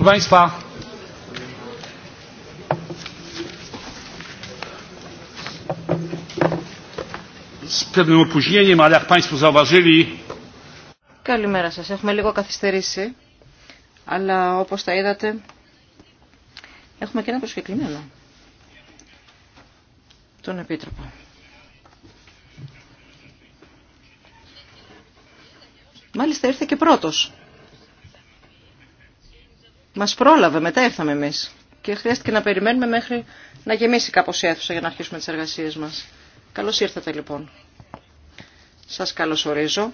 Proszę Państwa, z pewnym opóźnieniem, ale jak Państwo zauważyli... Καλημέρα σας. Έχουμε λίγο καθυστερήσει, αλλά όπως τα είδατε, έχουμε και ένα προσκεκλημένο. Τον Επίτροπο. Μάλιστα ήρθε και πρώτος. Μας πρόλαβε, μετά ήρθαμε εμείς. Και χρειάστηκε να περιμένουμε μέχρι να γεμίσει κάπως η αίθουσα για να αρχίσουμε τις εργασίες μας. Καλώς ήρθατε λοιπόν. Σας καλωσορίζω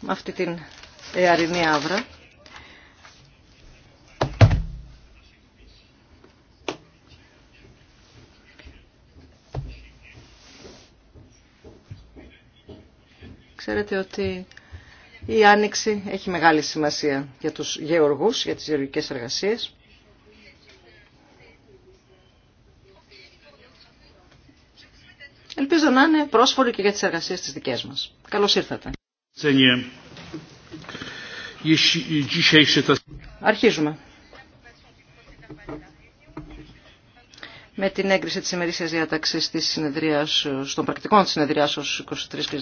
με αυτή την αιαρινή άβρα. Ξέρετε ότι η άνοιξη έχει μεγάλη σημασία για τους γεωργούς, για τις γεωργικές εργασίες. Ελπίζω να είναι πρόσφορο και για τις εργασίες της δικές μας. Καλώς ήρθατε. Αρχίζουμε με την έγκριση της ημερήσιας διάταξης της συνεδρίας, των πρακτικών της ως 23 και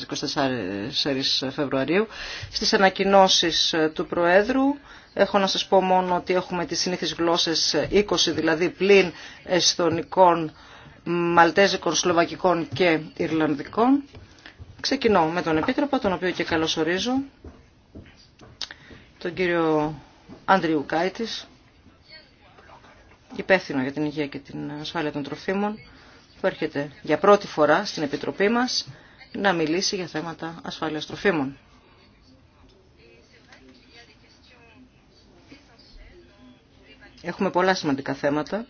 24 Φεβρουαρίου. Στις ανακοινώσεις του Προέδρου έχω να σας πω μόνο ότι έχουμε τις συνήθεις γλώσσες 20 δηλαδή πλην εσθονικών, μαλτέζικων, σλοβακικών και ιρλανδικών. Ξεκινώ με τον Επίτροπο, τον οποίο και καλωσορίζω, τον κύριο Άντριου Κάιτης υπεύθυνο για την υγεία και την ασφάλεια των τροφίμων, που έρχεται για πρώτη φορά στην Επιτροπή μας να μιλήσει για θέματα ασφάλειας τροφίμων. Έχουμε πολλά σημαντικά θέματα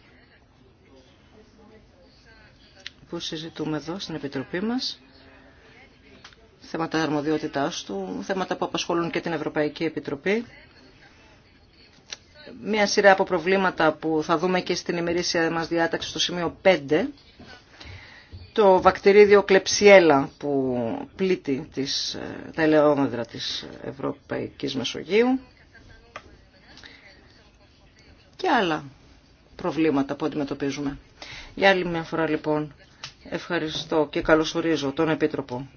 που συζητούμε εδώ στην Επιτροπή μας. Θέματα αρμοδιότητάς του, θέματα που απασχολούν και την Ευρωπαϊκή Επιτροπή μια σειρά από προβλήματα που θα δούμε και στην ημερήσια μας διάταξη στο σημείο 5. Το βακτηρίδιο κλεψιέλα που πλήττει τις, τα ελαιόμετρα της Ευρωπαϊκής Μεσογείου και άλλα προβλήματα που αντιμετωπίζουμε. Για άλλη μια φορά λοιπόν ευχαριστώ και καλωσορίζω τον Επίτροπο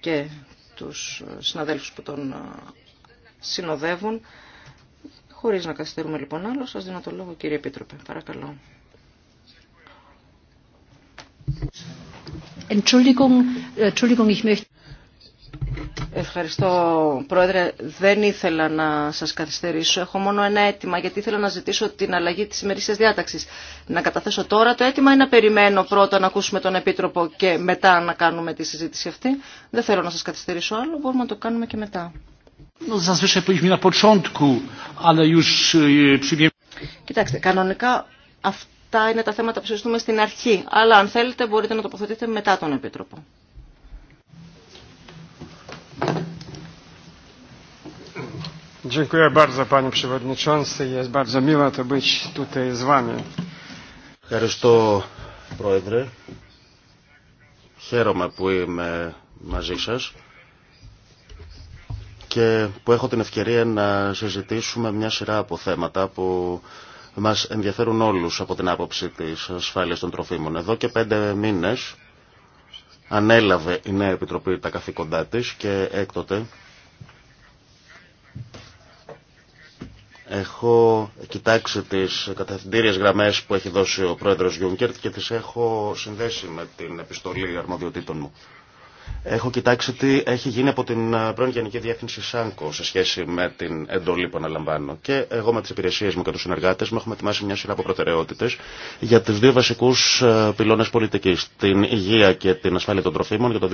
και τους συναδέλφους που τον συνοδεύουν. Χωρίς να καθυστερούμε λοιπόν άλλο, σας δίνω το λόγο κύριε Επίτροπε. Παρακαλώ. Ευχαριστώ Πρόεδρε. Δεν ήθελα να σας καθυστερήσω. Έχω μόνο ένα αίτημα γιατί ήθελα να ζητήσω την αλλαγή της ημερήσιας διάταξης. Να καταθέσω τώρα το αίτημα ή να περιμένω πρώτα να ακούσουμε τον Επίτροπο και μετά να κάνουμε τη συζήτηση αυτή. Δεν θέλω να σας καθυστερήσω άλλο. Μπορούμε να το κάνουμε και μετά. E, Κοιτάξτε, κανονικά αυτά είναι τα θέματα που συζητούμε στην αρχή, αλλά αν θέλετε μπορείτε να τοποθετείτε μετά τον Επίτροπο. Ευχαριστώ, Πρόεδρε. Χαίρομαι που είμαι μαζί σας και που έχω την ευκαιρία να συζητήσουμε μια σειρά από θέματα που μας ενδιαφέρουν όλους από την άποψη της ασφάλειας των τροφίμων. Εδώ και πέντε μήνες ανέλαβε η νέα Επιτροπή τα καθήκοντά της και έκτοτε έχω κοιτάξει τις καταθυντήριες γραμμές που έχει δώσει ο πρόεδρος Γιούγκερτ και τις έχω συνδέσει με την επιστολή αρμοδιοτήτων μου. Έχω κοιτάξει τι έχει γίνει από την ε, πρώην Γενική Διεύθυνση ΣΑΝΚΟ σε σχέση με την εντολή που αναλαμβάνω. Και εγώ με τι υπηρεσίε μου και του συνεργάτε μου έχουμε ετοιμάσει μια σειρά από προτεραιότητε για του δύο βασικού ε, πυλώνε πολιτική. Την υγεία και την ασφάλεια των τροφίμων για το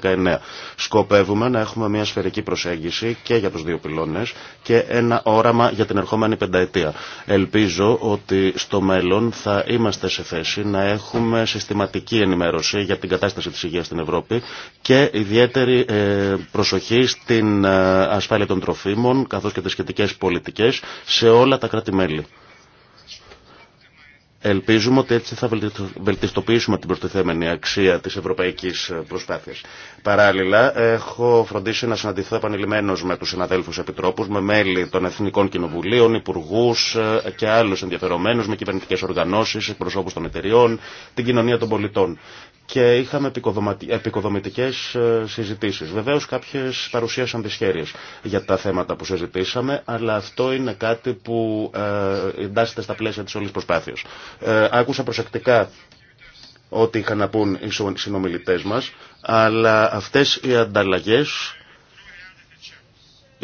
2014-2019. Σκοπεύουμε να έχουμε μια σφαιρική προσέγγιση και για του δύο πυλώνε και ένα όραμα για την ερχόμενη πενταετία. Ελπίζω ότι στο μέλλον θα είμαστε σε θέση να έχουμε συστηματική ενημέρωση για την κατάσταση τη υγεία στην Ευρώπη και ιδιαίτερη ε, προσοχή στην ε, ασφάλεια των τροφίμων καθώς και τις σχετικές πολιτικές σε όλα τα κράτη-μέλη. Ελπίζουμε ότι έτσι θα βελτιστοποιήσουμε την προστιθέμενη αξία της ευρωπαϊκής ε, προσπάθειας. Παράλληλα, έχω φροντίσει να συναντηθώ επανειλημμένως με τους συναδέλφους επιτρόπους, με μέλη των Εθνικών Κοινοβουλίων, υπουργούς και άλλους ενδιαφερομένους, με κυβερνητικές οργανώσεις, εκπροσώπους των εταιριών, την κοινωνία των πολιτών και είχαμε επικοδομητικές ε, συζητήσεις. Βεβαίως κάποιες παρουσίασαν δυσχέρειες για τα θέματα που συζητήσαμε, αλλά αυτό είναι κάτι που ε, εντάσσεται στα πλαίσια της όλης προσπάθειας. Ε, άκουσα προσεκτικά ό,τι είχαν να πούν οι συνομιλητές μας, αλλά αυτές οι ανταλλαγές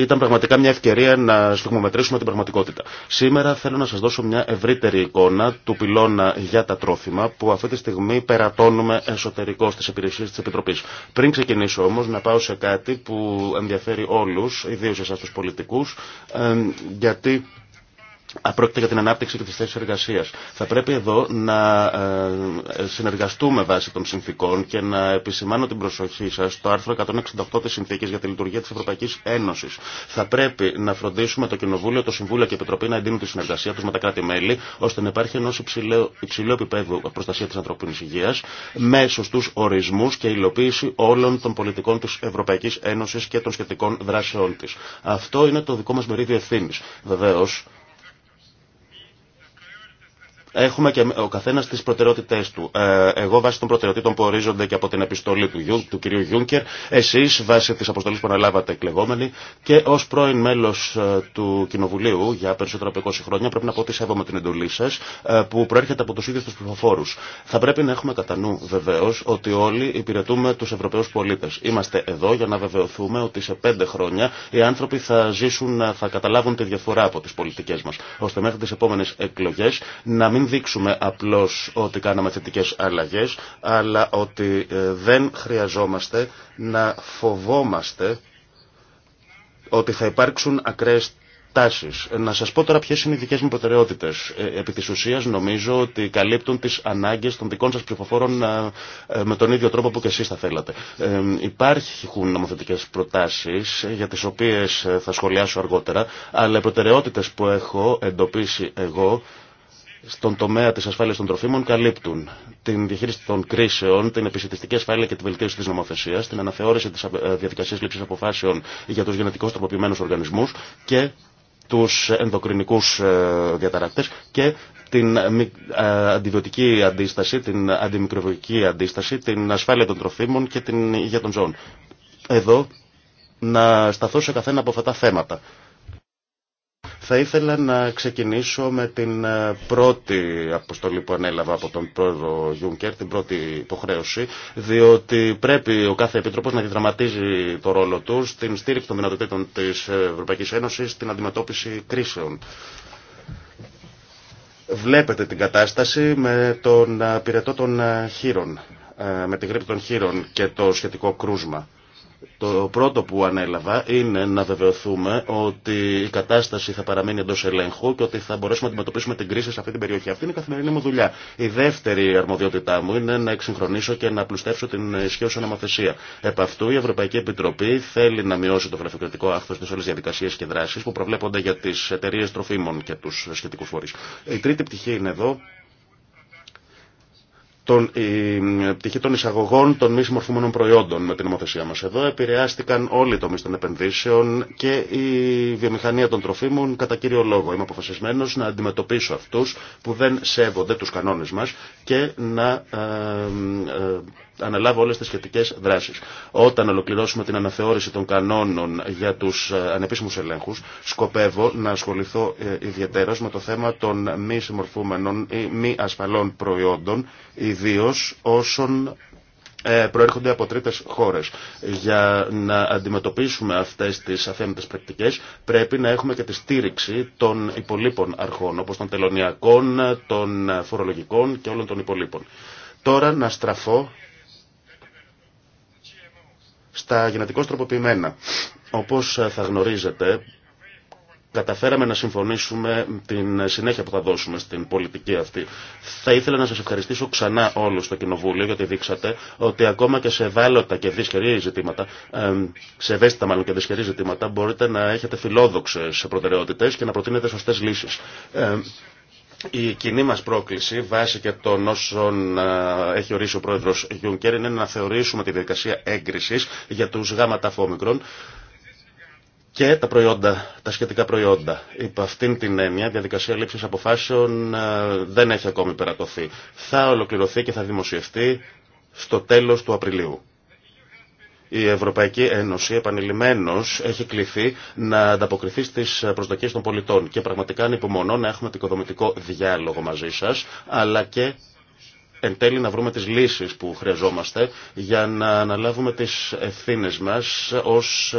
ήταν πραγματικά μια ευκαιρία να σφιγμομετρήσουμε την πραγματικότητα. Σήμερα θέλω να σας δώσω μια ευρύτερη εικόνα του πυλώνα για τα τρόφιμα που αυτή τη στιγμή περατώνουμε εσωτερικό στις υπηρεσίες της Επιτροπής. Πριν ξεκινήσω όμως να πάω σε κάτι που ενδιαφέρει όλους, ιδίως εσάς τους πολιτικούς, γιατί Απρόκειται για την ανάπτυξη και τι θέσει εργασία. Θα πρέπει εδώ να ε, συνεργαστούμε βάσει των συνθήκων και να επισημάνω την προσοχή σα στο άρθρο 168 τη συνθήκη για τη λειτουργία τη Ευρωπαϊκή Ένωση. Θα πρέπει να φροντίσουμε το Κοινοβούλιο, το Συμβούλιο και η Επιτροπή να εντείνουν τη συνεργασία του με τα κράτη-μέλη, ώστε να υπάρχει ενό υψηλού επίπεδου προστασία τη ανθρωπίνη υγεία με σωστού ορισμού και υλοποίηση όλων των πολιτικών τη Ευρωπαϊκή Ένωση και των σχετικών δράσεών τη. Αυτό είναι το δικό μα μερίδιο Βεβαίω, Έχουμε και ο καθένα τι προτεραιότητέ του. Ε, εγώ βάσει των προτεραιοτήτων που ορίζονται και από την επιστολή του, Ιου, του κυρίου Γιούνκερ, εσεί βάσει τη αποστολή που αναλάβατε εκλεγόμενοι και ω πρώην μέλο ε, του Κοινοβουλίου για περισσότερα από 20 χρόνια, πρέπει να πω ότι σέβομαι την εντολή σα ε, που προέρχεται από του ίδιου του ψηφοφόρου. Θα πρέπει να έχουμε κατά νου βεβαίω ότι όλοι υπηρετούμε του Ευρωπαίου πολίτε. Είμαστε εδώ για να βεβαιωθούμε ότι σε πέντε χρόνια οι άνθρωποι θα ζήσουν, θα καταλάβουν τη διαφορά από τι πολιτικέ μα, ώστε μέχρι τι επόμενε εκλογέ να μην δείξουμε απλώς ότι κάναμε θετικές αλλαγές, αλλά ότι ε, δεν χρειαζόμαστε να φοβόμαστε ότι θα υπάρξουν ακραίες τάσεις. Να σας πω τώρα ποιες είναι οι δικές μου προτεραιότητες. Ε, επί της ουσίας νομίζω ότι καλύπτουν τις ανάγκες των δικών σας ψηφοφόρων ε, με τον ίδιο τρόπο που και εσείς θα θέλατε. Υπάρχουν νομοθετικές προτάσεις για τις οποίες θα σχολιάσω αργότερα, αλλά οι προτεραιότητες που έχω εντοπίσει εγώ στον τομέα της ασφάλειας των τροφίμων καλύπτουν την διαχείριση των κρίσεων, την επισητιστική ασφάλεια και τη βελτίωση της νομοθεσίας, την αναθεώρηση της ε, διαδικασίας λήψης αποφάσεων για τους γενετικώς τροποποιημένους οργανισμούς και τους ενδοκρινικούς ε, διαταράκτες και την ε, αντιβιωτική αντίσταση, την αντιμικροβιωτική αντίσταση, την ασφάλεια των τροφίμων και την υγεία των ζώων. Εδώ να σταθώ σε καθένα από αυτά τα θέματα. Θα ήθελα να ξεκινήσω με την ε, πρώτη αποστολή που ανέλαβα από τον πρόεδρο Γιούνκερ, την πρώτη υποχρέωση, διότι πρέπει ο κάθε επίτροπος να διδραματίζει το ρόλο του στην στήριξη των δυνατοτήτων της Ευρωπαϊκής Ένωσης, στην αντιμετώπιση κρίσεων. Βλέπετε την κατάσταση με τον ε, πυρετό των ε, χείρων, με την γρήπη των χείρων και το σχετικό κρούσμα. Το πρώτο που ανέλαβα είναι να βεβαιωθούμε ότι η κατάσταση θα παραμείνει εντό ελέγχου και ότι θα μπορέσουμε να αντιμετωπίσουμε την κρίση σε αυτή την περιοχή. Αυτή είναι η καθημερινή μου δουλειά. Η δεύτερη αρμοδιότητά μου είναι να εξυγχρονίσω και να πλουστεύσω την ισχύωση νομοθεσία. Επ' αυτού η Ευρωπαϊκή Επιτροπή θέλει να μειώσει το γραφειοκρατικό άχθο στι όλε διαδικασίε και δράσει που προβλέπονται για τι εταιρείε τροφίμων και του σχετικού φορεί. Η τρίτη πτυχή είναι εδώ τον, η πτυχή των εισαγωγών των μη συμμορφωμένων προϊόντων με την νομοθεσία μας. Εδώ επηρεάστηκαν όλοι οι τομείς των επενδύσεων και η βιομηχανία των τροφίμων κατά κύριο λόγο. Είμαι αποφασισμένος να αντιμετωπίσω αυτούς που δεν σέβονται τους κανόνες μας και να ε, ε, αναλάβω όλες τις σχετικές δράσεις. Όταν ολοκληρώσουμε την αναθεώρηση των κανόνων για τους ε, ανεπίσημους ελέγχους, σκοπεύω να ασχοληθώ ε, ιδιαίτερα με το θέμα των μη συμμορφούμενων ή μη ασφαλών προϊόντων, ιδίως όσων ε, προέρχονται από τρίτες χώρες. Για να αντιμετωπίσουμε αυτές τις αθέμητες πρακτικές πρέπει να έχουμε και τη στήριξη των υπολείπων αρχών, όπως των τελωνιακών, των φορολογικών και όλων των υπολείπων. Τώρα να στραφώ στα γενετικώς τροποποιημένα. Όπως ε, θα γνωρίζετε, καταφέραμε να συμφωνήσουμε την συνέχεια που θα δώσουμε στην πολιτική αυτή. Θα ήθελα να σας ευχαριστήσω ξανά όλους στο Κοινοβούλιο γιατί δείξατε ότι ακόμα και σε ευάλωτα και δυσχερή ζητήματα, ε, σε ευαίσθητα μάλλον και δυσχερή ζητήματα, μπορείτε να έχετε φιλόδοξες προτεραιότητες και να προτείνετε σωστές λύσεις. Ε, η κοινή μας πρόκληση, βάσει και των όσων ε, έχει ορίσει ο πρόεδρος Γιούνκερ, είναι να θεωρήσουμε τη διαδικασία έγκρισης για τους γάμματα φόμικρον και τα προϊόντα, τα σχετικά προϊόντα. Υπό αυτήν την έννοια, η διαδικασία λήψης αποφάσεων ε, δεν έχει ακόμη περατωθεί. Θα ολοκληρωθεί και θα δημοσιευτεί στο τέλος του Απριλίου. Η Ευρωπαϊκή Ένωση επανειλημμένω έχει κληθεί να ανταποκριθεί στι προσδοκίε των πολιτών και πραγματικά ανυπομονώ να έχουμε οικοδομητικό διάλογο μαζί σα αλλά και εν τέλει να βρούμε τις λύσεις που χρειαζόμαστε για να αναλάβουμε τις ευθύνες μας ως ε,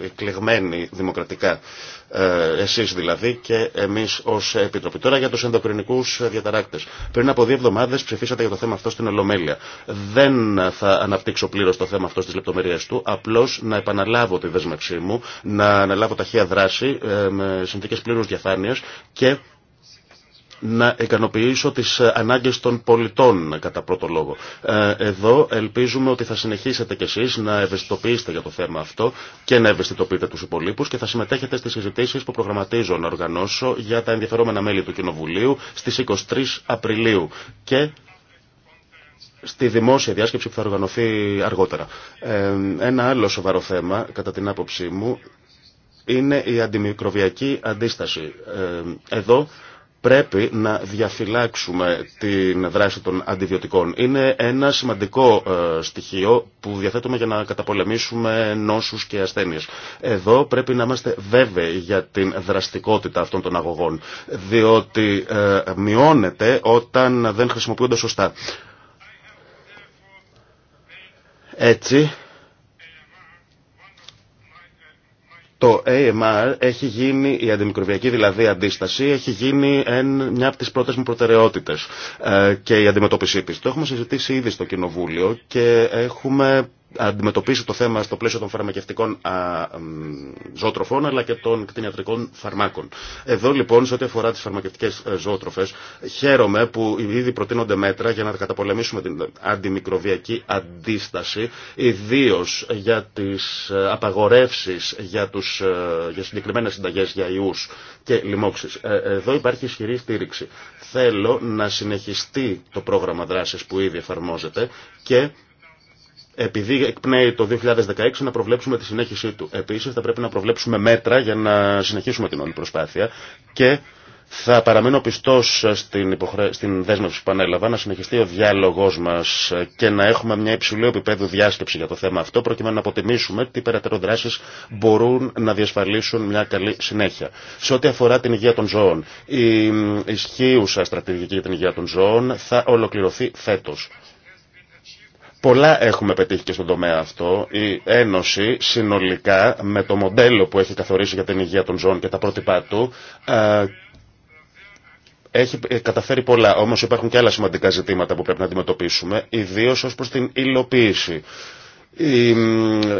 ε, εκλεγμένοι δημοκρατικά. Ε, εσείς δηλαδή και εμείς ως Επιτροπή. Τώρα για τους ενδοκρινικούς διαταράκτες. Πριν από δύο εβδομάδες ψηφίσατε για το θέμα αυτό στην Ολομέλεια. Δεν θα αναπτύξω πλήρως το θέμα αυτό στις λεπτομέρειες του, απλώς να επαναλάβω τη δέσμευσή μου, να αναλάβω ταχεία δράση με συνθήκες πλήρους διαφάνειας και να ικανοποιήσω τις ε, ανάγκες των πολιτών κατά πρώτο λόγο. Ε, εδώ ελπίζουμε ότι θα συνεχίσετε κι εσείς να ευαισθητοποιήσετε για το θέμα αυτό και να ευαισθητοποιείτε τους υπολείπους και θα συμμετέχετε στις συζητήσεις που προγραμματίζω να οργανώσω για τα ενδιαφερόμενα μέλη του Κοινοβουλίου στις 23 Απριλίου και στη δημόσια διάσκεψη που θα οργανωθεί αργότερα. Ε, ένα άλλο σοβαρό θέμα, κατά την άποψή μου, είναι η αντιμικροβιακή αντίσταση. εδώ πρέπει να διαφυλάξουμε την δράση των αντιβιωτικών. Είναι ένα σημαντικό ε, στοιχείο που διαθέτουμε για να καταπολεμήσουμε νόσους και ασθένειες. Εδώ πρέπει να είμαστε βέβαιοι για την δραστικότητα αυτών των αγωγών, διότι ε, μειώνεται όταν δεν χρησιμοποιούνται σωστά. Έτσι, Το AMR έχει γίνει, η αντιμικροβιακή δηλαδή αντίσταση, έχει γίνει μια από τις πρώτες μου προτεραιότητες ε, και η αντιμετώπιση της. Το έχουμε συζητήσει ήδη στο Κοινοβούλιο και έχουμε αντιμετωπίσει το θέμα στο πλαίσιο των φαρμακευτικών ζωοτροφών αλλά και των κτηνιατρικών φαρμάκων. Εδώ λοιπόν σε ό,τι αφορά τι φαρμακευτικέ ε, ζωοτροφές χαίρομαι που ήδη προτείνονται μέτρα για να καταπολεμήσουμε την αντιμικροβιακή αντίσταση ιδίω για τι ε, απαγορεύσει για, ε, για συγκεκριμένες συνταγές για ιού και λοιμώξει. Εδώ υπάρχει ισχυρή στήριξη. Θέλω να συνεχιστεί το πρόγραμμα δράση που ήδη εφαρμόζεται και επειδή εκπνέει το 2016 να προβλέψουμε τη συνέχιση του. Επίσης θα πρέπει να προβλέψουμε μέτρα για να συνεχίσουμε την όλη προσπάθεια και θα παραμείνω πιστός στην, υποχρέ... στην δέσμευση που ανέλαβα να συνεχιστεί ο διάλογός μας και να έχουμε μια υψηλή επίπεδου διάσκεψη για το θέμα αυτό προκειμένου να αποτιμήσουμε τι περαιτέρω δράσεις μπορούν να διασφαλίσουν μια καλή συνέχεια. Σε ό,τι αφορά την υγεία των ζώων, η ισχύουσα στρατηγική για την υγεία των ζώων θα ολοκληρωθεί φέτος. Πολλά έχουμε πετύχει και στον τομέα αυτό. Η Ένωση συνολικά με το μοντέλο που έχει καθορίσει για την υγεία των ζώων και τα πρότυπά του έχει καταφέρει πολλά. Όμως υπάρχουν και άλλα σημαντικά ζητήματα που πρέπει να αντιμετωπίσουμε, ιδίως ως προς την υλοποίηση. Οι,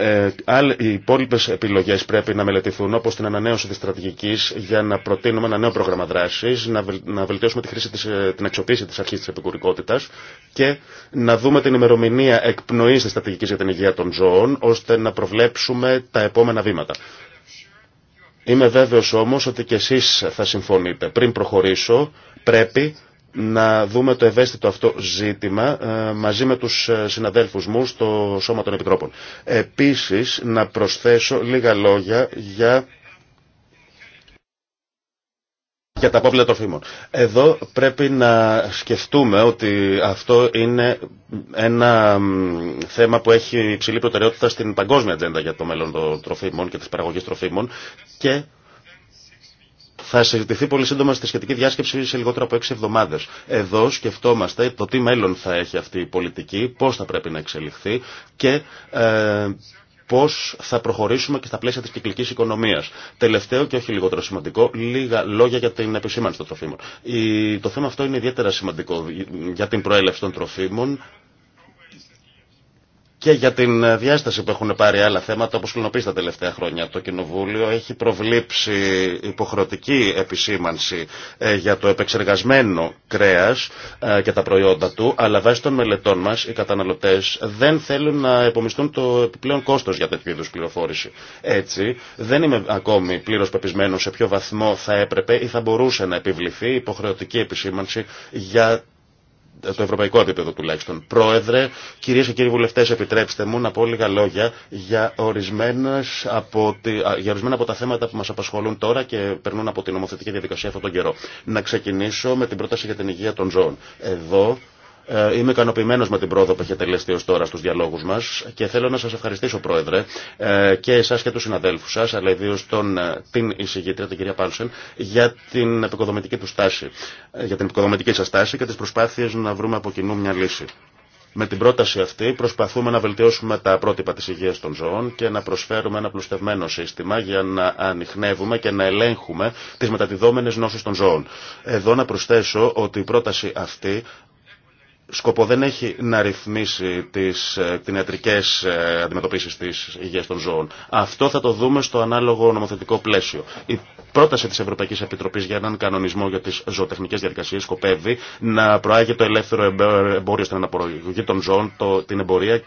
ε, οι υπόλοιπε επιλογέ πρέπει να μελετηθούν, όπω την ανανέωση τη στρατηγική για να προτείνουμε ένα νέο πρόγραμμα δράση, να, βελτιώσουμε τη χρήση της, ε, την αξιοποίηση τη αρχή τη επικουρικότητα και να δούμε την ημερομηνία εκπνοή τη στρατηγική για την υγεία των ζώων, ώστε να προβλέψουμε τα επόμενα βήματα. Είμαι βέβαιος όμως ότι και εσείς θα συμφωνείτε. Πριν προχωρήσω πρέπει να δούμε το ευαίσθητο αυτό ζήτημα ε, μαζί με τους ε, συναδέλφους μου στο Σώμα των Επιτρόπων. Επίσης, να προσθέσω λίγα λόγια για για τα απόβλητα τροφίμων. Εδώ πρέπει να σκεφτούμε ότι αυτό είναι ένα θέμα που έχει υψηλή προτεραιότητα στην παγκόσμια ατζέντα για το μέλλον των τροφίμων και της παραγωγής τροφίμων και θα συζητηθεί πολύ σύντομα στη σχετική διάσκεψη σε λιγότερο από έξι εβδομάδε. Εδώ σκεφτόμαστε το τι μέλλον θα έχει αυτή η πολιτική, πώ θα πρέπει να εξελιχθεί και ε, πώ θα προχωρήσουμε και στα πλαίσια τη κυκλική οικονομία. Τελευταίο και όχι λιγότερο σημαντικό, λίγα λόγια για την επισήμανση των τροφίμων. το θέμα αυτό είναι ιδιαίτερα σημαντικό για την προέλευση των τροφίμων και για την ε, διάσταση που έχουν πάρει άλλα θέματα, όπως κλωνοποίηση τα τελευταία χρόνια. Το Κοινοβούλιο έχει προβλήψει υποχρεωτική επισήμανση ε, για το επεξεργασμένο κρέας ε, και τα προϊόντα του, αλλά βάσει των μελετών μας οι καταναλωτές δεν θέλουν να επομιστούν το επιπλέον κόστος για τέτοιου είδους πληροφόρηση. Έτσι, δεν είμαι ακόμη πλήρως πεπισμένο σε ποιο βαθμό θα έπρεπε ή θα μπορούσε να επιβληθεί υποχρεωτική επισήμανση για το ευρωπαϊκό επίπεδο τουλάχιστον. Πρόεδρε, Κυρίε και κύριοι βουλευτές, επιτρέψτε μου να πω λίγα λόγια για, από για ορισμένα από τα θέματα που μας απασχολούν τώρα και περνούν από την νομοθετική διαδικασία αυτόν τον καιρό. Να ξεκινήσω με την πρόταση για την υγεία των ζώων. Εδώ ε, είμαι ικανοποιημένο με την πρόοδο που έχει τελεστεί ω τώρα στου διαλόγου μα και θέλω να σα ευχαριστήσω, Πρόεδρε, ε, και εσά και του συναδέλφου σα, αλλά ιδίω ε, την εισηγήτρια, την κυρία Πάλσεν, για την επικοδομητική του στάση, για την επικοδομητική σα στάση και τι προσπάθειε να βρούμε από κοινού μια λύση. Με την πρόταση αυτή προσπαθούμε να βελτιώσουμε τα πρότυπα της υγείας των ζώων και να προσφέρουμε ένα πλουστευμένο σύστημα για να ανοιχνεύουμε και να ελέγχουμε τις μεταδιδόμενες νόσους των ζώων. Εδώ να προσθέσω ότι η πρόταση αυτή σκοπό δεν έχει να ρυθμίσει τις κτηνιατρικές ε, ε, αντιμετωπίσεις της υγείας των ζώων. Αυτό θα το δούμε στο ανάλογο νομοθετικό πλαίσιο. Η πρόταση της Ευρωπαϊκής Επιτροπής για έναν κανονισμό για τις ζωοτεχνικές διαδικασίες σκοπεύει να προάγει το ελεύθερο εμπόριο στην αναπορογή των ζώων, το, την εμπορία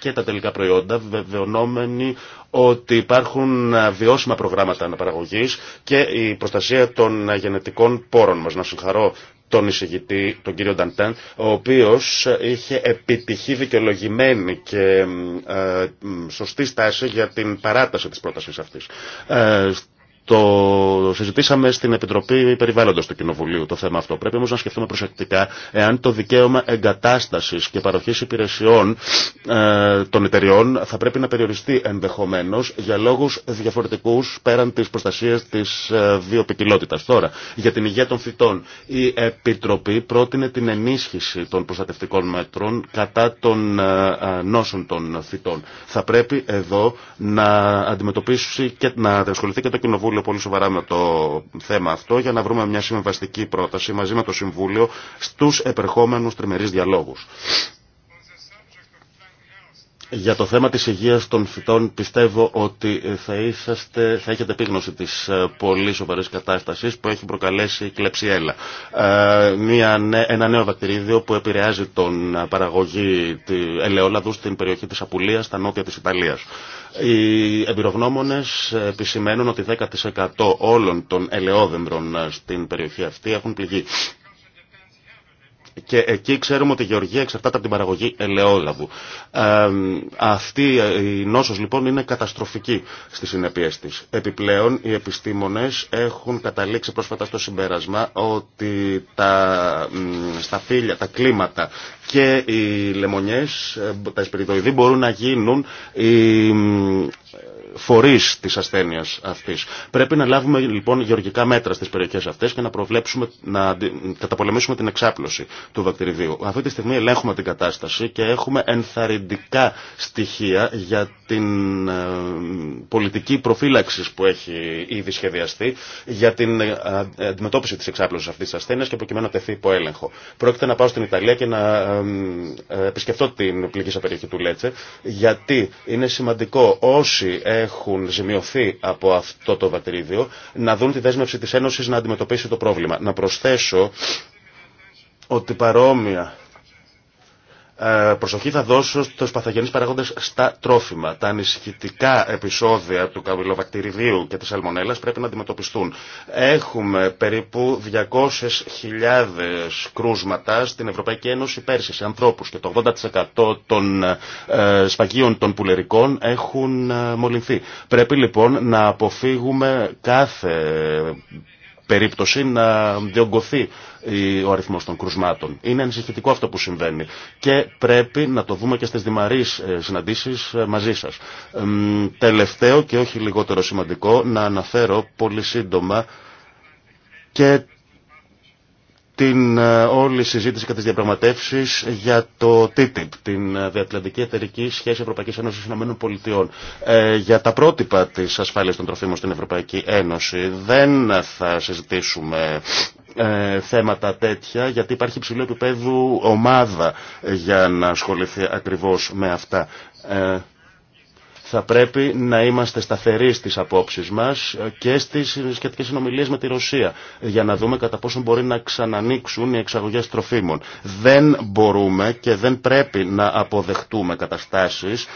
και τα τελικά προϊόντα, βεβαιωνόμενοι ότι υπάρχουν βιώσιμα προγράμματα αναπαραγωγής και η προστασία των γενετικών πόρων μας. Να συγχαρώ τον εισηγητή, τον κύριο Νταντάν, ο οποίος ε, είχε επιτυχή δικαιολογημένη και ε, σωστή στάση για την παράταση της πρότασης αυτής. Ε, το συζητήσαμε στην Επιτροπή Περιβάλλοντο του Κοινοβουλίου το θέμα αυτό. Πρέπει όμω να σκεφτούμε προσεκτικά εάν το δικαίωμα εγκατάσταση και παροχή υπηρεσιών ε, των εταιριών θα πρέπει να περιοριστεί ενδεχομένω για λόγου διαφορετικού πέραν τη προστασία τη ε, βιοπικιλότητα. Τώρα, για την υγεία των φυτών, η Επιτροπή πρότεινε την ενίσχυση των προστατευτικών μέτρων κατά των ε, ε, νόσων των φυτών. Θα πρέπει εδώ να αντιμετωπίσει και να ασχοληθεί και το Κοινοβούλιο Συμβούλιο πολύ σοβαρά με το θέμα αυτό για να βρούμε μια συμβαστική πρόταση μαζί με το Συμβούλιο στους επερχόμενους τριμερείς διαλόγους. Για το θέμα της υγείας των φυτών πιστεύω ότι θα, είσαστε, θα έχετε επίγνωση της ε, πολύ σοβαρής κατάστασης που έχει προκαλέσει η κλεψιέλα. Ε, μια, ένα νέο βακτηρίδιο που επηρεάζει τον ε, παραγωγή ελαιόλαδου στην περιοχή της Απουλίας, στα νότια της Ιταλίας. Οι εμπειρογνώμονες επισημαίνουν ότι 10% όλων των ελαιόδεντρων στην περιοχή αυτή έχουν πληγεί. Και εκεί ξέρουμε ότι η γεωργία εξαρτάται από την παραγωγή ελαιόλαβου. αυτή η νόσος λοιπόν είναι καταστροφική στις συνεπίες της. Επιπλέον οι επιστήμονες έχουν καταλήξει πρόσφατα στο συμπέρασμα ότι τα σταφύλια, τα κλίματα και οι λεμονιές, ε, τα εσπεριδοειδή μπορούν να γίνουν φορεί τη ασθένεια αυτή. Πρέπει να λάβουμε λοιπόν γεωργικά μέτρα στι περιοχέ αυτέ και να προβλέψουμε, να καταπολεμήσουμε την εξάπλωση του βακτηριδίου. Αυτή τη στιγμή ελέγχουμε την κατάσταση και έχουμε ενθαρρυντικά στοιχεία για την ε, πολιτική προφύλαξη που έχει ήδη σχεδιαστεί για την ε, ε, αντιμετώπιση τη εξάπλωση αυτή τη ασθένεια και προκειμένου να τεθεί υπό έλεγχο. Πρόκειται να πάω στην Ιταλία και να επισκεφτώ την πληγήσα περιοχή του Λέτσε γιατί είναι σημαντικό όσοι έχουν ζημιωθεί από αυτό το βατρίδιο να δουν τη δέσμευση της Ένωσης να αντιμετωπίσει το πρόβλημα. Να προσθέσω ότι παρόμοια ε, προσοχή θα δώσω στους παθογενείς παραγόντες στα τρόφιμα. Τα ανησυχητικά επεισόδια του καβυλοβακτηριδίου και της αλμονέλας πρέπει να αντιμετωπιστούν. Έχουμε περίπου 200.000 κρούσματα στην Ευρωπαϊκή Ένωση πέρσι σε ανθρώπους και το 80% των ε, σπαγίων των πουλερικών έχουν ε, μολυνθεί. Πρέπει λοιπόν να αποφύγουμε κάθε περίπτωση να διωγγωθεί ο αριθμό των κρουσμάτων. Είναι ανησυχητικό αυτό που συμβαίνει και πρέπει να το δούμε και στι δημαρει ε, συναντήσει ε, μαζί σα. Τελευταίο και όχι λιγότερο σημαντικό να αναφέρω πολύ σύντομα και την ε, όλη συζήτηση κατά τις διαπραγματεύσεις για το TTIP, την ε, Διατλαντική Εταιρική Σχέση Ευρωπαϊκής Ένωσης Ηνωμένων Πολιτειών. Ε, για τα πρότυπα της ασφάλειας των τροφίμων στην Ευρωπαϊκή Ένωση δεν θα συζητήσουμε θέματα τέτοια, γιατί υπάρχει υψηλό επίπεδο ομάδα για να ασχοληθεί ακριβώς με αυτά. Θα πρέπει να είμαστε σταθεροί στις απόψεις μας και στις σχετικές συνομιλίες με τη Ρωσία για να δούμε κατά πόσο μπορεί να ξανανοίξουν οι εξαγωγές τροφίμων. Δεν μπορούμε και δεν πρέπει να αποδεχτούμε καταστάσεις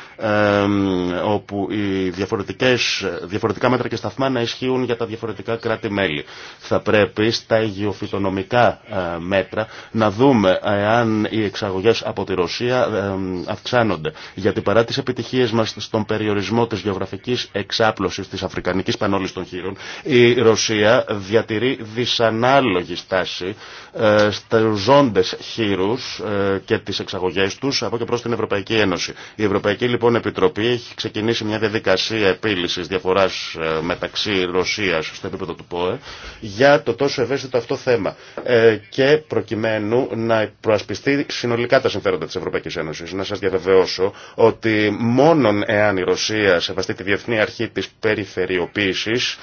όπου οι διαφορετικές, διαφορετικά μέτρα και σταθμά να ισχύουν για τα διαφορετικά κράτη-μέλη. Θα πρέπει στα υγειοφυτονομικά ε, μέτρα να δούμε εάν οι εξαγωγές από τη Ρωσία ε, αυξάνονται. Γιατί παρά τις επιτυχίες μας στον περιοχή περιορισμό της γεωγραφικής εξάπλωσης της Αφρικανικής Πανόλης των Χείρων, η Ρωσία διατηρεί δυσανάλογη στάση ε, στους ζώντες χείρους ε, και τις εξαγωγές τους από και προς την Ευρωπαϊκή Ένωση. Η Ευρωπαϊκή λοιπόν Επιτροπή έχει ξεκινήσει μια διαδικασία επίλυσης διαφοράς ε, μεταξύ Ρωσίας στο επίπεδο του ΠΟΕ για το τόσο ευαίσθητο αυτό θέμα ε, και προκειμένου να προασπιστεί συνολικά τα συμφέροντα της Ευρωπαϊκής Ένωσης. Να σας διαβεβαιώσω ότι μόνον εάν η Ρωσία Ρωσία σεβαστεί τη Διεθνή Αρχή της Περιφερειοποίησης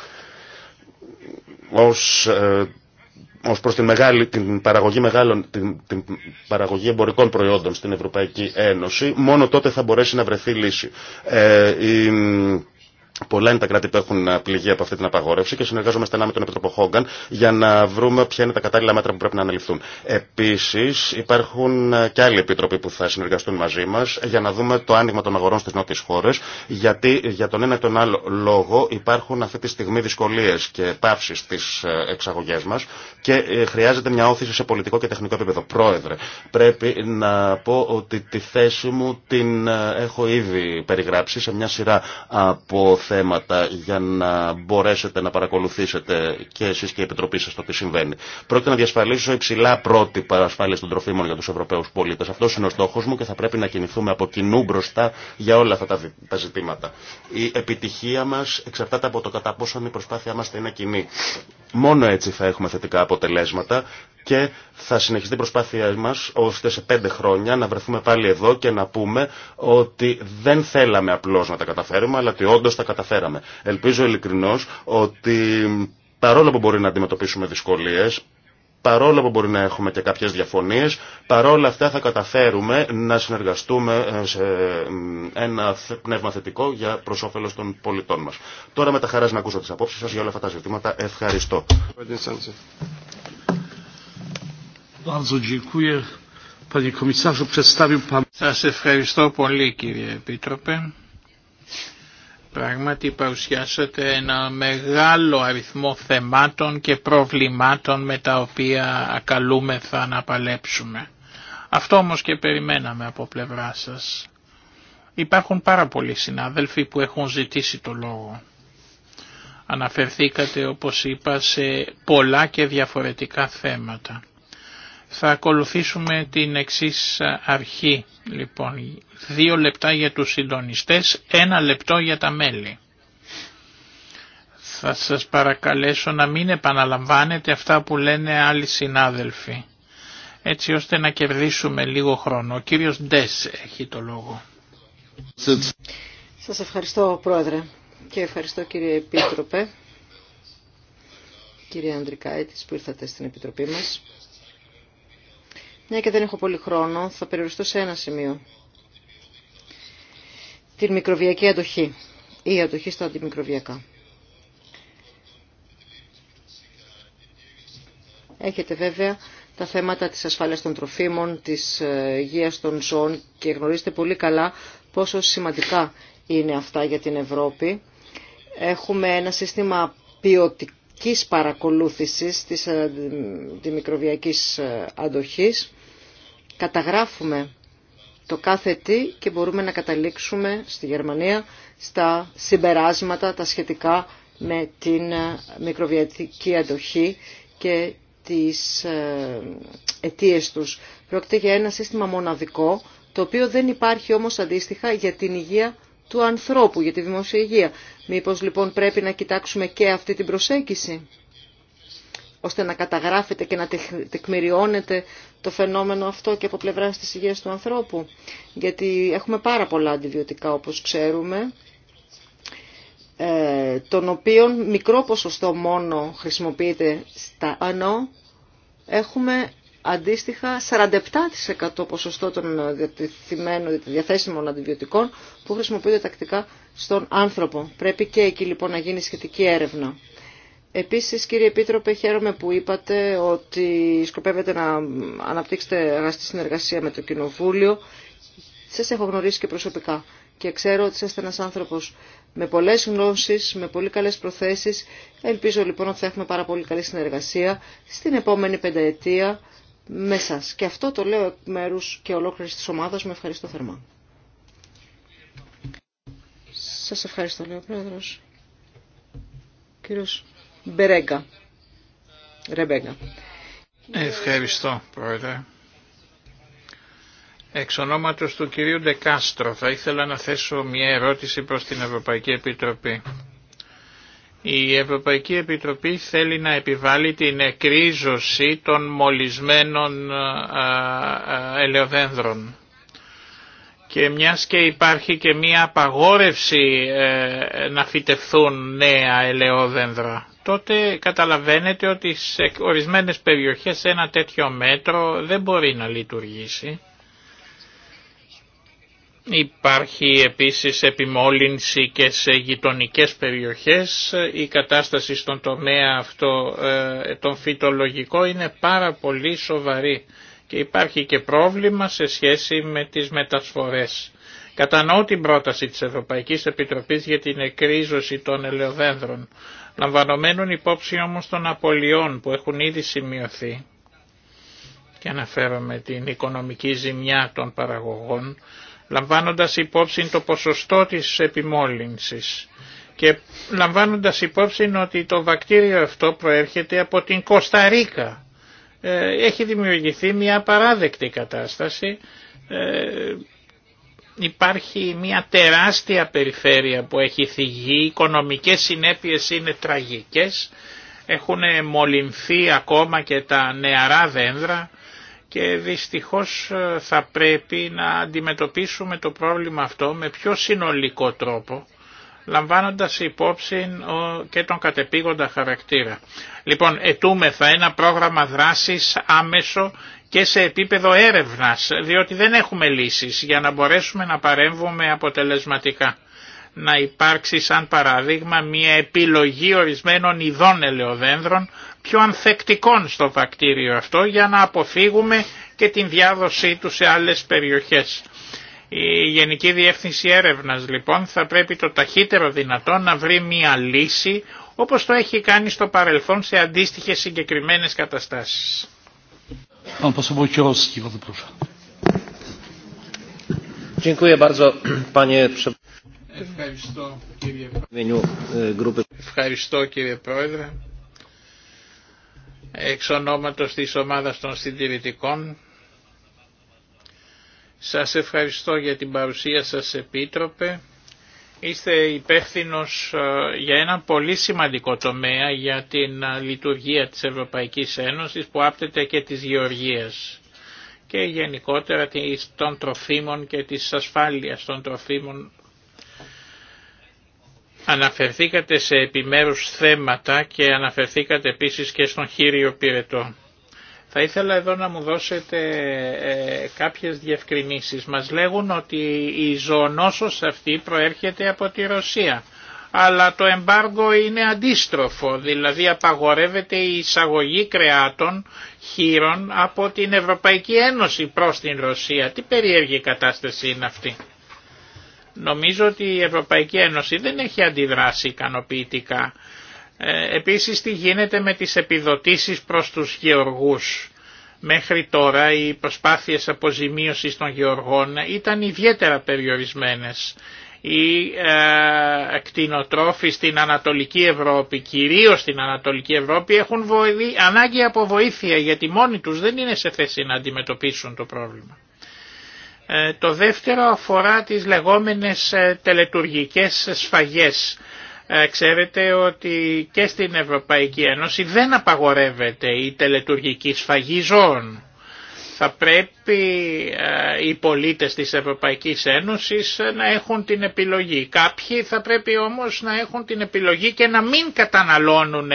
ως, ε, ως προς την, μεγάλη, την, παραγωγή μεγάλων, την, την παραγωγή εμπορικών προϊόντων στην Ευρωπαϊκή Ένωση, μόνο τότε θα μπορέσει να βρεθεί λύση. Ε, η, Πολλά είναι τα κράτη που έχουν ε, πληγεί από αυτή την απαγόρευση και συνεργάζομαι στενά με τον Επιτροπο Χόγκαν για να βρούμε ποια είναι τα κατάλληλα μέτρα που πρέπει να αναλυφθούν. Επίση, υπάρχουν ε, και άλλοι επίτροποι που θα συνεργαστούν μαζί μα για να δούμε το άνοιγμα των αγορών στι νότιε χώρε, γιατί για τον ένα ή τον άλλο λόγο υπάρχουν αυτή τη στιγμή δυσκολίε και πάυσει στι ε, εξαγωγέ μα και χρειάζεται μια όθηση σε πολιτικό και τεχνικό επίπεδο. Πρόεδρε, πρέπει να πω ότι τη θέση μου την έχω ήδη περιγράψει σε μια σειρά από θέματα για να μπορέσετε να παρακολουθήσετε και εσείς και η Επιτροπή σας το τι συμβαίνει. Πρόκειται να διασφαλίσω υψηλά πρότυπα ασφάλεια των τροφίμων για τους Ευρωπαίους πολίτες. Αυτός είναι ο στόχος μου και θα πρέπει να κινηθούμε από κοινού μπροστά για όλα αυτά τα ζητήματα. Η επιτυχία μας εξαρτάται από το κατά πόσο η προσπάθειά μας θα είναι κοινή. Μόνο έτσι θα έχουμε θετικά αποτελέσματα και θα συνεχιστεί η προσπάθειά μας ώστε σε πέντε χρόνια να βρεθούμε πάλι εδώ και να πούμε ότι δεν θέλαμε απλώς να τα καταφέρουμε αλλά ότι όντως τα καταφέραμε. Ελπίζω ειλικρινώς ότι παρόλο που μπορεί να αντιμετωπίσουμε δυσκολίες, παρόλο που μπορεί να έχουμε και κάποιες διαφωνίες, παρόλα αυτά θα καταφέρουμε να συνεργαστούμε ε, σε ε, ένα πνεύμα θετικό για προς όφελος των πολιτών μας. Τώρα με τα χαράς να ακούσω τις απόψεις σας για όλα αυτά τα ζητήματα. Ευχαριστώ. Σας ευχαριστώ πολύ κύριε Επίτροπε. Πράγματι παρουσιάσατε ένα μεγάλο αριθμό θεμάτων και προβλημάτων με τα οποία καλούμεθα να παλέψουμε. Αυτό όμως και περιμέναμε από πλευρά σας. Υπάρχουν πάρα πολλοί συνάδελφοι που έχουν ζητήσει το λόγο. Αναφερθήκατε όπως είπα σε πολλά και διαφορετικά θέματα. Θα ακολουθήσουμε την εξής αρχή. Λοιπόν, δύο λεπτά για τους συντονιστές, ένα λεπτό για τα μέλη. Θα σας παρακαλέσω να μην επαναλαμβάνετε αυτά που λένε άλλοι συνάδελφοι, έτσι ώστε να κερδίσουμε λίγο χρόνο. Ο κύριος Ντες έχει το λόγο. Σας ευχαριστώ Πρόεδρε και ευχαριστώ κύριε Επίτροπε, κύριε Ανδρικάητης που ήρθατε στην Επιτροπή μας. Ναι και δεν έχω πολύ χρόνο, θα περιοριστώ σε ένα σημείο. Την μικροβιακή αντοχή ή αντοχή στα αντιμικροβιακά. Έχετε βέβαια τα θέματα της ασφάλειας των τροφίμων, της ε, υγείας των ζώων και γνωρίζετε πολύ καλά πόσο σημαντικά είναι αυτά για την Ευρώπη. Έχουμε ένα σύστημα ποιοτικό μικροβιακής παρακολούθησης της αντιμικροβιακής ε, ε, αντοχής. Καταγράφουμε το κάθε τι και μπορούμε να καταλήξουμε στη Γερμανία στα συμπεράσματα τα σχετικά με την ε, μικροβιακή αντοχή και τις αιτίες τους. Πρόκειται για ένα σύστημα μοναδικό, το οποίο δεν υπάρχει όμως αντίστοιχα για την υγεία του ανθρώπου, για τη δημόσια υγεία. Μήπως λοιπόν πρέπει να κοιτάξουμε και αυτή την προσέγγιση, ώστε να καταγράφεται και να τεκμηριώνεται το φαινόμενο αυτό και από πλευρά της υγείας του ανθρώπου. Γιατί έχουμε πάρα πολλά αντιβιωτικά όπως ξέρουμε, ε, τον οποίων μικρό ποσοστό μόνο χρησιμοποιείται στα ανώ, έχουμε αντίστοιχα 47% ποσοστό των διαθέσιμων αντιβιωτικών που χρησιμοποιείται τακτικά στον άνθρωπο. Πρέπει και εκεί λοιπόν να γίνει σχετική έρευνα. Επίσης κύριε Επίτροπε χαίρομαι που είπατε ότι σκοπεύετε να αναπτύξετε αγαστή συνεργασία με το Κοινοβούλιο. Σας έχω γνωρίσει και προσωπικά και ξέρω ότι είστε ένας άνθρωπος με πολλές γνώσεις, με πολύ καλές προθέσεις. Ελπίζω λοιπόν ότι θα έχουμε πάρα πολύ καλή συνεργασία στην επόμενη πενταετία με Και αυτό το λέω εκ μέρους και ολόκληρης της ομάδας. Με ευχαριστώ θερμά. Σας ευχαριστώ, λέει ο Πρόεδρος. Κύριος Μπερέγκα. Ρεμπέγκα. Ευχαριστώ, Πρόεδρε. Εξ ονόματος του κυρίου Ντεκάστρο θα ήθελα να θέσω μια ερώτηση προς την Ευρωπαϊκή Επιτροπή. Η Ευρωπαϊκή Επιτροπή θέλει να επιβάλλει την εκρίζωση των μολυσμένων ελαιοδένδρων. Και μιας και υπάρχει και μία απαγόρευση ε, να φυτευθούν νέα ελαιόδενδρα, τότε καταλαβαίνετε ότι σε ορισμένες περιοχές ένα τέτοιο μέτρο δεν μπορεί να λειτουργήσει. Υπάρχει επίσης επιμόλυνση και σε γειτονικές περιοχές. Η κατάσταση στον τομέα αυτό, ε, τον φυτολογικό, είναι πάρα πολύ σοβαρή και υπάρχει και πρόβλημα σε σχέση με τις μετασφορές. Κατανοώ την πρόταση της Ευρωπαϊκής Επιτροπής για την εκρίζωση των ελαιοδένδρων, λαμβανωμένων υπόψη όμως των απολειών που έχουν ήδη σημειωθεί και αναφέρομαι την οικονομική ζημιά των παραγωγών, λαμβάνοντας υπόψη το ποσοστό της επιμόλυνσης και λαμβάνοντας υπόψη ότι το βακτήριο αυτό προέρχεται από την Κοσταρίκα. Ε, έχει δημιουργηθεί μια παράδεκτη κατάσταση. Ε, υπάρχει μια τεράστια περιφέρεια που έχει θυγεί, οι οικονομικές συνέπειες είναι τραγικές, έχουν μολυνθεί ακόμα και τα νεαρά δένδρα και δυστυχώς ε, θα πρέπει να αντιμετωπίσουμε το πρόβλημα αυτό με πιο συνολικό τρόπο λαμβάνοντας υπόψη και τον κατεπήγοντα χαρακτήρα. Λοιπόν, ετούμεθα ένα πρόγραμμα δράσης άμεσο και σε επίπεδο έρευνας, διότι δεν έχουμε λύσεις για να μπορέσουμε να παρέμβουμε αποτελεσματικά. Να υπάρξει σαν παράδειγμα μια επιλογή ορισμένων ειδών ελαιοδένδρων πιο ανθεκτικών στο βακτήριο αυτό για να αποφύγουμε και την διάδοσή του σε άλλες περιοχές. Η Γενική Διεύθυνση Έρευνας λοιπόν θα πρέπει το ταχύτερο δυνατό να βρει μια λύση όπως το έχει κάνει στο παρελθόν σε αντίστοιχες συγκεκριμένες καταστάσεις. Ευχαριστώ κύριε Πρόεδρε. E, Ευχαριστώ κύριε Πρόεδρε. Εξ ονόματος της ομάδας των συντηρητικών, σας ευχαριστώ για την παρουσία σας επίτροπε. Είστε υπεύθυνο ε, για ένα πολύ σημαντικό τομέα για την ε, λειτουργία της Ευρωπαϊκής Ένωσης που άπτεται και της γεωργίας και γενικότερα των τροφίμων και της ασφάλειας των τροφίμων Αναφερθήκατε σε επιμέρους θέματα και αναφερθήκατε επίσης και στον χείριο πυρετό. Θα ήθελα εδώ να μου δώσετε ε, κάποιες διευκρινήσεις. Μας λέγουν ότι η ζωονόσος αυτή προέρχεται από τη Ρωσία. Αλλά το εμπάργο είναι αντίστροφο, δηλαδή απαγορεύεται η εισαγωγή κρεάτων χείρων από την Ευρωπαϊκή Ένωση προς την Ρωσία. Τι περίεργη κατάσταση είναι αυτή. Νομίζω ότι η Ευρωπαϊκή Ένωση δεν έχει αντιδράσει ικανοποιητικά. Ε, επίσης τι γίνεται με τις επιδοτήσεις προς τους γεωργούς. Μέχρι τώρα οι προσπάθειες αποζημίωσης των γεωργών ήταν ιδιαίτερα περιορισμένες. Οι ε, κτηνοτρόφοι στην Ανατολική Ευρώπη, κυρίως στην Ανατολική Ευρώπη, έχουν ανάγκη από βοήθεια γιατί μόνοι τους δεν είναι σε θέση να αντιμετωπίσουν το πρόβλημα. Ε, το δεύτερο αφορά τις λεγόμενες ε, τελετουργικές σφαγές. Ε, ξέρετε ότι και στην Ευρωπαϊκή Ένωση δεν απαγορεύεται η τελετουργική σφαγή ζώων. Θα πρέπει οι πολίτες της Ευρωπαϊκής Ένωσης να έχουν την επιλογή. Κάποιοι θα πρέπει όμως να έχουν την επιλογή και να μην καταναλώνουν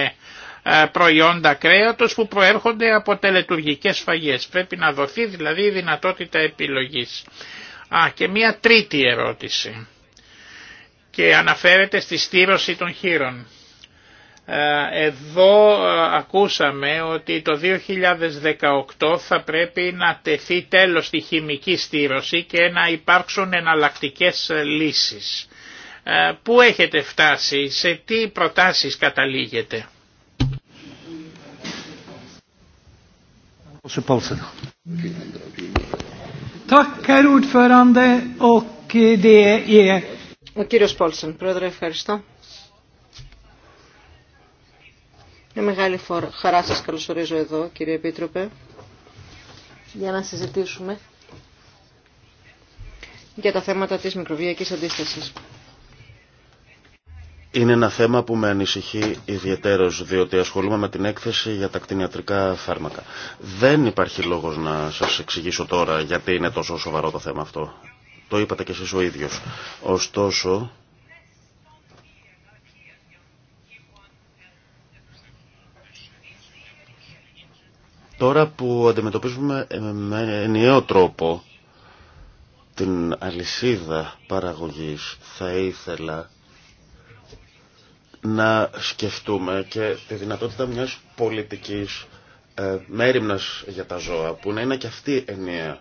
ε, προϊόντα κρέατος που προέρχονται από τελετουργικές φαγές. Πρέπει να δοθεί δηλαδή η δυνατότητα επιλογής. Α, και μία τρίτη ερώτηση και αναφέρεται στη στήρωση των χείρων. Ε, εδώ ε, ακούσαμε ότι το 2018 θα πρέπει να τεθεί τέλος στη χημική στήρωση και να υπάρξουν εναλλακτικές λύσεις. Πού έχετε φτάσει, σε τι προτάσεις καταλήγετε. Eh, Ο κύριος Πόλσεν, πρόεδρε, ευχαριστώ. Με μεγάλη χαρά σας καλωσορίζω εδώ, κύριε Επίτροπε, για να συζητήσουμε για τα θέματα της μικροβιακής αντίστασης. Είναι ένα θέμα που με ανησυχεί ιδιαίτερος, διότι ασχολούμαι με την έκθεση για τα κτηνιατρικά φάρμακα. Δεν υπάρχει λόγος να σας εξηγήσω τώρα γιατί είναι τόσο σοβαρό το θέμα αυτό. Το είπατε και εσείς ο ίδιος. Ωστόσο, τώρα που αντιμετωπίζουμε με ενιαίο τρόπο την αλυσίδα παραγωγής, θα ήθελα να σκεφτούμε και τη δυνατότητα μιας πολιτικής ε, μέρημνας για τα ζώα που να είναι και αυτή ενιαία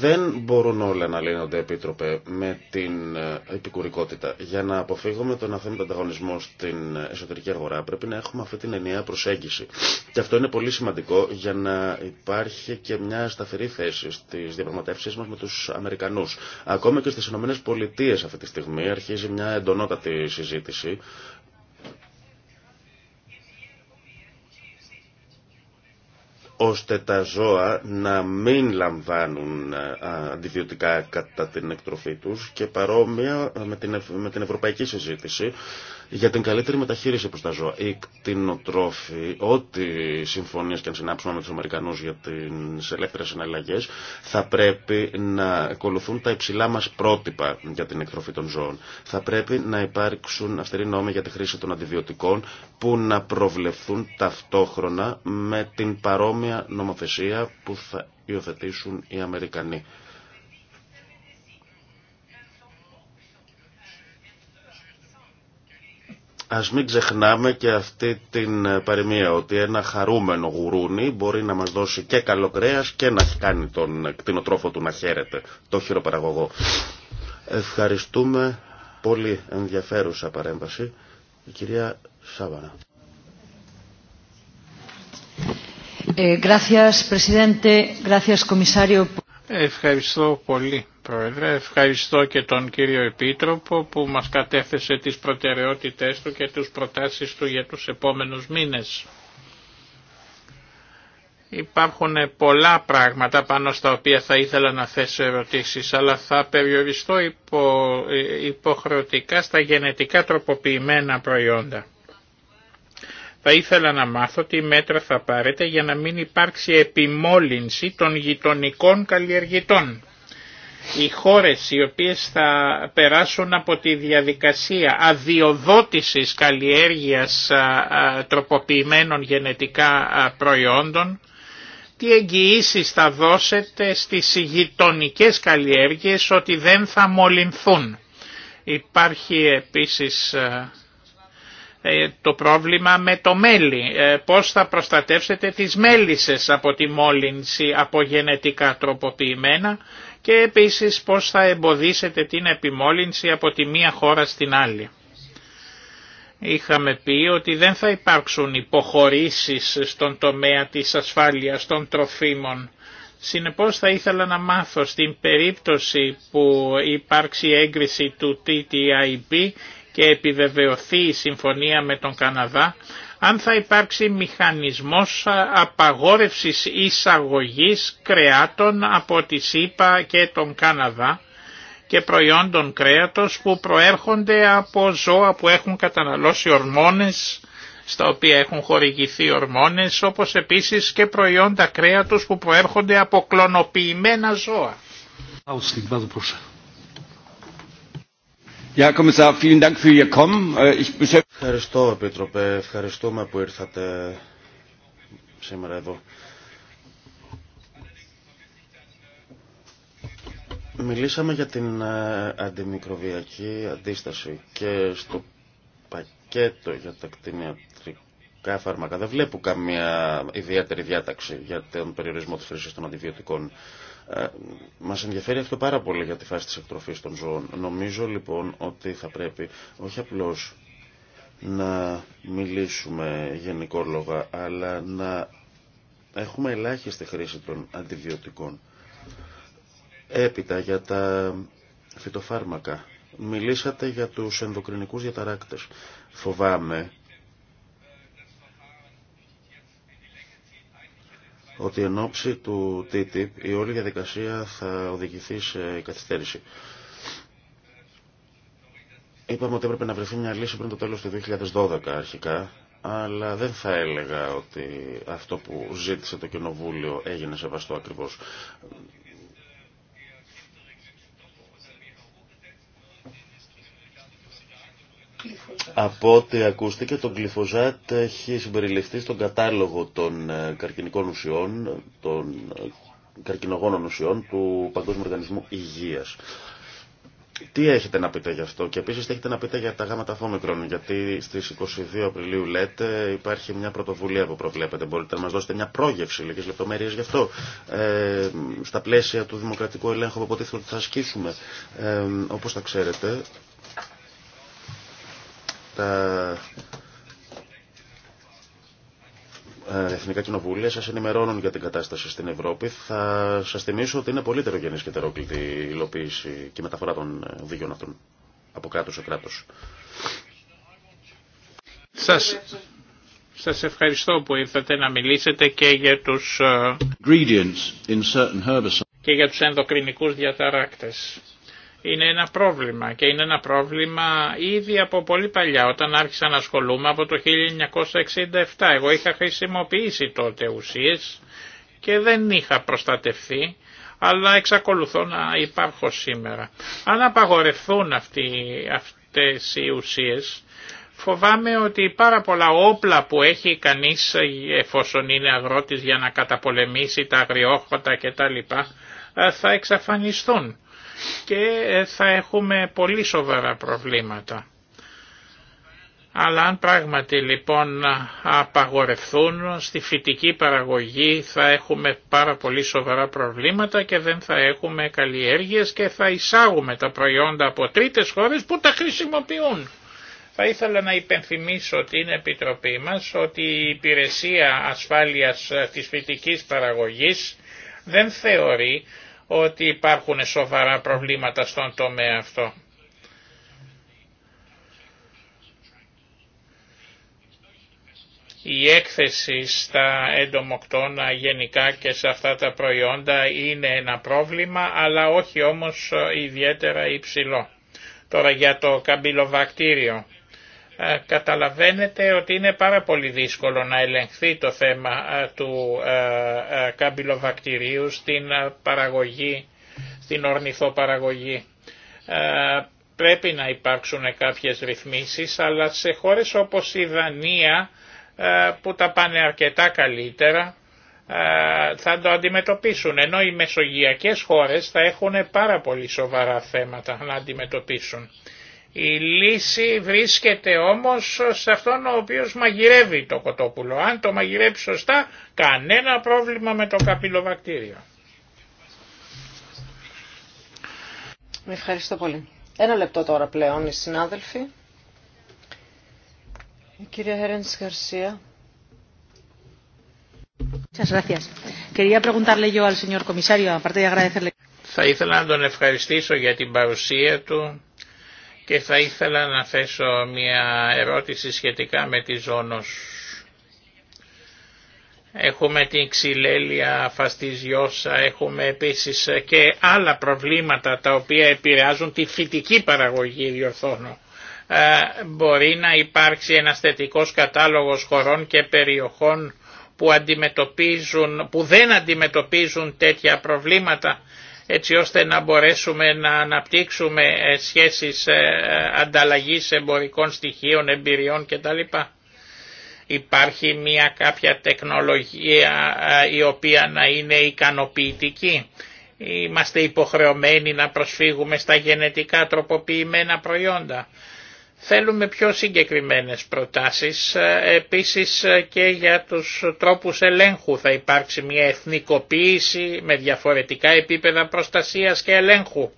δεν μπορούν όλα να λύνονται, Επίτροπε, με την ε, επικουρικότητα. Για να αποφύγουμε τον αθέμητο ανταγωνισμό στην εσωτερική αγορά, πρέπει να έχουμε αυτή την ενιαία προσέγγιση. Και αυτό είναι πολύ σημαντικό για να υπάρχει και μια σταθερή θέση στι διαπραγματεύσει μα με του Αμερικανού. Ακόμα και στι ΗΠΑ αυτή τη στιγμή αρχίζει μια εντονότατη συζήτηση ώστε τα ζώα να μην λαμβάνουν ε, αντιβιωτικά κατά την εκτροφή τους και παρόμοια με την, ευρωπαϊκή συζήτηση για την καλύτερη μεταχείριση προς τα ζώα. Οι κτηνοτρόφοι, ό,τι συμφωνίες και αν συνάψουμε με τους Αμερικανούς για τι ελεύθερε συναλλαγές, θα πρέπει να ακολουθούν τα υψηλά μας πρότυπα για την εκτροφή των ζώων. Θα πρέπει να υπάρξουν αυστηροί νόμοι για τη χρήση των αντιβιωτικών που να προβλεφθούν ταυτόχρονα με την παρόμοια νομοθεσία που θα υιοθετήσουν οι Αμερικανοί. Ας μην ξεχνάμε και αυτή την ε, παροιμία ότι ένα χαρούμενο γουρούνι μπορεί να μας δώσει και καλό κρέας και να κάνει τον κτηνοτρόφο του να χαίρεται, το χειροπαραγωγό. Ευχαριστούμε πολύ ενδιαφέρουσα παρέμβαση η κυρία Σάβανα. Ευχαριστώ, gracias, presidente. Gracias, comisario. Ευχαριστώ πολύ Πρόεδρε, ευχαριστώ και τον κύριο Επίτροπο που μας κατέθεσε τις προτεραιότητές του και τις προτάσεις του για τους επόμενους μήνες. Υπάρχουν πολλά πράγματα πάνω στα οποία θα ήθελα να θέσω ερωτήσεις, αλλά θα περιοριστώ υπο, ε, υποχρεωτικά στα γενετικά τροποποιημένα προϊόντα. Θα ήθελα να μάθω τι μέτρα θα πάρετε για να μην υπάρξει επιμόλυνση των γειτονικών καλλιεργητών. Οι χώρες οι οποίες θα περάσουν από τη διαδικασία αδειοδότησης καλλιέργειας τροποποιημένων γενετικά προϊόντων, τι εγγυήσεις θα δώσετε στις γειτονικέ καλλιέργειες ότι δεν θα μολυνθούν. Υπάρχει επίσης ε, το πρόβλημα με το μέλι. Ε, πώς θα προστατεύσετε τις μέλισσες από τη μόλυνση από γενετικά τροποποιημένα και επίσης πώς θα εμποδίσετε την επιμόλυνση από τη μία χώρα στην άλλη. Είχαμε πει ότι δεν θα υπάρξουν υποχωρήσεις στον τομέα της ασφάλειας των τροφίμων. Συνεπώς θα ήθελα να μάθω στην περίπτωση που υπάρξει έγκριση του TTIP και επιβεβαιωθεί η συμφωνία με τον Καναδά, αν θα υπάρξει μηχανισμός απαγόρευσης εισαγωγής κρεάτων από τη ΣΥΠΑ και τον Καναδά και προϊόντων κρέατος που προέρχονται από ζώα που έχουν καταναλώσει ορμόνες, στα οποία έχουν χορηγηθεί ορμόνες, όπως επίσης και προϊόντα κρέατος που προέρχονται από κλωνοποιημένα ζώα. Äh, Ευχαριστώ, Επίτροπε. Ευχαριστούμε που ήρθατε σήμερα εδώ. Μιλήσαμε για την ε, αντιμικροβιακή αντίσταση και στο πακέτο για τα κτηνιατρικά φάρμακα. Δεν βλέπω καμία ιδιαίτερη διάταξη για τον περιορισμό της χρήσης των αντιβιωτικών. Ε, μας ενδιαφέρει αυτό πάρα πολύ για τη φάση της εκτροφής των ζώων. Νομίζω λοιπόν ότι θα πρέπει όχι απλώς να μιλήσουμε γενικόλογα, αλλά να έχουμε ελάχιστη χρήση των αντιβιωτικών. Έπειτα για τα φυτοφάρμακα. Μιλήσατε για τους ενδοκρινικούς διαταράκτες. Φοβάμαι ότι εν ώψη του TTIP η όλη διαδικασία θα οδηγηθεί σε καθυστέρηση. Είπαμε ότι έπρεπε να βρεθεί μια λύση πριν το τέλος του 2012 αρχικά, αλλά δεν θα έλεγα ότι αυτό που ζήτησε το Κοινοβούλιο έγινε σεβαστό ακριβώς. Από ό,τι ακούστηκε, το γλυφοζάτ έχει συμπεριληφθεί στον κατάλογο των ε, καρκινικών ουσιών, των ε, καρκινογόνων ουσιών του Παγκόσμιου Οργανισμού Υγείας. Τι έχετε να πείτε γι' αυτό και επίσης τι έχετε να πείτε για τα γάμματα φόμικρων, γιατί στις 22 Απριλίου λέτε υπάρχει μια πρωτοβουλία που προβλέπετε. Μπορείτε να μας δώσετε μια πρόγευση, λίγες λεπτομέρειες γι' αυτό, ε, στα πλαίσια του δημοκρατικού ελέγχου που αποτίθεται ότι θα ασκήσουμε. Ε, όπως τα ξέρετε, τα ε, Εθνικά Κοινοβούλια σας ενημερώνουν για την κατάσταση στην Ευρώπη. Θα σας θυμίσω ότι είναι πολύ τερογενής και τερόκλητη η υλοποίηση και η μεταφορά των ε, οδηγιών αυτών από κράτος σε κράτος. Σας, σας ευχαριστώ που ήρθατε να μιλήσετε και για τους, ε, και για τους ενδοκρινικούς διαταράκτες είναι ένα πρόβλημα και είναι ένα πρόβλημα ήδη από πολύ παλιά όταν άρχισα να ασχολούμαι από το 1967. Εγώ είχα χρησιμοποιήσει τότε ουσίες και δεν είχα προστατευθεί αλλά εξακολουθώ να υπάρχω σήμερα. Αν απαγορευθούν αυτοί, αυτές οι ουσίες φοβάμαι ότι πάρα πολλά όπλα που έχει κανείς εφόσον είναι αγρότης για να καταπολεμήσει τα αγριόχωτα κτλ θα εξαφανιστούν και ε, θα έχουμε πολύ σοβαρά προβλήματα. Αλλά αν πράγματι λοιπόν απαγορευθούν στη φυτική παραγωγή θα έχουμε πάρα πολύ σοβαρά προβλήματα και δεν θα έχουμε καλλιέργειες και θα εισάγουμε τα προϊόντα από τρίτες χώρες που τα χρησιμοποιούν. Θα ήθελα να υπενθυμίσω την Επιτροπή μας ότι η Υπηρεσία Ασφάλειας της Φυτικής Παραγωγής δεν θεωρεί ότι υπάρχουν σοβαρά προβλήματα στον τομέα αυτό. Η έκθεση στα εντομοκτώνα γενικά και σε αυτά τα προϊόντα είναι ένα πρόβλημα, αλλά όχι όμως ιδιαίτερα υψηλό. Τώρα για το καμπυλοβακτήριο. Ε, καταλαβαίνετε ότι είναι πάρα πολύ δύσκολο να ελεγχθεί το θέμα ε, του ε, καμπυλοβακτηρίου στην παραγωγή, στην ορνηθοπαραγωγή. Πρέπει να υπάρξουν κάποιες ρυθμίσεις, αλλά σε χώρες όπως η Δανία που τα πάνε αρκετά καλύτερα θα το αντιμετωπίσουν, ενώ οι μεσογειακές χώρες θα έχουν πάρα πολύ σοβαρά θέματα να αντιμετωπίσουν. Η λύση βρίσκεται όμως σε αυτόν ο οποίος μαγειρεύει το κοτόπουλο. Αν το μαγειρεύει σωστά, κανένα πρόβλημα με το καπυλοβακτήριο. Με ευχαριστώ πολύ. Ένα λεπτό τώρα πλέον οι συνάδελφοι. Η κυρία Χέρενς Γαρσία. Θα ήθελα να τον ευχαριστήσω για την παρουσία του και θα ήθελα να θέσω μια ερώτηση σχετικά με τη ζώνος. Έχουμε την ξυλέλια φαστιζιώσα, έχουμε επίσης και άλλα προβλήματα τα οποία επηρεάζουν τη φυτική παραγωγή διορθώνω. Ε, μπορεί να υπάρξει ένας θετικός κατάλογος χωρών και περιοχών που, αντιμετωπίζουν, που δεν αντιμετωπίζουν τέτοια προβλήματα έτσι ώστε να μπορέσουμε να αναπτύξουμε ε, σχέσεις ε, ανταλλαγής εμπορικών στοιχείων, εμπειριών κτλ. Υπάρχει μια κάποια τεχνολογία ε, η οποία να είναι ικανοποιητική. Είμαστε υποχρεωμένοι να προσφύγουμε στα γενετικά τροποποιημένα προϊόντα. Θέλουμε πιο συγκεκριμένες προτάσεις, ε, επίσης ε, και για τους τρόπους ελέγχου θα υπάρξει μια εθνικοποίηση με διαφορετικά επίπεδα προστασίας και ελέγχου.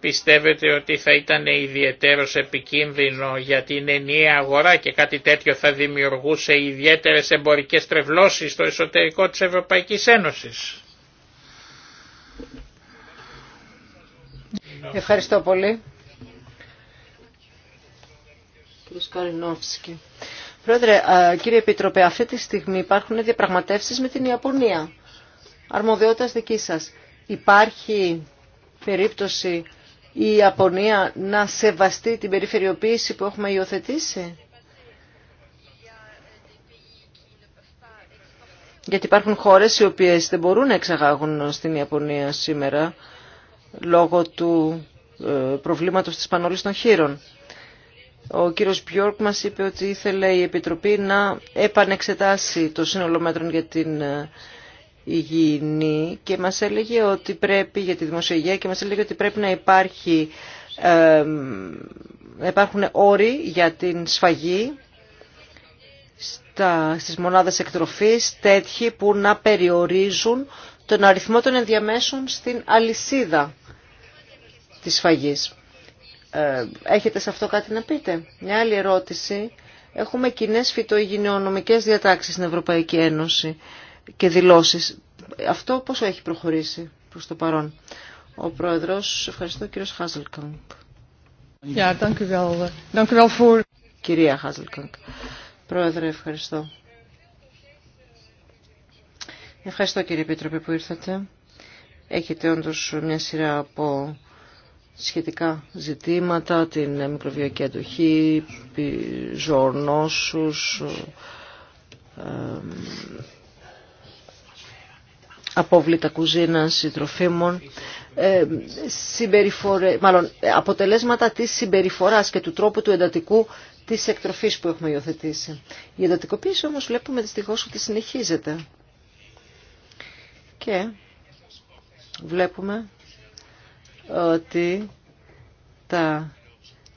Πιστεύετε ότι θα ήταν ιδιαίτερος επικίνδυνο για την ενιαία αγορά και κάτι τέτοιο θα δημιουργούσε ιδιαίτερες εμπορικές τρευλώσεις στο εσωτερικό της Ευρωπαϊκής Ένωσης. Ευχαριστώ πολύ. Κύριε Πρόεδρε, κύριε Επίτροπε, αυτή τη στιγμή υπάρχουν διαπραγματεύσεις με την Ιαπωνία. Αρμοδιότητας δική σας. Υπάρχει περίπτωση η Ιαπωνία να σεβαστεί την περιφερειοποίηση που έχουμε υιοθετήσει. Γιατί υπάρχουν χώρες οι οποίες δεν μπορούν να εξαγάγουν στην Ιαπωνία σήμερα λόγω του ε, προβλήματος της πανόλης των χείρων. Ο κύριος Μπιόρκ μας είπε ότι ήθελε η Επιτροπή να επανεξετάσει το σύνολο μέτρων για την ε, υγιεινή και μας έλεγε ότι πρέπει για τη και μας έλεγε ότι πρέπει να υπάρχει ε, υπάρχουν όροι για την σφαγή στα, στις μονάδες εκτροφής τέτοιοι που να περιορίζουν τον αριθμό των ενδιαμέσων στην αλυσίδα της σφαγής. Ε, έχετε σε αυτό κάτι να πείτε. Μια άλλη ερώτηση. Έχουμε κοινέ φυτοϊγειονομικές διατάξεις στην Ευρωπαϊκή Ένωση και δηλώσεις. Αυτό πόσο έχει προχωρήσει προς το παρόν. Ο Πρόεδρος, ευχαριστώ, κύριος Χάζελκαγκ. Eh, Κυρία Χάζελκαγκ. Πρόεδρε, ευχαριστώ. Ευχαριστώ κύριε Επίτροπε που ήρθατε. Έχετε όντως μια σειρά από σχετικά ζητήματα, την μικροβιακή αντοχή, απόβλητα κουζίνας, τροφίμων, ε, μάλλον ε, αποτελέσματα της συμπεριφοράς και του τρόπου του εντατικού της εκτροφής που έχουμε υιοθετήσει. Η εντατικοποίηση όμως βλέπουμε δυστυχώς ότι συνεχίζεται. Και βλέπουμε ότι τα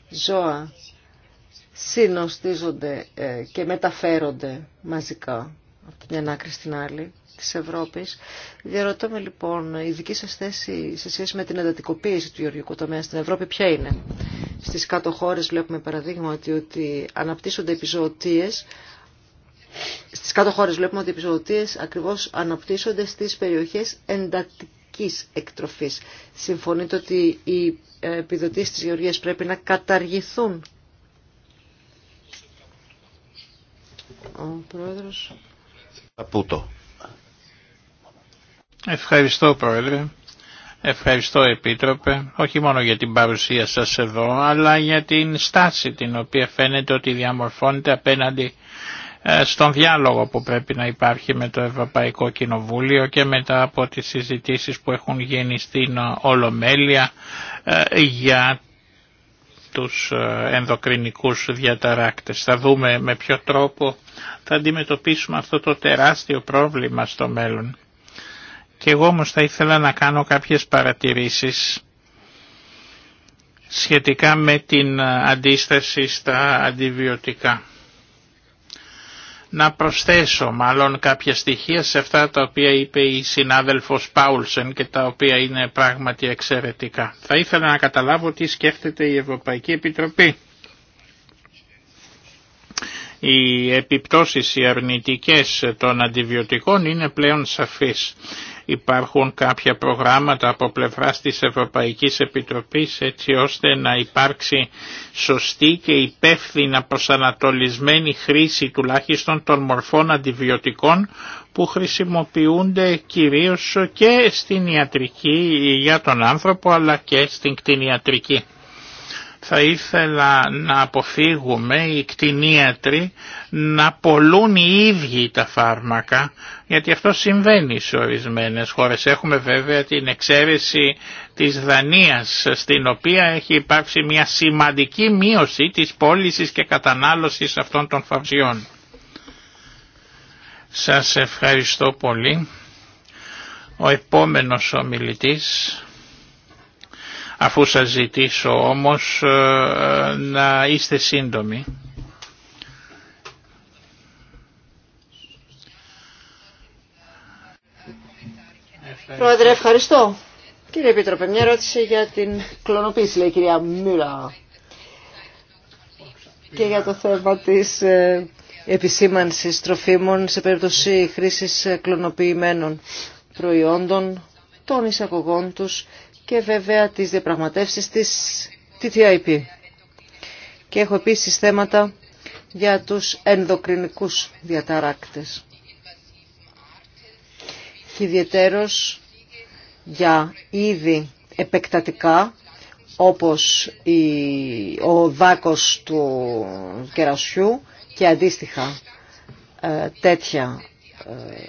ζώα συνοστίζονται ε, και μεταφέρονται μαζικά από την μια άκρη στην άλλη της Ευρώπης. Διαρωτώ με λοιπόν, η δική σας θέση σε σχέση με την εντατικοποίηση του γεωργικού τομέα στην Ευρώπη ποια είναι. Στις κάτω χώρες βλέπουμε παραδείγμα ότι, ότι αναπτύσσονται επιζωοτίες στις κάτω χώρες βλέπουμε ότι οι ακριβώς αναπτύσσονται στις περιοχές εντατικοποίησης γεωργικής εκτροφής. Συμφωνείτε ότι οι ε, επιδοτήσεις της γεωργίας πρέπει να καταργηθούν. Ο Πρόεδρος. Καπούτο. Ευχαριστώ Πρόεδρε. Ευχαριστώ Επίτροπε, όχι μόνο για την παρουσία σας εδώ, αλλά για την στάση την οποία φαίνεται ότι διαμορφώνεται απέναντι ε, στον διάλογο που πρέπει να υπάρχει με το Ευρωπαϊκό Κοινοβούλιο και μετά από τις συζητήσεις που έχουν γίνει στην ε, Ολομέλεια ε, για τους ενδοκρινικούς διαταράκτες. Θα δούμε με ποιο τρόπο θα αντιμετωπίσουμε αυτό το τεράστιο πρόβλημα στο μέλλον. Και εγώ όμως θα ήθελα να κάνω κάποιες παρατηρήσεις σχετικά με την αντίσταση στα αντιβιωτικά να προσθέσω μάλλον κάποια στοιχεία σε αυτά τα οποία είπε η συνάδελφος Πάουλσεν και τα οποία είναι πράγματι εξαιρετικά. Θα ήθελα να καταλάβω τι σκέφτεται η Ευρωπαϊκή Επιτροπή. Οι επιπτώσεις οι αρνητικές των αντιβιωτικών είναι πλέον σαφείς. Υπάρχουν κάποια προγράμματα από πλευράς της Ευρωπαϊκής Επιτροπής έτσι ώστε να υπάρξει σωστή και υπεύθυνα προσανατολισμένη χρήση τουλάχιστον των μορφών αντιβιωτικών που χρησιμοποιούνται κυρίως και στην ιατρική για τον άνθρωπο αλλά και στην κτηνιατρική θα ήθελα να αποφύγουμε οι κτηνίατροι να πολλούν οι ίδιοι τα φάρμακα, γιατί αυτό συμβαίνει σε ορισμένες χώρες. Έχουμε βέβαια την εξαίρεση της Δανίας, στην οποία έχει υπάρξει μια σημαντική μείωση της πώλησης και κατανάλωσης αυτών των φαυσιών. Σας ευχαριστώ πολύ. Ο επόμενος ομιλητής Αφού σας ζητήσω όμως ε, να είστε σύντομοι. Πρόεδρε, ευχαριστώ. Κύριε Επίτροπε, μια ερώτηση για την κλωνοποίηση, λέει η κυρία Μύρα. Και για το θέμα της ε, επισήμανσης τροφίμων σε περίπτωση χρήσης ε, κλωνοποιημένων προϊόντων, των εισαγωγών τους και βέβαια τις διαπραγματεύσεις της TTIP. Και έχω επίσης θέματα για τους ενδοκρινικούς διαταράκτες. Και για είδη επεκτατικά όπως ο δάκος του κερασιού και αντίστοιχα ε, τέτοια ε,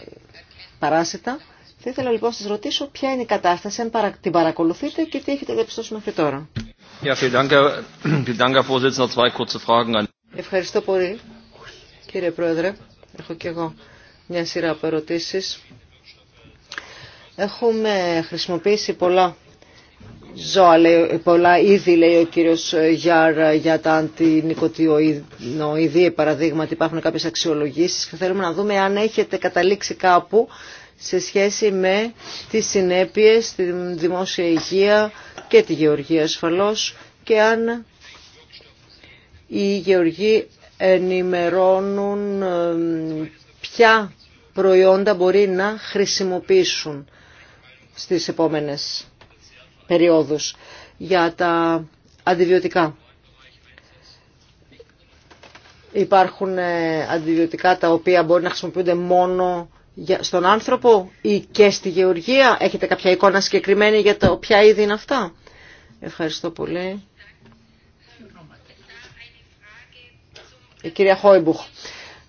παράσιτα θα ήθελα λοιπόν να σας ρωτήσω ποια είναι η κατάσταση, αν την παρακολουθείτε και τι έχετε διαπιστώσει μέχρι τώρα. Ευχαριστώ πολύ, κύριε Πρόεδρε. Έχω και εγώ μια σειρά από ερωτήσει. Έχουμε χρησιμοποιήσει πολλά ζώα, πολλά είδη, λέει ο κύριο Γιάρ, για τα αντινικοτιοειδή παραδείγματι, υπάρχουν κάποιε αξιολογήσει και θέλουμε να δούμε αν έχετε καταλήξει κάπου σε σχέση με τις συνέπειες τη δημόσια υγεία και τη γεωργία ασφαλώς και αν οι γεωργοί ενημερώνουν ε, ποια προϊόντα μπορεί να χρησιμοποιήσουν στις επόμενες περιόδους για τα αντιβιωτικά. Υπάρχουν ε, αντιβιωτικά τα οποία μπορεί να χρησιμοποιούνται μόνο στον άνθρωπο ή και στη γεωργία. Έχετε κάποια εικόνα συγκεκριμένη για το ποια είδη είναι αυτά. Ευχαριστώ πολύ. Η ε, κυρία Χόιμπουχ.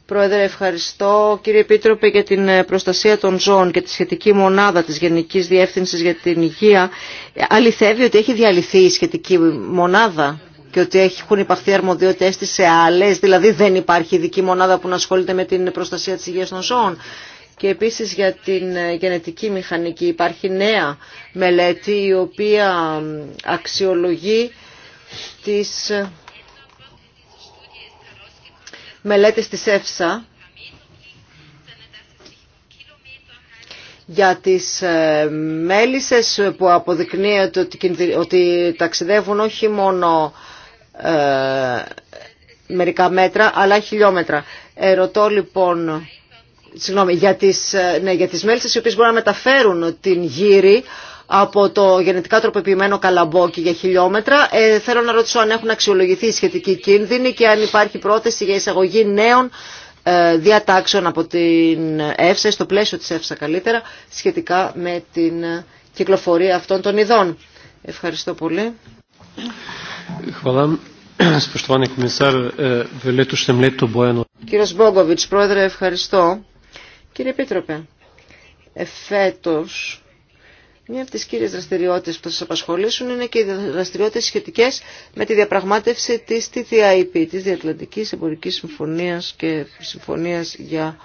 Πρόεδρε, ευχαριστώ. Κύριε Επίτροπε για την ε, προστασία των ζώων και τη σχετική μονάδα της Γενικής Διεύθυνσης για την Υγεία. Ε, αληθεύει ότι έχει διαλυθεί η σχετική μονάδα και ότι έχουν υπαχθεί αρμοδιότητες σε άλλες, δηλαδή δεν υπάρχει ειδική μονάδα που να ασχολείται με την προστασία της υγείας των ζώων και επίσης για την ε, γενετική μηχανική υπάρχει νέα μελέτη η οποία αξιολογεί τις ε, μελέτες της ΕΦΣΑ για τις ε, μέλισσες που αποδεικνύεται ότι ταξιδεύουν όχι μόνο μερικά μέτρα αλλά χιλιόμετρα. Ερωτώ λοιπόν συγγνώμη, για τις, ε, ναι, για τις οι οποίες μπορούν να μεταφέρουν την γύρι από το γενετικά τροποποιημένο καλαμπόκι για χιλιόμετρα. Ε, θέλω να ρωτήσω αν έχουν αξιολογηθεί οι σχετικοί κίνδυνοι και αν υπάρχει πρόθεση για εισαγωγή νέων ε, διατάξεων από την ΕΦΣΑ, στο πλαίσιο της ΕΦΣΑ καλύτερα, σχετικά με την ε, κυκλοφορία αυτών των ειδών. Ευχαριστώ πολύ. Eh, Κύριος Μπόγκοβιτς, Πρόεδρε, ευχαριστώ. Κύριε Επίτροπε, εφέτος μία από τις κύριες δραστηριότητες που θα σας απασχολήσουν είναι και οι δραστηριότητες σχετικές με τη διαπραγμάτευση της TTIP, της Διατλαντικής Εμπορικής Συμφωνίας και Συμφωνίας για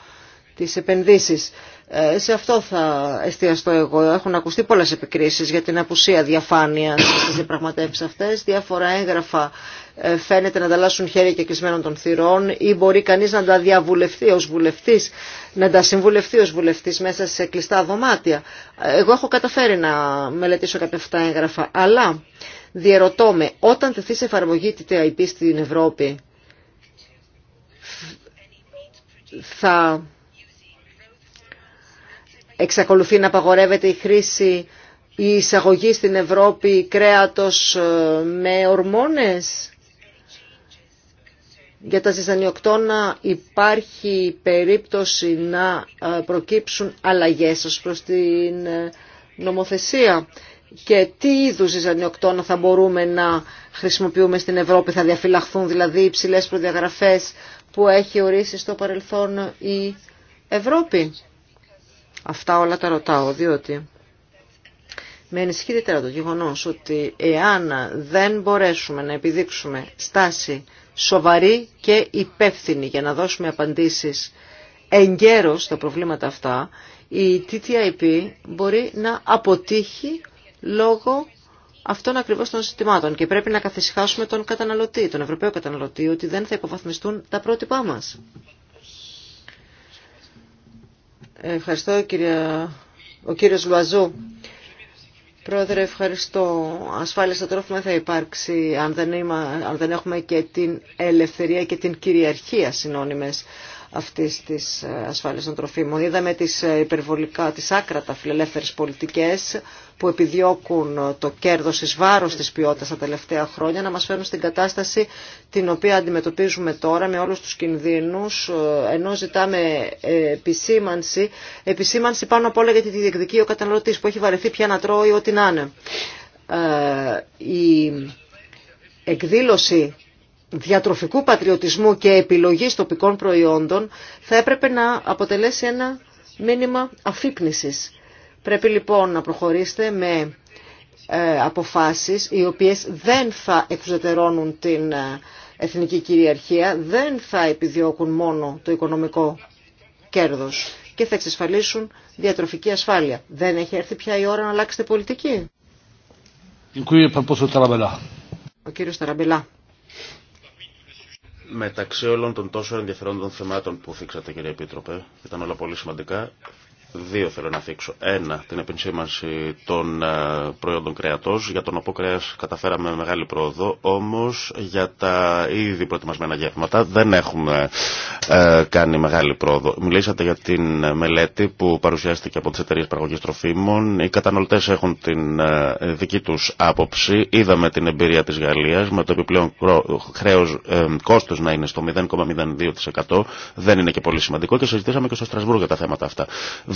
τις Επενδύσεις. Ε, σε αυτό θα εστιαστώ εγώ. Έχουν ακουστεί πολλές επικρίσεις για την απουσία διαφάνειας στις διαπραγματεύσεις αυτές. Διάφορα έγγραφα ε, φαίνεται να ανταλλάσσουν χέρια και κλεισμένων των θυρών ή μπορεί κανείς να τα διαβουλευτεί ως βουλευτής, να τα συμβουλευτεί ως βουλευτής μέσα σε κλειστά δωμάτια. Εγώ έχω καταφέρει να μελετήσω κάποια αυτά έγγραφα, αλλά διαιρωτώ με, όταν τεθεί σε εφαρμογή τη TIP στην Ευρώπη, θα εξακολουθεί να απαγορεύεται η χρήση η εισαγωγή στην Ευρώπη κρέατος ε, με ορμόνες. Για τα ζυζανιοκτώνα υπάρχει περίπτωση να ε, προκύψουν αλλαγές ως προς την ε, νομοθεσία και τι είδου ζυζανιοκτώνα θα μπορούμε να χρησιμοποιούμε στην Ευρώπη, θα διαφυλαχθούν δηλαδή οι ψηλές προδιαγραφές που έχει ορίσει στο παρελθόν η Ευρώπη. Αυτά όλα τα ρωτάω, διότι με ενισχύει ιδιαίτερα το γεγονός ότι εάν δεν μπορέσουμε να επιδείξουμε στάση σοβαρή και υπεύθυνη για να δώσουμε απαντήσεις εγκαίρως στα προβλήματα αυτά, η TTIP μπορεί να αποτύχει λόγω αυτών ακριβώς των συστημάτων και πρέπει να καθησυχάσουμε τον καταναλωτή, τον Ευρωπαίο καταναλωτή, ότι δεν θα υποβαθμιστούν τα πρότυπά μας. Ευχαριστώ κυρία... ο κύριος Λουαζού. Πρόεδρε, ευχαριστώ. Ασφάλεια στο τρόφιμα θα υπάρξει αν δεν, είμα, έχουμε και την ελευθερία και την κυριαρχία συνώνυμες αυτής της ε, ασφάλειας των τροφίμων. Είδαμε τις ε, υπερβολικά, τις άκρατα φιλελεύθερες πολιτικές που επιδιώκουν το κέρδος εις βάρος της ποιότητας τα τελευταία χρόνια να μας φέρουν στην κατάσταση την οποία αντιμετωπίζουμε τώρα με όλους τους κινδύνους ε, ενώ ζητάμε ε, επισήμανση, επισήμανση πάνω απ' όλα γιατί τη διεκδικεί ο καταναλωτής που έχει βαρεθεί πια να τρώει ό,τι να είναι. Ε, η εκδήλωση διατροφικού πατριωτισμού και επιλογής τοπικών προϊόντων θα έπρεπε να αποτελέσει ένα μήνυμα αφύπνισης Πρέπει λοιπόν να προχωρήσετε με ε, αποφάσεις οι οποίες δεν θα εξωτερώνουν την ε, εθνική κυριαρχία, δεν θα επιδιώκουν μόνο το οικονομικό κέρδος και θα εξασφαλίσουν διατροφική ασφάλεια. Δεν έχει έρθει πια η ώρα να αλλάξετε πολιτική. Ο κύριος Ταραμπελά. Μεταξύ όλων των τόσο ενδιαφερόντων θεμάτων που θίξατε κύριε Επίτροπε, ήταν όλα πολύ σημαντικά, Δύο θέλω να θίξω. Ένα, την επενσήμανση των ε, προϊόντων κρεατός, για τον οποίο καταφέραμε μεγάλη πρόοδο, όμως για τα ήδη προετοιμασμένα γεύματα δεν έχουμε ε, κάνει μεγάλη πρόοδο. Μιλήσατε για την μελέτη που παρουσιάστηκε από τις εταιρείε παραγωγής τροφίμων. Οι καταναλωτές έχουν την ε, δική τους άποψη. Είδαμε την εμπειρία της Γαλλίας με το επιπλέον χρέος, ε, κόστος να είναι στο 0,02%. Δεν είναι και πολύ σημαντικό και συζητήσαμε και στο Στρασβούργο τα θέματα αυτά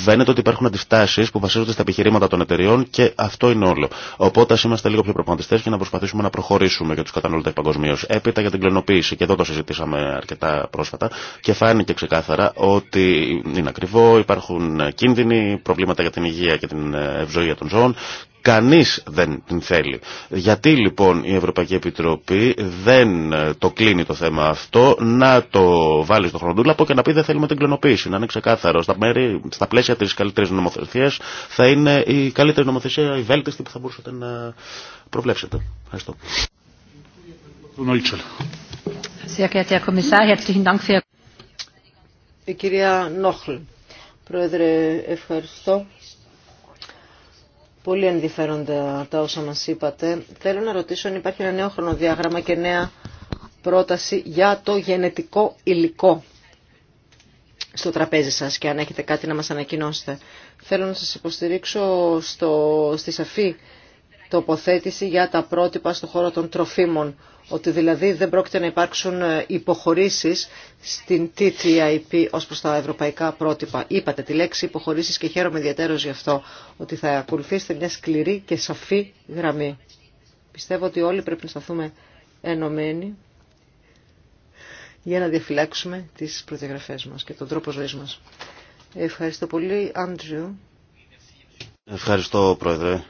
Βαίνεται ότι υπάρχουν αντιστάσει που βασίζονται στα επιχειρήματα των εταιριών και αυτό είναι όλο. Οπότε α είμαστε λίγο πιο προπαντιστέ και να προσπαθήσουμε να προχωρήσουμε για του καταναλωτέ παγκοσμίω. Έπειτα για την κλεινοποίηση και εδώ το συζητήσαμε αρκετά πρόσφατα και φάνηκε ξεκάθαρα ότι είναι ακριβό, υπάρχουν κίνδυνοι, προβλήματα για την υγεία και την ευζοία των ζώων Κανείς δεν την θέλει. Γιατί λοιπόν η Ευρωπαϊκή Επιτροπή δεν ε, το κλείνει το θέμα αυτό, να το βάλει στο χρονοτούλαπο και να πει δεν θέλουμε την κλωνοποίηση, να είναι ξεκάθαρο. Στα, μέρη, στα πλαίσια της καλύτερης νομοθεσίας θα είναι η καλύτερη νομοθεσία, η βέλτιστη που θα μπορούσατε να προβλέψετε. Ευχαριστώ. Η κυρία Νόχλ, Πρόεδρε, ευχαριστώ. Πολύ ενδιαφέροντα τα όσα μας είπατε. Θέλω να ρωτήσω αν υπάρχει ένα νέο χρονοδιάγραμμα και νέα πρόταση για το γενετικό υλικό στο τραπέζι σας και αν έχετε κάτι να μας ανακοινώσετε. Θέλω να σας υποστηρίξω στο, στη σαφή τοποθέτηση για τα πρότυπα στον χώρο των τροφίμων. Ότι δηλαδή δεν πρόκειται να υπάρξουν ε, υποχωρήσεις στην TTIP ως προς τα ευρωπαϊκά πρότυπα. Είπατε τη λέξη υποχωρήσεις και χαίρομαι ιδιαίτερως γι' αυτό. Ότι θα ακολουθήσετε μια σκληρή και σαφή γραμμή. Πιστεύω ότι όλοι πρέπει να σταθούμε ενωμένοι για να διαφυλάξουμε τις προδιαγραφές μας και τον τρόπο ζωής μας. Ευχαριστώ πολύ, Άντριου. Ευχαριστώ, Πρόεδρε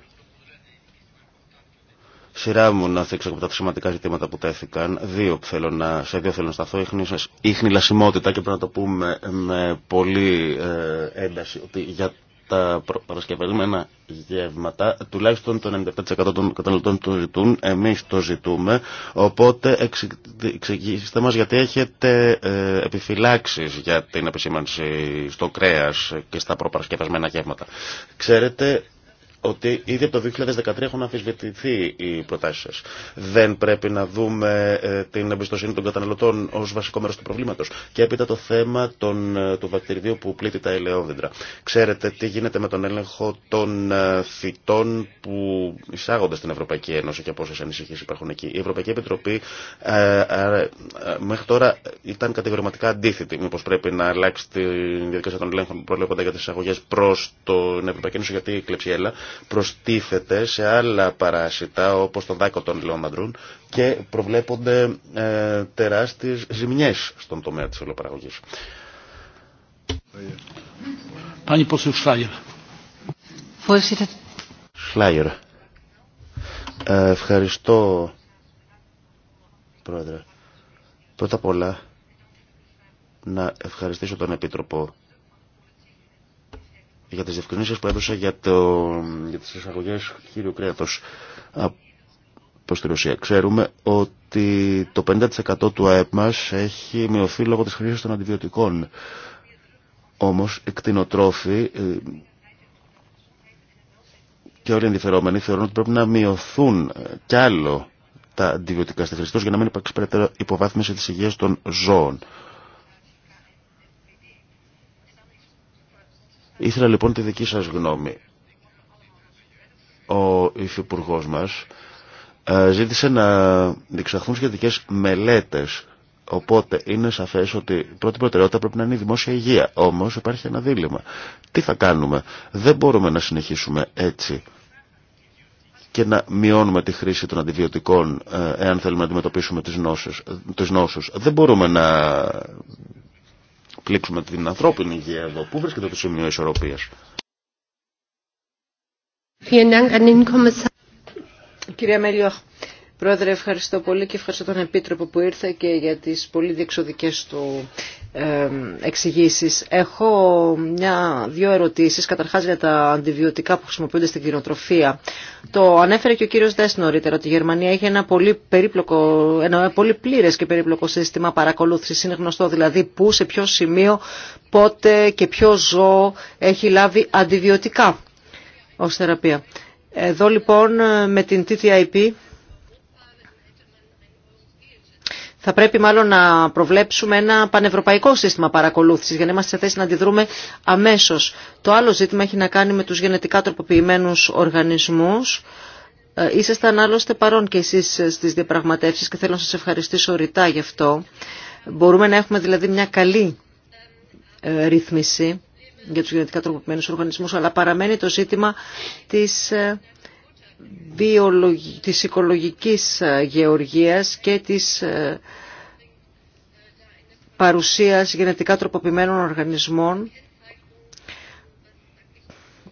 σειρά μου να θέξω από τα σημαντικά ζητήματα που τέθηκαν. Δύο που θέλω να, σε δύο θέλω να σταθώ. Ήχνη λασιμότητα και πρέπει να το πούμε με πολύ ε, ένταση ότι για τα παρασκευασμένα γεύματα, τουλάχιστον το 97% των καταναλωτών το ζητούν, εμείς το ζητούμε, οπότε εξηγήστε μας γιατί έχετε ε, επιφυλάξεις για την επισήμανση στο κρέας και στα προπαρασκευασμένα γεύματα. Ξέρετε ότι ήδη από το 2013 έχουν αμφισβητηθεί οι προτάσει σα. Δεν πρέπει να δούμε ε, την εμπιστοσύνη των καταναλωτών ω βασικό μέρο του προβλήματο. Και έπειτα το θέμα των, ε, του βακτηριδίου που πλήττει τα ελαιόδεντρα. Ξέρετε τι γίνεται με τον έλεγχο των ε, φυτών που εισάγονται στην Ευρωπαϊκή Ένωση και από όσε ανησυχίε υπάρχουν εκεί. Η Ευρωπαϊκή Επιτροπή ε, μέχρι τώρα ήταν κατηγορηματικά αντίθετη. Μήπω πρέπει να αλλάξει τη διαδικασία των ελέγχων που για τι εισαγωγέ προ την Ευρωπαϊκή Ένωση γιατί η κλεψιέλα προστίθεται σε άλλα παράσιτα όπως τον δάκο των λιόμαντρων και προβλέπονται ε, τεράστιες ζημιές στον τομέα της ολοπαραγωγής. Ε, ευχαριστώ, Πρόεδρε. Πρώτα απ' όλα, να ευχαριστήσω τον Επίτροπο για τις διευκρινήσεις που έδωσα για, το, για τις εισαγωγές χείριου κρέατος προς τη Ρωσία. Ξέρουμε ότι το 50% του ΑΕΠ μας έχει μειωθεί λόγω της χρήσης των αντιβιωτικών. Όμως, εκτινοτρόφοι ε, και όλοι οι ενδιαφερόμενοι θεωρούν ότι πρέπει να μειωθούν ε, κι άλλο τα αντιβιωτικά στη χρήση για να μην υπάρξει περαιτέρω υποβάθμιση της υγείας των ζώων. Ήθελα λοιπόν τη δική σας γνώμη. Ο υφυπουργό μας ε, ζήτησε να διεξαχθούν σχετικέ μελέτες Οπότε είναι σαφές ότι πρώτη προτεραιότητα πρέπει να είναι η δημόσια υγεία. Όμως υπάρχει ένα δίλημα. Τι θα κάνουμε. Δεν μπορούμε να συνεχίσουμε έτσι και να μειώνουμε τη χρήση των αντιβιωτικών ε, εάν θέλουμε να αντιμετωπίσουμε τις ε, νόσους. Τις Δεν μπορούμε να πλήξουμε την ανθρώπινη υγεία εδώ. Πού βρίσκεται το σημείο ισορροπίας. Πρόεδρε, ευχαριστώ πολύ και ευχαριστώ τον Επίτροπο που ήρθε και για τις πολύ διεξοδικές του εξηγήσεις. Έχω μια, δύο ερωτήσεις, καταρχάς για τα αντιβιωτικά που χρησιμοποιούνται στην κοινοτροφία. Το ανέφερε και ο κύριος Δέσνο νωρίτερα ότι η Γερμανία έχει ένα πολύ, περίπλοκο, ένα πολύ πλήρες και περίπλοκο σύστημα παρακολούθησης. Είναι γνωστό δηλαδή πού, σε ποιο σημείο, πότε και ποιο ζώο έχει λάβει αντιβιωτικά ως θεραπεία. Εδώ λοιπόν με την TTIP Θα πρέπει μάλλον να προβλέψουμε ένα πανευρωπαϊκό σύστημα παρακολούθησης για να είμαστε σε θέση να αντιδρούμε αμέσως. Το άλλο ζήτημα έχει να κάνει με τους γενετικά τροποποιημένους οργανισμούς. Ε, ήσασταν άλλωστε παρόν και εσείς στις διαπραγματεύσεις και θέλω να σας ευχαριστήσω ρητά γι' αυτό. Μπορούμε να έχουμε δηλαδή μια καλή ε, ρύθμιση για τους γενετικά τροποποιημένους οργανισμούς, αλλά παραμένει το ζήτημα της ε, της οικολογικής ε, γεωργίας και της ε, παρουσίας γενετικά τροποποιημένων οργανισμών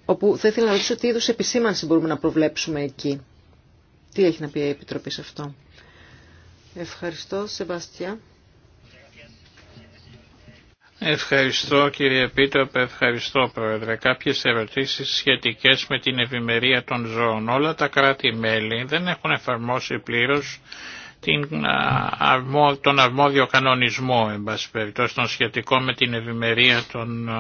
όπου θα ήθελα να ρωτήσω τι είδους επισήμανση μπορούμε να προβλέψουμε εκεί. Τι έχει να πει η Επιτροπή σε αυτό. Ευχαριστώ, Σεμπαστιά. Ευχαριστώ κύριε Επίτροπε, ευχαριστώ Πρόεδρε. Κάποιες ερωτήσεις σχετικές με την ευημερία των ζώων. Όλα τα κράτη-μέλη δεν έχουν εφαρμόσει πλήρως την, τον αρμόδιο κανονισμό, εν πάση περιπτώσει, τον σχετικό με την ευημερία των,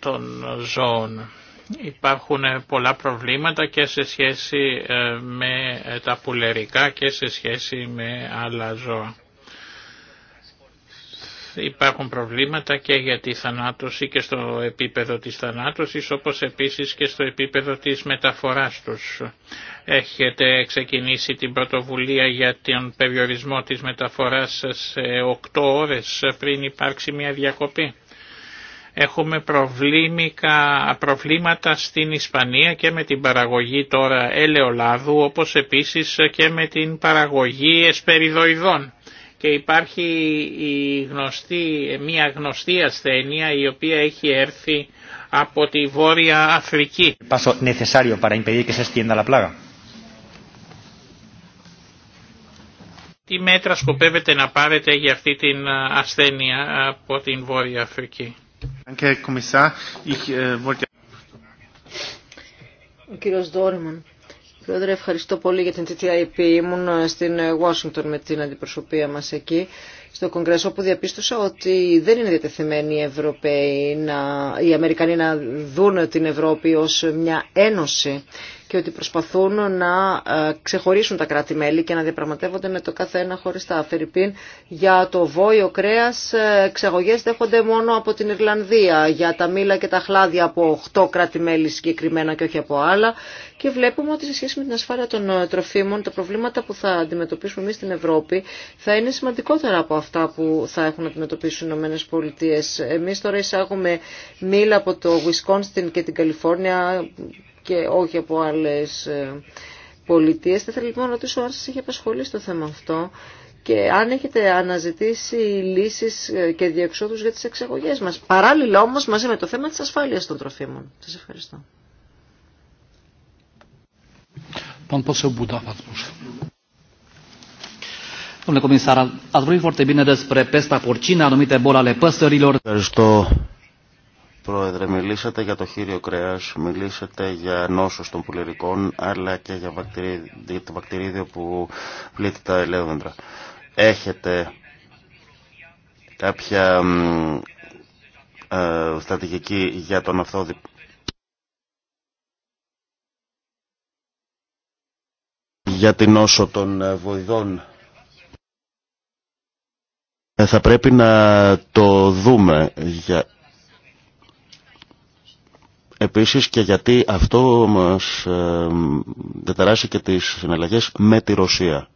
των ζώων. Υπάρχουν πολλά προβλήματα και σε σχέση ε, με τα πουλερικά και σε σχέση με άλλα ζώα υπάρχουν προβλήματα και για τη θανάτωση και στο επίπεδο της θανάτωσης όπως επίσης και στο επίπεδο της μεταφοράς τους. Έχετε ξεκινήσει την πρωτοβουλία για τον περιορισμό της μεταφοράς σε 8 ώρες πριν υπάρξει μια διακοπή. Έχουμε προβλήματα στην Ισπανία και με την παραγωγή τώρα ελαιολάδου όπως επίσης και με την παραγωγή εσπεριδοειδών και υπάρχει η γνωστή, μια γνωστή ασθένεια η οποία έχει έρθει από τη Βόρεια Αφρική. Τι μέτρα σκοπεύετε να πάρετε για αυτή την ασθένεια από την Βόρεια Αφρική. Ε, Ο κύριος Δόρμαν. Πρόεδρε, ευχαριστώ πολύ για την TTIP. Ήμουν στην Ουάσιγκτον με την αντιπροσωπεία μας εκεί, στο Κογκρέσο, όπου διαπίστωσα ότι δεν είναι διατεθειμένοι οι Ευρωπαίοι, να, οι Αμερικανοί να δουν την Ευρώπη ως μια ένωση και ότι προσπαθούν να ε, ξεχωρίσουν τα κράτη-μέλη και να διαπραγματεύονται με το κάθε ένα χωριστά. Φερρυπίν, για το βόηο κρέας ε, εξαγωγές δέχονται μόνο από την Ιρλανδία, για τα μήλα και τα χλάδια από 8 κράτη-μέλη συγκεκριμένα και όχι από άλλα. Και βλέπουμε ότι σε σχέση με την ασφάλεια των ε, τροφίμων, τα προβλήματα που θα αντιμετωπίσουμε εμεί στην Ευρώπη θα είναι σημαντικότερα από αυτά που θα έχουν να αντιμετωπίσουν οι Ηνωμένε Πολιτείε. Εμεί τώρα εισάγουμε μήλα από το Wisconsin και την Καλιφόρνια και όχι από άλλες ε, πολιτείες. Θα ήθελα λοιπόν να ρωτήσω αν σας έχει απασχολήσει το θέμα αυτό και αν έχετε αναζητήσει λύσεις ε, και διεξόδους για τις εξαγωγές μας. Παράλληλα όμως μαζί με το θέμα της ασφάλειας των τροφίμων. Σας ευχαριστώ. Domnule comisar, ați vorbit foarte bine despre pesta porcină, Ευχαριστώ Πρόεδρε, μιλήσατε για το χείριο κρέας, μιλήσατε για νόσο των πουλερικών, αλλά και για το βακτηρίδιο που πλήττει τα ελέγχοντρα. Έχετε κάποια ε, στρατηγική για τον αυθόδη για την όσο των ε, βοηδών ε, θα πρέπει να το δούμε για Επίσης και γιατί αυτό μας ε, διαταράσσει και τις συναλλαγές με τη Ρωσία.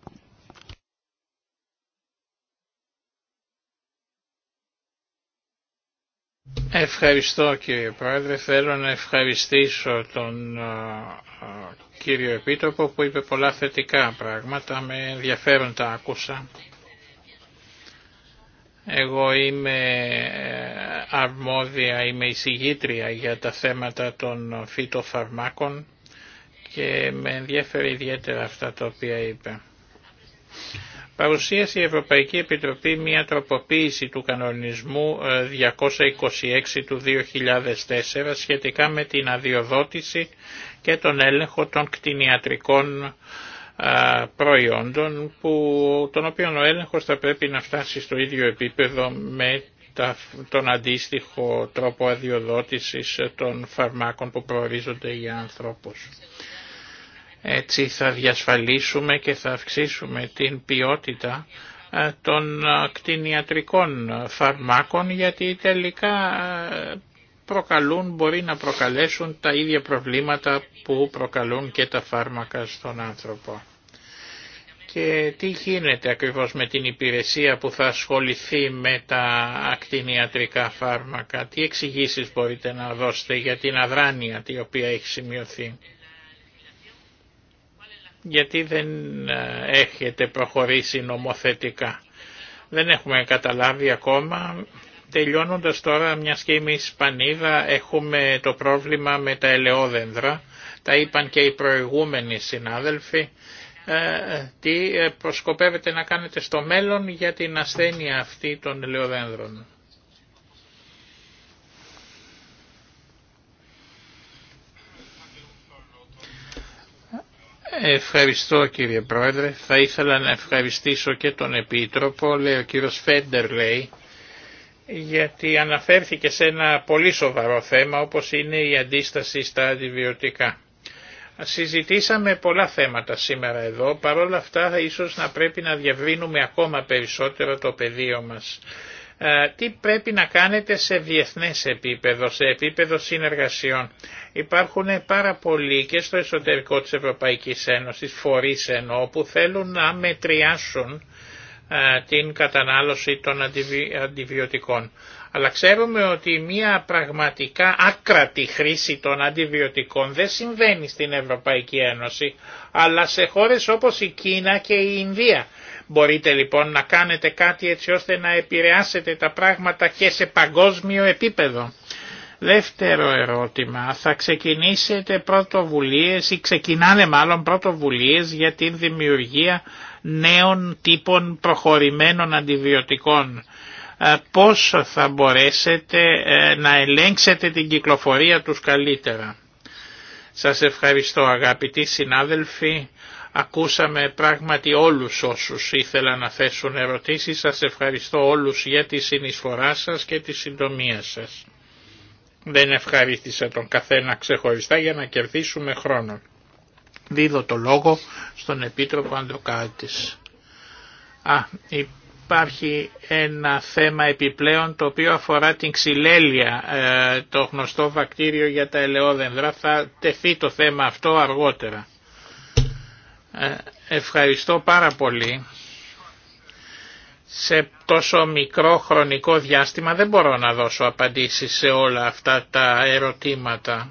Ευχαριστώ κύριε Πρόεδρε. Θέλω να ευχαριστήσω τον ε, ε, κύριο Επίτροπο που είπε πολλά θετικά πράγματα. Με ενδιαφέρον τα άκουσα. Εγώ είμαι ε, αρμόδια, είμαι εισηγήτρια για τα θέματα των φυτοφαρμάκων και με ενδιαφέρει ιδιαίτερα αυτά τα οποία είπε. Παρουσίασε η Ευρωπαϊκή Επιτροπή μια τροποποίηση του κανονισμού 226 ε, του 2004 σχετικά με την αδειοδότηση και τον έλεγχο των κτηνιατρικών προϊόντων που, των οποίων ο έλεγχος θα πρέπει να φτάσει στο ίδιο επίπεδο με τα, τον αντίστοιχο τρόπο αδειοδότησης των φαρμάκων που προορίζονται για ανθρώπους. Έτσι θα διασφαλίσουμε και θα αυξήσουμε την ποιότητα των κτηνιατρικών φαρμάκων γιατί τελικά προκαλούν, μπορεί να προκαλέσουν τα ίδια προβλήματα που προκαλούν και τα φάρμακα στον άνθρωπο. Και τι γίνεται ακριβώς με την υπηρεσία που θα ασχοληθεί με τα ακτινιατρικά φάρμακα, τι εξηγήσει μπορείτε να δώσετε για την αδράνεια τη οποία έχει σημειωθεί. Γιατί δεν ε, έχετε προχωρήσει νομοθετικά. Δεν έχουμε καταλάβει ακόμα Τελειώνοντας τώρα, μια και είμαι Ισπανίδα, έχουμε το πρόβλημα με τα ελαιόδένδρα. Τα είπαν και οι προηγούμενοι συνάδελφοι. Ε, τι ε, προσκοπεύετε να κάνετε στο μέλλον για την ασθένεια αυτή των ελαιοδένδρων. Ευχαριστώ κύριε Πρόεδρε. Θα ήθελα να ευχαριστήσω και τον Επίτροπο, λέει ο κύριος Φέντερ λέει, γιατί αναφέρθηκε σε ένα πολύ σοβαρό θέμα όπως είναι η αντίσταση στα αντιβιωτικά. Συζητήσαμε πολλά θέματα σήμερα εδώ, παρόλα αυτά ίσως να πρέπει να διαβρύνουμε ακόμα περισσότερο το πεδίο μας. Ε, τι πρέπει να κάνετε σε διεθνές επίπεδο, σε επίπεδο συνεργασιών. Υπάρχουν πάρα πολλοί και στο εσωτερικό της Ευρωπαϊκής Ένωσης, φορείς ενώ, που θέλουν να μετριάσουν την κατανάλωση των αντιβιωτικών. Αλλά ξέρουμε ότι μια πραγματικά άκρατη χρήση των αντιβιωτικών δεν συμβαίνει στην Ευρωπαϊκή Ένωση, αλλά σε χώρες όπως η Κίνα και η Ινδία. Μπορείτε λοιπόν να κάνετε κάτι έτσι ώστε να επηρεάσετε τα πράγματα και σε παγκόσμιο επίπεδο. Δεύτερο ερώτημα, θα ξεκινήσετε πρωτοβουλίες ή ξεκινάνε μάλλον πρωτοβουλίες για την δημιουργία νέων τύπων προχωρημένων αντιβιωτικών. Ε, πώς θα μπορέσετε ε, να ελέγξετε την κυκλοφορία τους καλύτερα. Σας ευχαριστώ αγαπητοί συνάδελφοι. Ακούσαμε πράγματι όλους όσους ήθελαν να θέσουν ερωτήσεις. Σας ευχαριστώ όλους για τη συνεισφορά σας και τη συντομία σας. Δεν ευχαρίστησα τον καθένα ξεχωριστά για να κερδίσουμε χρόνο δίδω το λόγο στον Επίτροπο Αντροκάτης. Α, υπάρχει ένα θέμα επιπλέον το οποίο αφορά την ξυλέλεια, ε, το γνωστό βακτήριο για τα ελαιόδενδρα. Θα τεθεί το θέμα αυτό αργότερα. Ε, ευχαριστώ πάρα πολύ. Σε τόσο μικρό χρονικό διάστημα δεν μπορώ να δώσω απαντήσεις σε όλα αυτά τα ερωτήματα.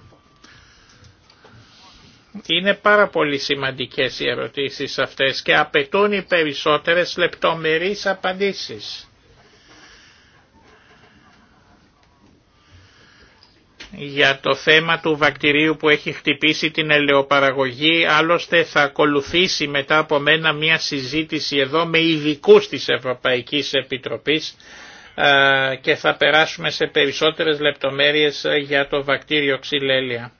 Είναι πάρα πολύ σημαντικές οι ερωτήσεις αυτές και απαιτούν οι περισσότερες λεπτομερείς απαντήσεις. Για το θέμα του βακτηρίου που έχει χτυπήσει την ελαιοπαραγωγή, άλλωστε θα ακολουθήσει μετά από μένα μια συζήτηση εδώ με ειδικού της Ευρωπαϊκής Επιτροπής και θα περάσουμε σε περισσότερες λεπτομέρειες για το βακτήριο ξυλέλια.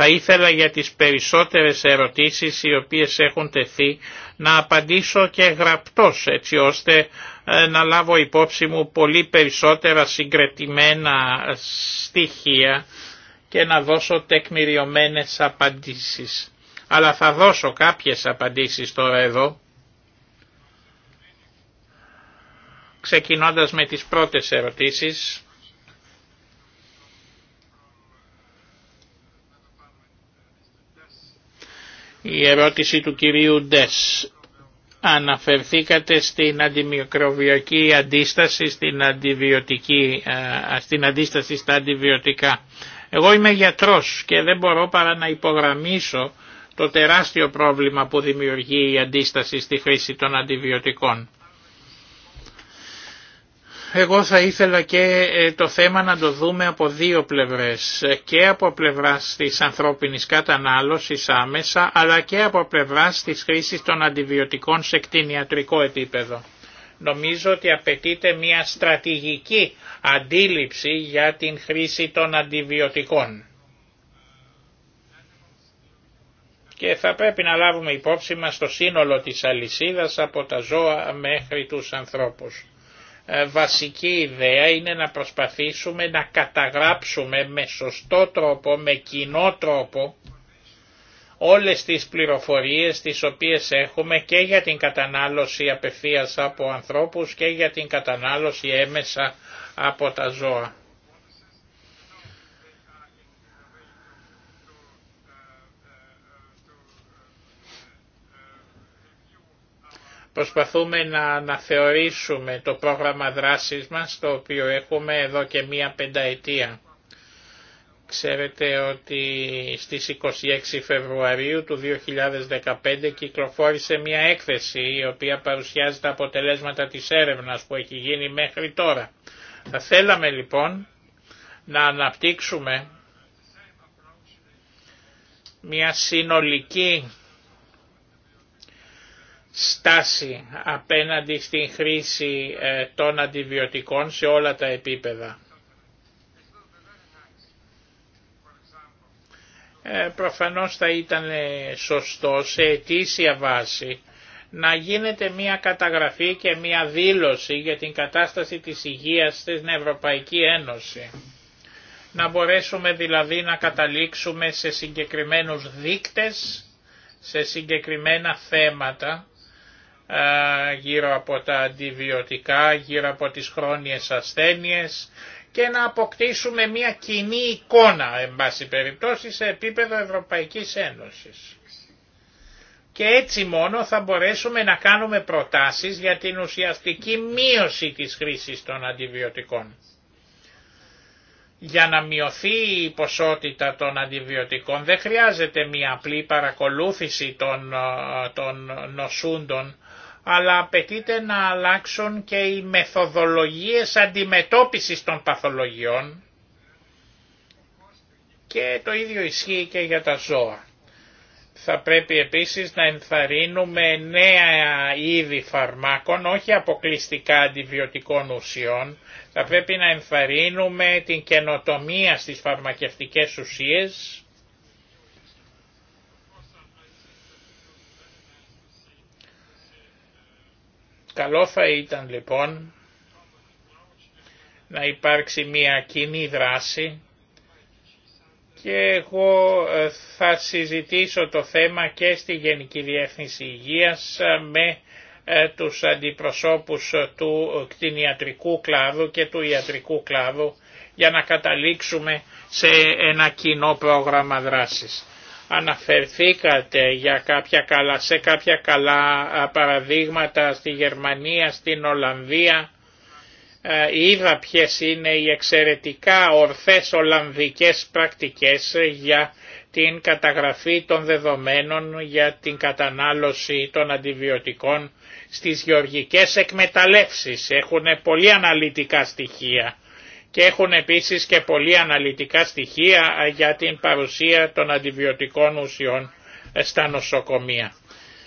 Θα ήθελα για τις περισσότερες ερωτήσεις οι οποίες έχουν τεθεί να απαντήσω και γραπτός έτσι ώστε ε, να λάβω υπόψη μου πολύ περισσότερα συγκρετημένα στοιχεία και να δώσω τεκμηριωμένες απαντήσεις. Αλλά θα δώσω κάποιες απαντήσεις τώρα εδώ, ξεκινώντας με τις πρώτες ερωτήσεις. Η ερώτηση του κυρίου Ντες. Αναφερθήκατε στην αντιμικροβιακή αντίσταση, στην, αντιβιωτική, στην αντίσταση στα αντιβιωτικά. Εγώ είμαι γιατρός και δεν μπορώ παρά να υπογραμμίσω το τεράστιο πρόβλημα που δημιουργεί η αντίσταση στη χρήση των αντιβιωτικών. Εγώ θα ήθελα και ε, το θέμα να το δούμε από δύο πλευρές και από πλευράς της ανθρώπινης κατανάλωσης άμεσα αλλά και από πλευράς της χρήσης των αντιβιωτικών σε κτηνιατρικό επίπεδο. Νομίζω ότι απαιτείται μια στρατηγική αντίληψη για την χρήση των αντιβιωτικών. Και θα πρέπει να λάβουμε υπόψη μας το σύνολο της αλυσίδας από τα ζώα μέχρι τους ανθρώπους. Ε, βασική ιδέα είναι να προσπαθήσουμε να καταγράψουμε με σωστό τρόπο, με κοινό τρόπο όλες τις πληροφορίες τις οποίες έχουμε και για την κατανάλωση απευθείας από ανθρώπους και για την κατανάλωση έμεσα από τα ζώα. Προσπαθούμε να αναθεωρήσουμε το πρόγραμμα δράσης μας, το οποίο έχουμε εδώ και μία πενταετία. Ξέρετε ότι στις 26 Φεβρουαρίου του 2015 κυκλοφόρησε μια έκθεση η οποία παρουσιάζει τα αποτελέσματα της έρευνας που έχει γίνει μέχρι τώρα. Θα θέλαμε λοιπόν να αναπτύξουμε μια συνολική στάση απέναντι στην χρήση ε, των αντιβιωτικών σε όλα τα επίπεδα. Ε, προφανώς θα ήταν ε, σωστό σε αιτήσια βάση να γίνεται μια καταγραφή και μια δήλωση για την κατάσταση της υγείας στην Ευρωπαϊκή Ένωση. Να μπορέσουμε δηλαδή να καταλήξουμε σε συγκεκριμένους δείκτες, σε συγκεκριμένα θέματα γύρω από τα αντιβιωτικά, γύρω από τις χρόνιες ασθένειες και να αποκτήσουμε μια κοινή εικόνα, εν πάση περιπτώσει, σε επίπεδο Ευρωπαϊκής Ένωσης. Και έτσι μόνο θα μπορέσουμε να κάνουμε προτάσεις για την ουσιαστική μείωση της χρήσης των αντιβιωτικών. Για να μειωθεί η ποσότητα των αντιβιωτικών δεν χρειάζεται μια απλή παρακολούθηση των, των νοσούντων, αλλά απαιτείται να αλλάξουν και οι μεθοδολογίες αντιμετώπισης των παθολογιών και το ίδιο ισχύει και για τα ζώα. Θα πρέπει επίσης να ενθαρρύνουμε νέα είδη φαρμάκων, όχι αποκλειστικά αντιβιωτικών ουσιών. Θα πρέπει να ενθαρρύνουμε την καινοτομία στις φαρμακευτικές ουσίες Καλό θα ήταν λοιπόν να υπάρξει μια κοινή δράση και εγώ ε, θα συζητήσω το θέμα και στη Γενική Διεύθυνση Υγείας ε, με ε, τους αντιπροσώπους του κτηνιατρικού κλάδου και του ιατρικού κλάδου για να καταλήξουμε σε ένα κοινό πρόγραμμα δράσης. Αναφερθήκατε για κάποια καλά, σε κάποια καλά παραδείγματα στη Γερμανία, στην Ολλανδία. Ε, είδα ποιες είναι οι εξαιρετικά ορθές Ολλανδικές πρακτικές για την καταγραφή των δεδομένων για την κατανάλωση των αντιβιωτικών στις γεωργικές εκμεταλλεύσεις. Έχουν πολύ αναλυτικά στοιχεία και έχουν επίσης και πολύ αναλυτικά στοιχεία ε, για την παρουσία των αντιβιωτικών ουσιών ε, στα νοσοκομεία.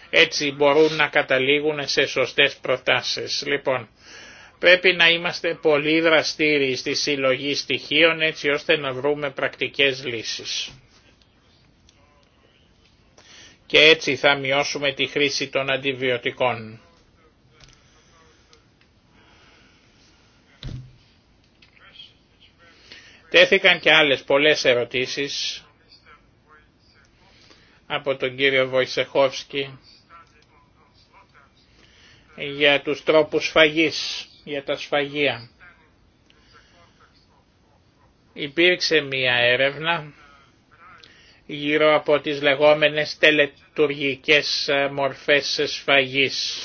Έτσι μπορούν να καταλήγουν σε σωστές προτάσεις. Λοιπόν, πρέπει να είμαστε πολύ δραστήριοι στη συλλογή στοιχείων έτσι ώστε να βρούμε πρακτικές λύσεις. Και έτσι θα μειώσουμε τη χρήση των αντιβιωτικών. Τέθηκαν και άλλες πολλές ερωτήσεις από τον κύριο Βοησεχόφσκι για τους τρόπους σφαγής, για τα σφαγεία. Υπήρξε μία έρευνα γύρω από τις λεγόμενες τελετουργικές μορφές σφαγής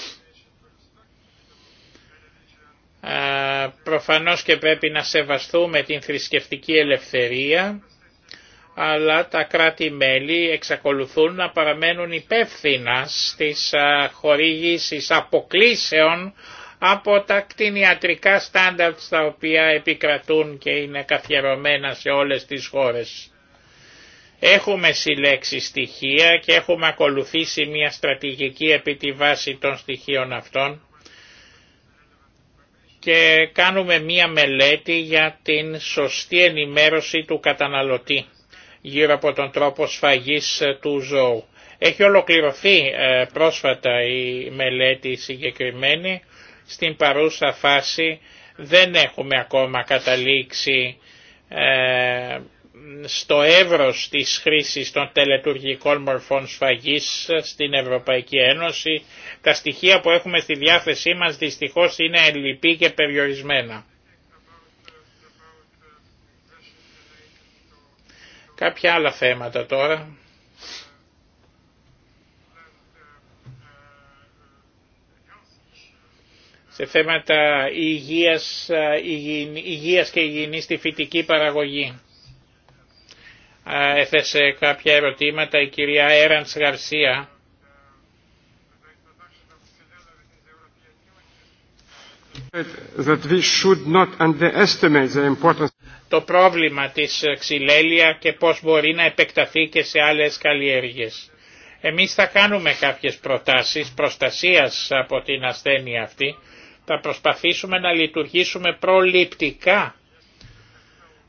προφανώς και πρέπει να σεβαστούμε την θρησκευτική ελευθερία, αλλά τα κράτη-μέλη εξακολουθούν να παραμένουν υπεύθυνα στις χορήγησεις αποκλήσεων από τα κτηνιατρικά στάνταρτ τα οποία επικρατούν και είναι καθιερωμένα σε όλες τις χώρες. Έχουμε συλλέξει στοιχεία και έχουμε ακολουθήσει μια στρατηγική επί τη βάση των στοιχείων αυτών και κάνουμε μία μελέτη για την σωστή ενημέρωση του καταναλωτή γύρω από τον τρόπο σφαγής ε, του ζώου. Έχει ολοκληρωθεί ε, πρόσφατα η μελέτη συγκεκριμένη. Στην παρούσα φάση δεν έχουμε ακόμα καταλήξει ε, στο εύρος της χρήσης των τελετουργικών μορφών σφαγής στην Ευρωπαϊκή Ένωση. Τα στοιχεία που έχουμε στη διάθεσή μας δυστυχώς είναι ελλειπή και περιορισμένα. Κάποια άλλα θέματα τώρα. σε θέματα υγείας, και υγιεινής στη φυτική παραγωγή έθεσε κάποια ερωτήματα η κυρία Έραντς Γαρσία. Το πρόβλημα της ξυλέλια και πώς μπορεί να επεκταθεί και σε άλλες καλλιέργειες. Εμείς θα κάνουμε κάποιες προτάσεις προστασίας από την ασθένεια αυτή. Θα προσπαθήσουμε να λειτουργήσουμε προληπτικά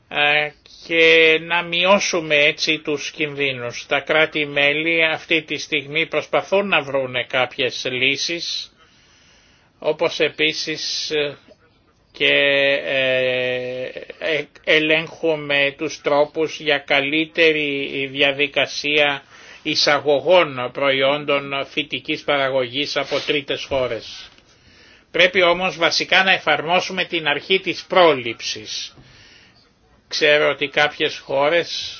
ε, και να μειώσουμε έτσι τους κινδύνους. Τα κράτη-μέλη αυτή τη στιγμή προσπαθούν να βρουν κάποιες λύσεις, όπως επίσης ε, και ε, ε, ελέγχουμε τους τρόπους για καλύτερη διαδικασία εισαγωγών προϊόντων φυτικής παραγωγής από τρίτες χώρες. Πρέπει όμως βασικά να εφαρμόσουμε την αρχή της πρόληψης Ξέρω ότι κάποιες χώρες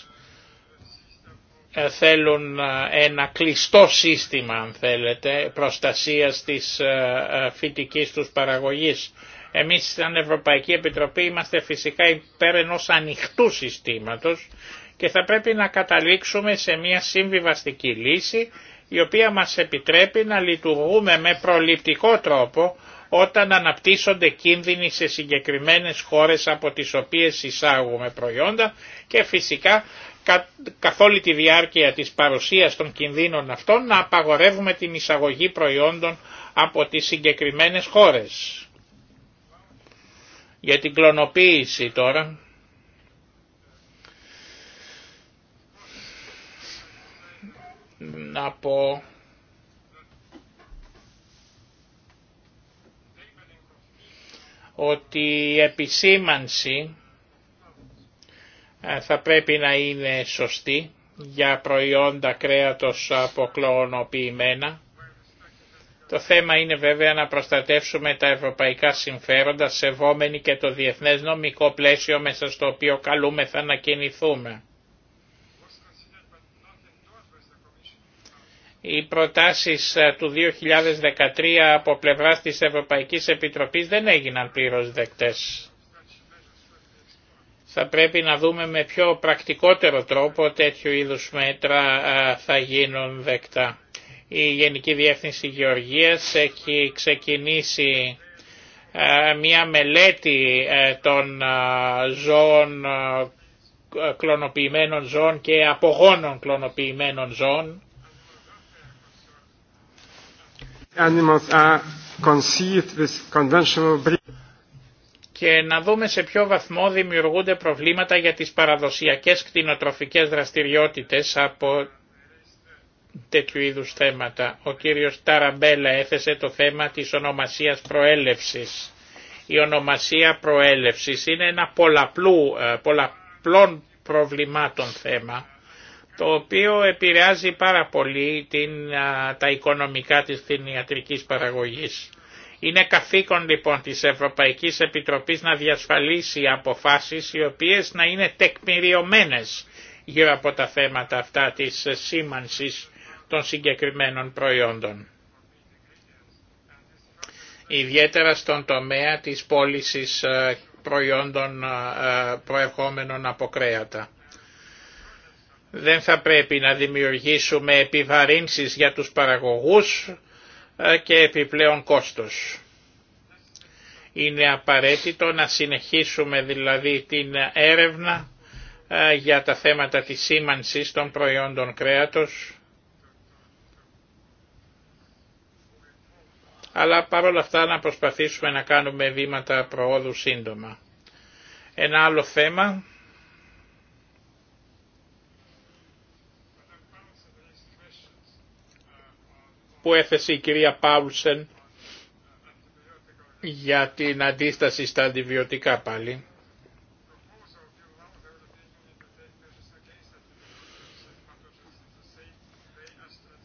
ε, θέλουν ε, ένα κλειστό σύστημα, αν θέλετε, προστασίας της ε, φυτικής τους παραγωγής. Εμείς σαν Ευρωπαϊκή Επιτροπή είμαστε φυσικά υπέρ ενός ανοιχτού συστήματος και θα πρέπει να καταλήξουμε σε μια συμβιβαστική λύση η οποία μας επιτρέπει να λειτουργούμε με προληπτικό τρόπο όταν αναπτύσσονται κίνδυνοι σε συγκεκριμένες χώρες από τις οποίες εισάγουμε προϊόντα και φυσικά καθ' όλη τη διάρκεια της παρουσίας των κινδύνων αυτών να απαγορεύουμε την εισαγωγή προϊόντων από τις συγκεκριμένες χώρες. Για την κλωνοποίηση τώρα. Να πω ότι η επισήμανση ε, θα πρέπει να είναι σωστή για προϊόντα κρέατος αποκλωνοποιημένα. Το θέμα είναι βέβαια να προστατεύσουμε τα ευρωπαϊκά συμφέροντα σεβόμενοι και το διεθνές νομικό πλαίσιο μέσα στο οποίο καλούμεθα να κινηθούμε. Οι προτάσεις ε, του 2013 από πλευράς της Ευρωπαϊκής Επιτροπής δεν έγιναν πλήρως δεκτές. Θα πρέπει να δούμε με πιο πρακτικότερο τρόπο τέτοιου είδους μέτρα ε, θα γίνουν δεκτά. Η Γενική Διεύθυνση Γεωργίας έχει ξεκινήσει ε, μια μελέτη των ζώων κλωνοποιημένων ζώων και απογόνων κλωνοποιημένων ζώων Και να δούμε σε ποιο βαθμό δημιουργούνται προβλήματα για τις παραδοσιακές κτηνοτροφικές δραστηριότητες από τέτοιου είδου θέματα. Ο κύριος Ταραμπέλα έθεσε το θέμα της ονομασίας προέλευσης. Η ονομασία προέλευσης είναι ένα πολλαπλού, ε, πολλαπλών προβλημάτων θέμα το οποίο επηρεάζει πάρα πολύ την, τα οικονομικά της ιατρικής παραγωγής. Είναι καθήκον λοιπόν της Ευρωπαϊκής Επιτροπής να διασφαλίσει αποφάσεις οι οποίες να είναι τεκμηριωμένες γύρω από τα θέματα αυτά της σήμανσης των συγκεκριμένων προϊόντων. Ιδιαίτερα στον τομέα της πώλησης ε, προϊόντων ε, προερχόμενων από κρέατα. Δεν θα πρέπει να δημιουργήσουμε επιβαρύνσεις για τους παραγωγούς ε, και επιπλέον κόστος. Είναι απαραίτητο να συνεχίσουμε δηλαδή την έρευνα ε, για τα θέματα της σήμανσης των προϊόντων κρέατος, αλλά παρόλα αυτά να προσπαθήσουμε να κάνουμε βήματα προόδου σύντομα. Ένα άλλο θέμα που έθεσε η κυρία Πάουλσεν για την αντίσταση στα αντιβιωτικά πάλι.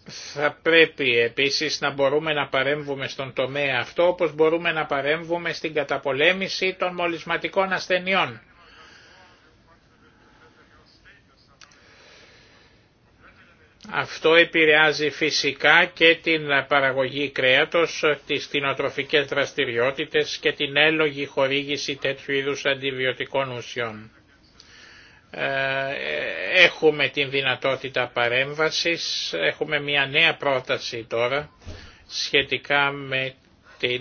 θα πρέπει επίσης να μπορούμε να παρέμβουμε στον τομέα αυτό όπως μπορούμε να παρέμβουμε στην καταπολέμηση των μολυσματικών ασθενειών. Αυτό επηρεάζει φυσικά και την παραγωγή κρέατος, τις κτηνοτροφικές δραστηριότητες και την έλογη χορήγηση τέτοιου είδους αντιβιωτικών ουσιών. Ε, έχουμε την δυνατότητα παρέμβασης, έχουμε μια νέα πρόταση τώρα σχετικά με, ε,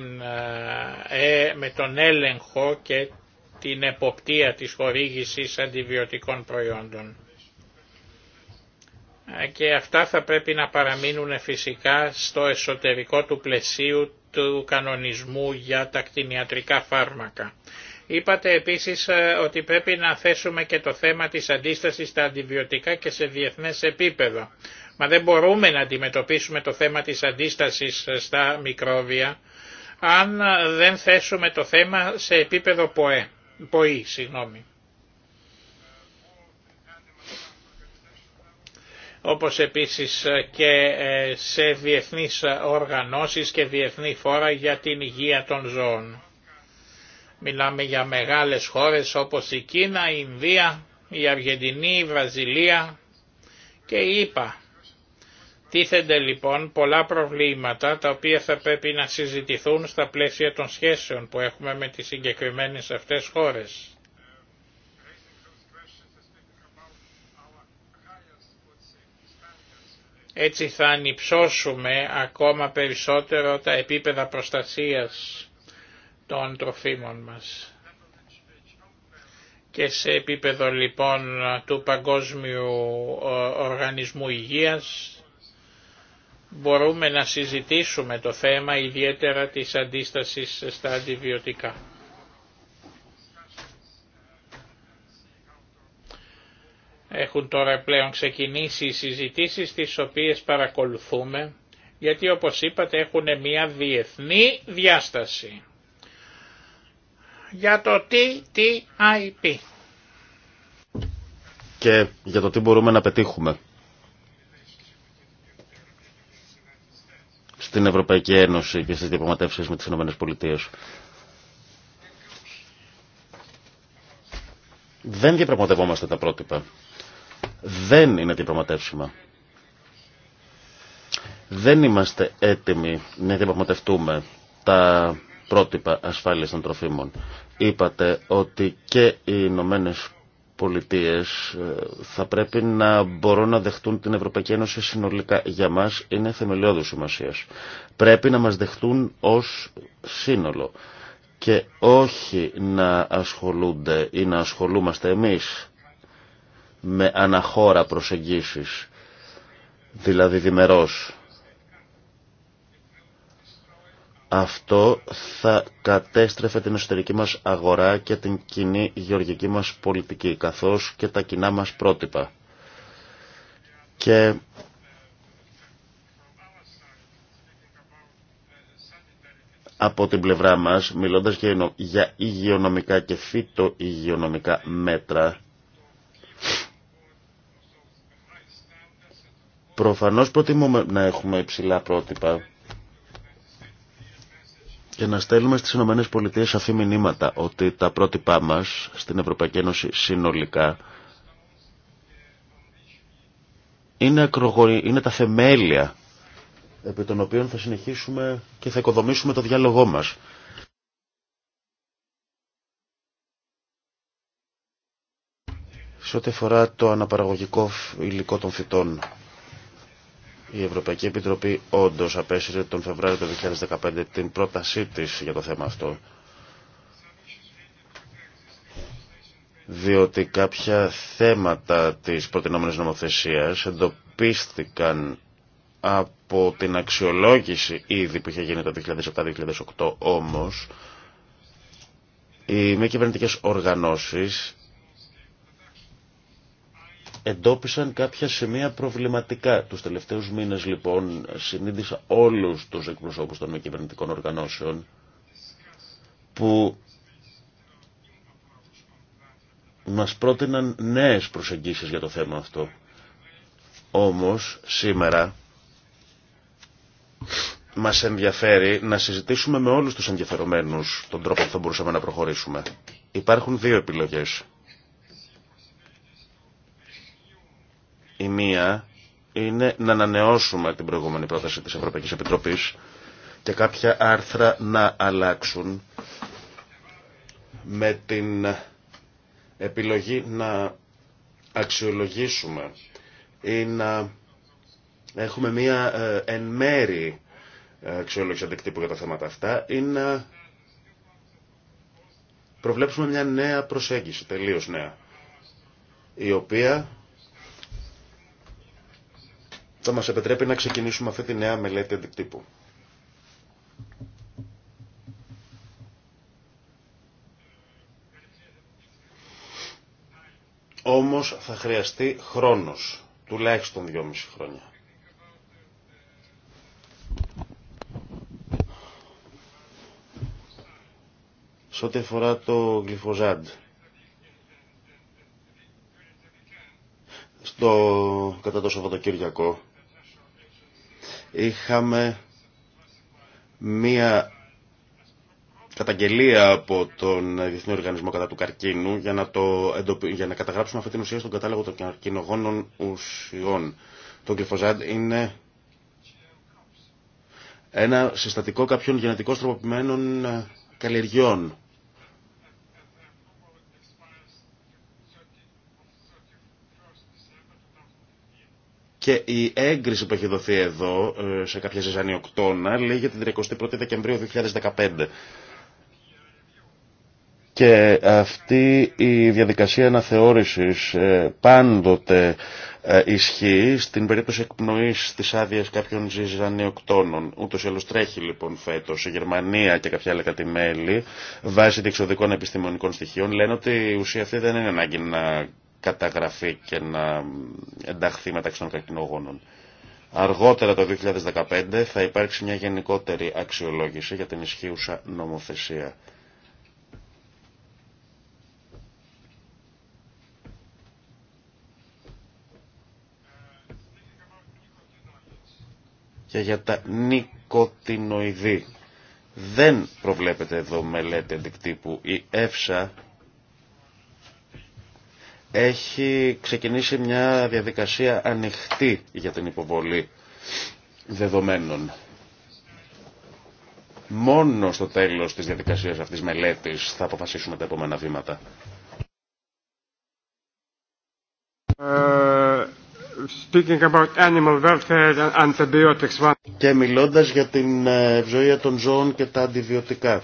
ε, με τον έλεγχο και την εποπτεία της χορήγησης αντιβιωτικών προϊόντων και αυτά θα πρέπει να παραμείνουν φυσικά στο εσωτερικό του πλαισίου του κανονισμού για τα κτηνιατρικά φάρμακα. Είπατε επίσης ε, ότι πρέπει να θέσουμε και το θέμα της αντίστασης στα αντιβιωτικά και σε διεθνές επίπεδο. Μα δεν μπορούμε να αντιμετωπίσουμε το θέμα της αντίστασης ε, στα μικρόβια αν ε, δεν θέσουμε το θέμα σε επίπεδο ΠΟΕ. ΠΟΗ, συγγνώμη. όπως επίσης και ε, σε διεθνείς οργανώσεις και διεθνή φόρα για την υγεία των ζώων. Μιλάμε για μεγάλες χώρες όπως η Κίνα, η Ινδία, η Αργεντινή, η Βραζιλία και η ΙΠΑ. Τίθενται λοιπόν πολλά προβλήματα τα οποία θα πρέπει να συζητηθούν στα πλαίσια των σχέσεων που έχουμε με τις συγκεκριμένες αυτές χώρες. Έτσι θα ανυψώσουμε ακόμα περισσότερο τα επίπεδα προστασίας των τροφίμων μας. Και σε επίπεδο λοιπόν του Παγκόσμιου ε, Οργανισμού Υγείας μπορούμε να συζητήσουμε το θέμα ιδιαίτερα της αντίστασης στα αντιβιωτικά. Έχουν τώρα πλέον ξεκινήσει οι συζητήσεις τις οποίες παρακολουθούμε γιατί όπως είπατε έχουν μια διεθνή διάσταση για το TTIP. Και για το τι μπορούμε να πετύχουμε. Στην Ευρωπαϊκή Ένωση και στις διαπραγματεύσεις με τις ΗΠΑ. Δεν διαπραγματευόμαστε τα πρότυπα δεν είναι διαπραγματεύσιμα. Δεν είμαστε έτοιμοι να διαπραγματευτούμε τα πρότυπα ασφάλειας των τροφίμων. Είπατε ότι και οι Ηνωμένε Πολιτείε ε, θα πρέπει να μπορούν να δεχτούν την Ευρωπαϊκή Ένωση συνολικά. Για μας είναι θεμελιώδους σημασία. Πρέπει να μας δεχτούν ως σύνολο και όχι να ασχολούνται ή να ασχολούμαστε εμείς με αναχώρα προσεγγίσεις, δηλαδή διμερός. Αυτό θα κατέστρεφε την εσωτερική μας αγορά και την κοινή γεωργική μας πολιτική, καθώς και τα κοινά μας πρότυπα. Και από την πλευρά μας, μιλώντας για υγειονομικά και φυτο μέτρα, Προφανώς προτιμούμε να έχουμε υψηλά πρότυπα και να στέλνουμε στις ΗΠΑ σαφή μηνύματα ότι τα πρότυπά μας στην Ευρωπαϊκή Ένωση συνολικά είναι, είναι τα θεμέλια επί των οποίων θα συνεχίσουμε και θα οικοδομήσουμε το διάλογό μας. Σε ό,τι αφορά το αναπαραγωγικό υλικό των φυτών, η Ευρωπαϊκή Επιτροπή όντω απέσυρε τον Φεβράριο του 2015 την πρότασή τη για το θέμα αυτό. Διότι κάποια θέματα της προτινόμενη νομοθεσίας εντοπίστηκαν από την αξιολόγηση ήδη που είχε γίνει το 2007-2008 όμως οι μη κυβερνητικέ οργανώσεις εντόπισαν κάποια σημεία προβληματικά. Τους τελευταίους μήνες λοιπόν συνείδησα όλους τους εκπροσώπους των κυβερνητικών οργανώσεων που μας πρότειναν νέες προσεγγίσεις για το θέμα αυτό. Όμως σήμερα μας ενδιαφέρει να συζητήσουμε με όλους τους ενδιαφερομένους τον τρόπο που θα μπορούσαμε να προχωρήσουμε. Υπάρχουν δύο επιλογές. Η μία είναι να ανανεώσουμε την προηγούμενη πρόταση της Ευρωπαϊκής Επιτροπής και κάποια άρθρα να αλλάξουν με την επιλογή να αξιολογήσουμε ή να έχουμε μία ε, εν μέρη αξιολόγηση αντικτύπου για τα θέματα αυτά ή να προβλέψουμε μια νέα προσέγγιση, τελείως νέα, η οποία θα μας επιτρέπει να ξεκινήσουμε αυτή τη νέα μελέτη αντικτύπου. Όμως θα χρειαστεί χρόνος, τουλάχιστον δυόμιση χρόνια. Σε ό,τι αφορά το γλυφοζάντ. Στο κατά το Σαββατοκύριακο είχαμε μία καταγγελία από τον Διεθνή Οργανισμό κατά του Καρκίνου για να, το για να καταγράψουμε αυτή την ουσία στον κατάλογο των καρκινογόνων ουσιών. Το γλυφοζάντ είναι ένα συστατικό κάποιων γενετικώς τροποποιημένων ε, καλλιεργιών. Και η έγκριση που έχει δοθεί εδώ ε, σε κάποια ζυζανιοκτώνα λέγεται την 31η Δεκεμβρίου 2015. Και αυτή η διαδικασία αναθεώρησης ε, πάντοτε ε, ισχύει στην περίπτωση εκπνοής της άδειας κάποιων ζυζανιοκτώνων. Ούτως ή άλλως τρέχει λοιπόν φέτος η Γερμανία και κάποια άλλα κατημέλη βάσει διεξοδικών επιστημονικών στοιχείων λένε ότι η ουσία αυτή δεν είναι ανάγκη να καταγραφεί και να ενταχθεί μεταξύ των καρκινογόνων. Αργότερα το 2015 θα υπάρξει μια γενικότερη αξιολόγηση για την ισχύουσα νομοθεσία. Και για τα νοικοτινοειδή. Δεν προβλέπεται εδώ μελέτη αντικτύπου. Η ΕΦΣΑ έχει ξεκινήσει μια διαδικασία ανοιχτή για την υποβολή δεδομένων. Μόνο στο τέλος της διαδικασίας αυτής μελέτης θα αποφασίσουμε τα επόμενα βήματα. Uh, about Και μιλώντας για την ε, ζωή των ζώων και τα αντιβιωτικά.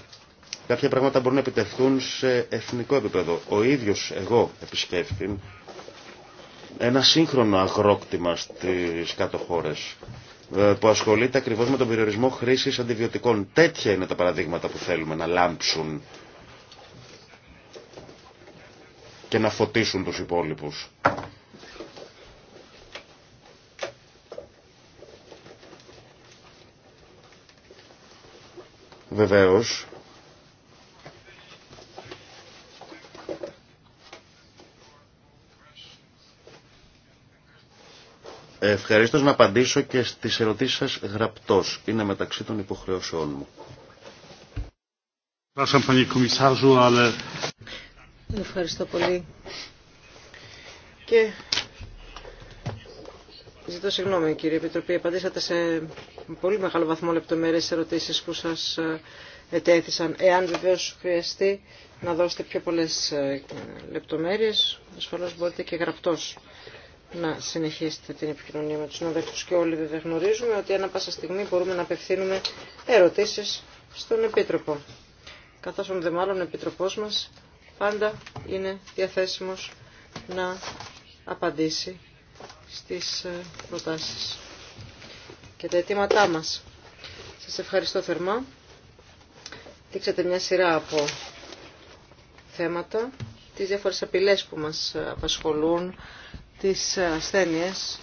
Κάποια πράγματα μπορούν να επιτευχθούν σε εθνικό επίπεδο. Ο ίδιος εγώ επισκέφθη ένα σύγχρονο αγρόκτημα στις κάτω χώρες ε, που ασχολείται ακριβώς με τον περιορισμό χρήσης αντιβιωτικών. Τέτοια είναι τα παραδείγματα που θέλουμε να λάμψουν και να φωτίσουν τους υπόλοιπους. Βεβαίως, Ευχαριστώ να απαντήσω και στις ερωτήσεις σας γραπτός. Είναι μεταξύ των υποχρεώσεών μου. Ευχαριστώ πολύ. Και ζητώ συγγνώμη κύριε Επιτροπή, απαντήσατε σε πολύ μεγάλο βαθμό λεπτομέρειες ερωτήσεις που σας ε, ετέθησαν. Εάν βεβαίω χρειαστεί να δώσετε πιο πολλές ε, λεπτομέρειες, ασφαλώς μπορείτε και γραπτός να συνεχίσετε την επικοινωνία με τους συναδέλφους και όλοι βέβαια γνωρίζουμε ότι ένα πάσα στιγμή μπορούμε να απευθύνουμε ερωτήσεις στον Επίτροπο. Καθώς ο δε μάλλον ο Επίτροπός μας πάντα είναι διαθέσιμος να απαντήσει στις ε, προτάσεις και τα αιτήματά μας. Σας ευχαριστώ θερμά. Δείξατε μια σειρά από θέματα, τις διάφορες απειλές που μας ε, απασχολούν τις ασθένειες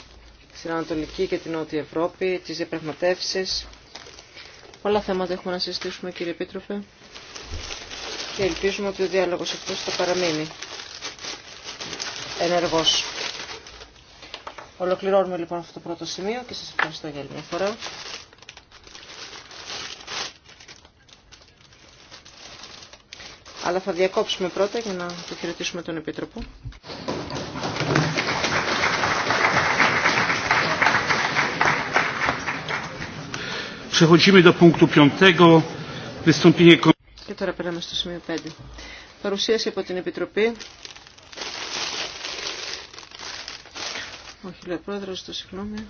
στην Ανατολική και την Νότια Ευρώπη, τις διαπραγματεύσεις. Πολλά θέματα έχουμε να συζητήσουμε κύριε Επίτροπε και ελπίζουμε ότι ο διάλογος αυτός θα παραμείνει ενεργός. Ολοκληρώνουμε λοιπόν αυτό το πρώτο σημείο και σας ευχαριστώ για άλλη μια φορά. Αλλά θα διακόψουμε πρώτα για να το χαιρετήσουμε τον Επίτροπο. Και τώρα περάμε στο σημείο 5. Παρουσίαση από την Επιτροπή. Όχι, λέει πρόεδρος, το συγγνώμη.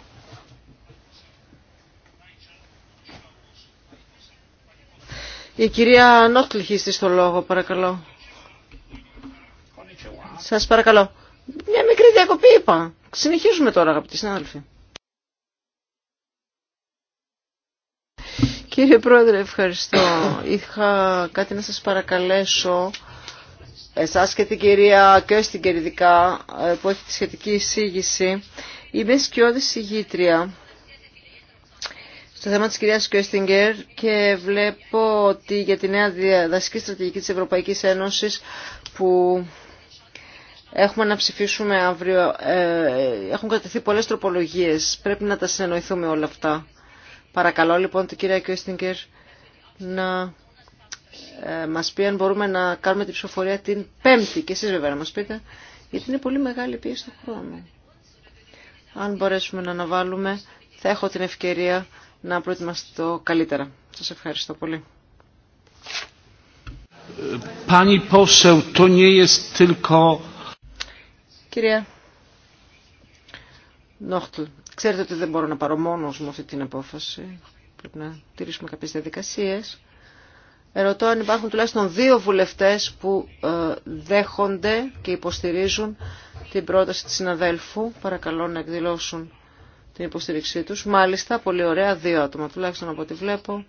Η κυρία Νότλιχ είστε στο λόγο, παρακαλώ. Σας παρακαλώ. Μια μικρή διακοπή είπα. Συνεχίζουμε τώρα, αγαπητοί συνάδελφοι. Κύριε Πρόεδρε, ευχαριστώ. Είχα κάτι να σας παρακαλέσω. Εσάς και την κυρία και στην κερδικά ε, που έχει τη σχετική εισήγηση. Είμαι σκιώδης ηγήτρια στο θέμα της κυρίας Κιώστιγκερ και βλέπω ότι για τη νέα δασική στρατηγική της Ευρωπαϊκής Ένωσης που έχουμε να ψηφίσουμε αύριο ε, έχουν κατεθεί πολλές τροπολογίες. Πρέπει να τα συνεννοηθούμε όλα αυτά. Παρακαλώ λοιπόν την κυρία Κιούστιγκερ να ε, μας πει αν μπορούμε να κάνουμε την ψηφοφορία την Πέμπτη και εσείς βέβαια να μας πείτε γιατί είναι πολύ μεγάλη πίεση του χρόνου. Αν μπορέσουμε να αναβάλουμε θα έχω την ευκαιρία να προετοιμαστώ καλύτερα. Σας ευχαριστώ πολύ. Πάνι ε, Κυρία Νόχτλ, ξέρετε ότι δεν μπορώ να πάρω μόνο μου αυτή την απόφαση. Πρέπει να τηρήσουμε κάποιες διαδικασίες. Ερωτώ αν υπάρχουν τουλάχιστον δύο βουλευτές που ε, δέχονται και υποστηρίζουν την πρόταση της συναδέλφου. Παρακαλώ να εκδηλώσουν την υποστήριξή τους. Μάλιστα, πολύ ωραία, δύο άτομα τουλάχιστον από ό,τι βλέπω.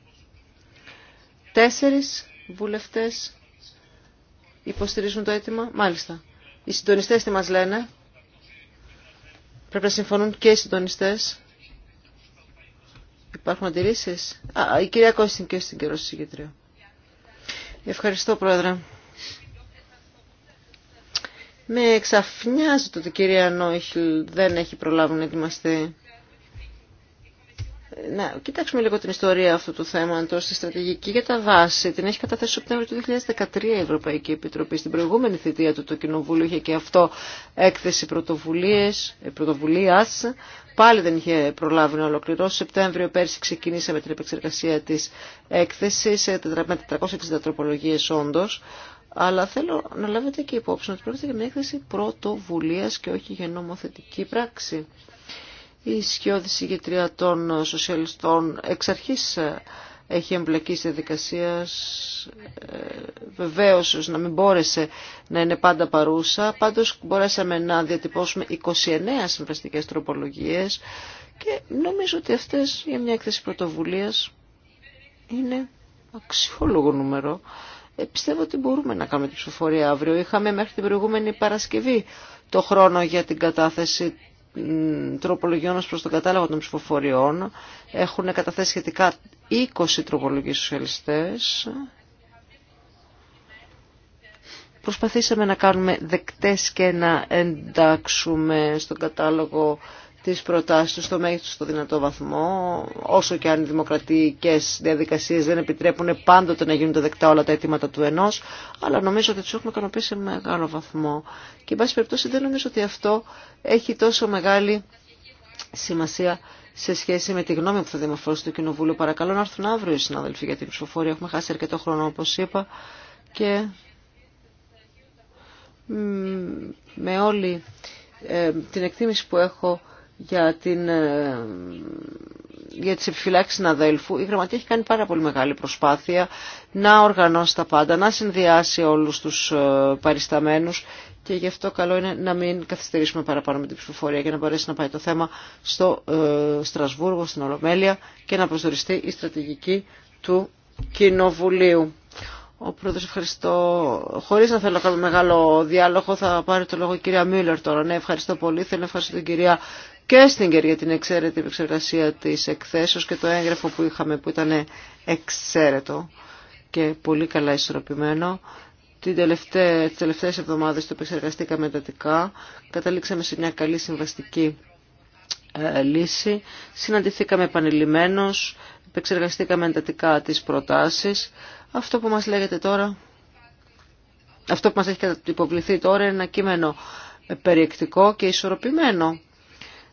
Τέσσερι βουλευτές υποστηρίζουν το αίτημα. Μάλιστα. Οι συντονιστέ τι μα λένε. Πρέπει να συμφωνούν και οι συντονιστέ. Υπάρχουν αντιρρήσει. η κυρία Κώστην και στην καιρό συγκεντρία. Ευχαριστώ, Πρόεδρε. Με εξαφνιάζει το ότι η κυρία Νόιχλ δεν έχει προλάβει να ετοιμαστεί να κοιτάξουμε λίγο την ιστορία αυτού του θέματος, τη στρατηγική για τα βάση. Την έχει καταθέσει Σεπτέμβριο του 2013 η Ευρωπαϊκή Επιτροπή. Στην προηγούμενη θητεία του το Κοινοβούλιο είχε και αυτό έκθεση πρωτοβουλίες, ε, πρωτοβουλίας. Πάλι δεν είχε προλάβει να ολοκληρώσει. Σεπτέμβριο πέρσι ξεκινήσαμε την επεξεργασία της έκθεσης ε, με 460 τροπολογίες όντως. Αλλά θέλω να λάβετε και υπόψη ότι πρόκειται για μια έκθεση πρωτοβουλίας και όχι για νομοθετική πράξη η σκιώδη συγκεκριά των σοσιαλιστών εξ αρχής ε, έχει εμπλακεί στη δικασία ε, βεβαίως να μην μπόρεσε να είναι πάντα παρούσα. Πάντως μπορέσαμε να διατυπώσουμε 29 συμβαστικέ τροπολογίες και νομίζω ότι αυτές για μια έκθεση πρωτοβουλίας είναι αξιόλογο νούμερο. Ε, πιστεύω ότι μπορούμε να κάνουμε την ψηφοφορία αύριο. Είχαμε μέχρι την προηγούμενη Παρασκευή το χρόνο για την κατάθεση τροπολογιών ως προς τον κατάλογο των ψηφοφοριών. Έχουν καταθέσει σχετικά 20 τροπολογίες σοσιαλιστές. Προσπαθήσαμε να κάνουμε δεκτές και να εντάξουμε στον κατάλογο τις προτάσεις του στο μέγιστο δυνατό βαθμό, όσο και αν οι δημοκρατικές διαδικασίες δεν επιτρέπουν πάντοτε να γίνονται δεκτά όλα τα αιτήματα του ενός, αλλά νομίζω ότι τους έχουμε ικανοποιήσει σε μεγάλο βαθμό. Και εν πάση περιπτώσει δεν νομίζω ότι αυτό έχει τόσο μεγάλη σημασία σε σχέση με τη γνώμη που θα δημοφώσει το Κοινοβούλιο. Παρακαλώ να έρθουν αύριο οι συνάδελφοι για την ψηφοφορία. Έχουμε χάσει αρκετό χρόνο όπως είπα και με όλη ε, την εκτίμηση που έχω για, την, ε, για τις επιφυλάξεις συναδέλφου. Η Γραμματεία έχει κάνει πάρα πολύ μεγάλη προσπάθεια να οργανώσει τα πάντα, να συνδυάσει όλους τους ε, παρισταμένους και γι' αυτό καλό είναι να μην καθυστερήσουμε παραπάνω με την ψηφοφορία και να μπορέσει να πάει το θέμα στο ε, Στρασβούργο, στην Ολομέλεια και να προσδοριστεί η στρατηγική του Κοινοβουλίου. Ο πρόεδρος ευχαριστώ. Χωρίς να θέλω να κάνω μεγάλο διάλογο θα πάρει το λόγο η κυρία Μίλλερ τώρα. Ναι, ευχαριστώ πολύ. Θέλω να ευχαριστώ την κυρία και Κέστιγκερ για την εξαίρετη επεξεργασία της εκθέσεως και το έγγραφο που είχαμε που ήταν εξαίρετο και πολύ καλά ισορροπημένο. Την τελευταία, τις τελευταίες εβδομάδες το επεξεργαστήκαμε εντατικά. Καταλήξαμε σε μια καλή συμβαστική ε, λύση. Συναντηθήκαμε επανειλημμένως, επεξεργαστήκαμε εντατικά τις προτάσεις. Αυτό που μας λέγεται τώρα, αυτό που μας έχει υποβληθεί τώρα είναι ένα κείμενο περιεκτικό και ισορροπημένο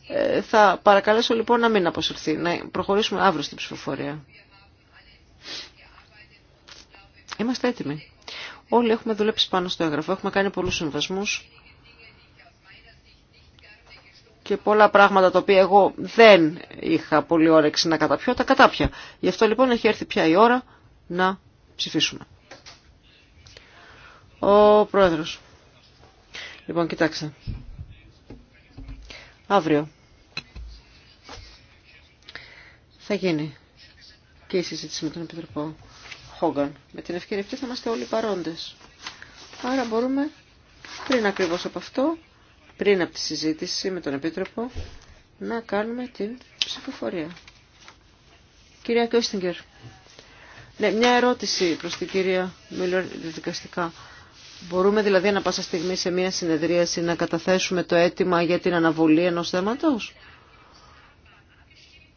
ε, θα παρακαλέσω λοιπόν να μην αποσυρθεί, να προχωρήσουμε αύριο στην ψηφοφορία. Είμαστε έτοιμοι. Όλοι έχουμε δουλέψει πάνω στο έγγραφο, έχουμε κάνει πολλούς συμβασμούς και πολλά πράγματα τα οποία εγώ δεν είχα πολύ όρεξη να καταπιώ, τα κατάπια. Γι' αυτό λοιπόν έχει έρθει πια η ώρα να ψηφίσουμε. Ο Πρόεδρος. Λοιπόν, κοιτάξτε. Αύριο θα γίνει και η συζήτηση με τον Επιτροπό Χόγκαν. Με την ευκαιρία αυτή θα είμαστε όλοι παρόντες. Άρα μπορούμε πριν ακριβώς από αυτό, πριν από τη συζήτηση με τον Επίτροπο, να κάνουμε την ψηφοφορία. Κυρία Κιώστιγκερ, ναι, μια ερώτηση προς την κυρία Μιλόρ δικαστικά. Μπορούμε δηλαδή να πάσα στιγμή σε μια συνεδρίαση να καταθέσουμε το αίτημα για την αναβολή ενός θέματος.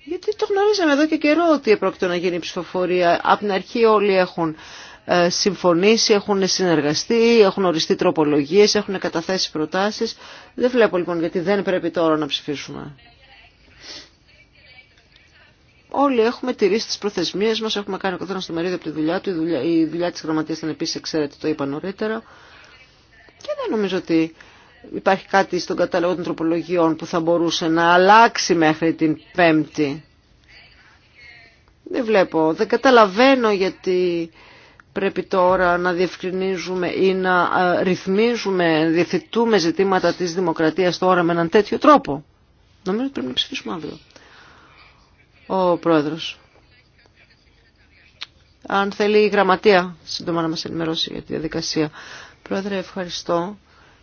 Γιατί το γνωρίζαμε εδώ και καιρό ότι επρόκειτο να γίνει η ψηφοφορία. Από την αρχή όλοι έχουν ε, συμφωνήσει, έχουν συνεργαστεί, έχουν οριστεί τροπολογίες, έχουν καταθέσει προτάσεις. Δεν βλέπω λοιπόν γιατί δεν πρέπει τώρα να ψηφίσουμε. Όλοι έχουμε τηρήσει τι προθεσμίε μα, έχουμε κάνει ο καθένα το μερίδιο από τη δουλειά του. Η δουλειά, δουλειά τη γραμματεία ήταν επίση εξαίρετη, το είπα νωρίτερα. Και δεν νομίζω ότι υπάρχει κάτι στον κατάλογο των τροπολογιών που θα μπορούσε να αλλάξει μέχρι την Πέμπτη. Δεν βλέπω, δεν καταλαβαίνω γιατί πρέπει τώρα να διευκρινίζουμε ή να ε, ρυθμίζουμε, διευθυντούμε ζητήματα της δημοκρατίας τώρα με έναν τέτοιο τρόπο. Νομίζω ότι πρέπει να ψηφίσουμε αύριο ο Πρόεδρος. Αν θέλει η Γραμματεία σύντομα να μας ενημερώσει για τη διαδικασία. Πρόεδρε, ευχαριστώ.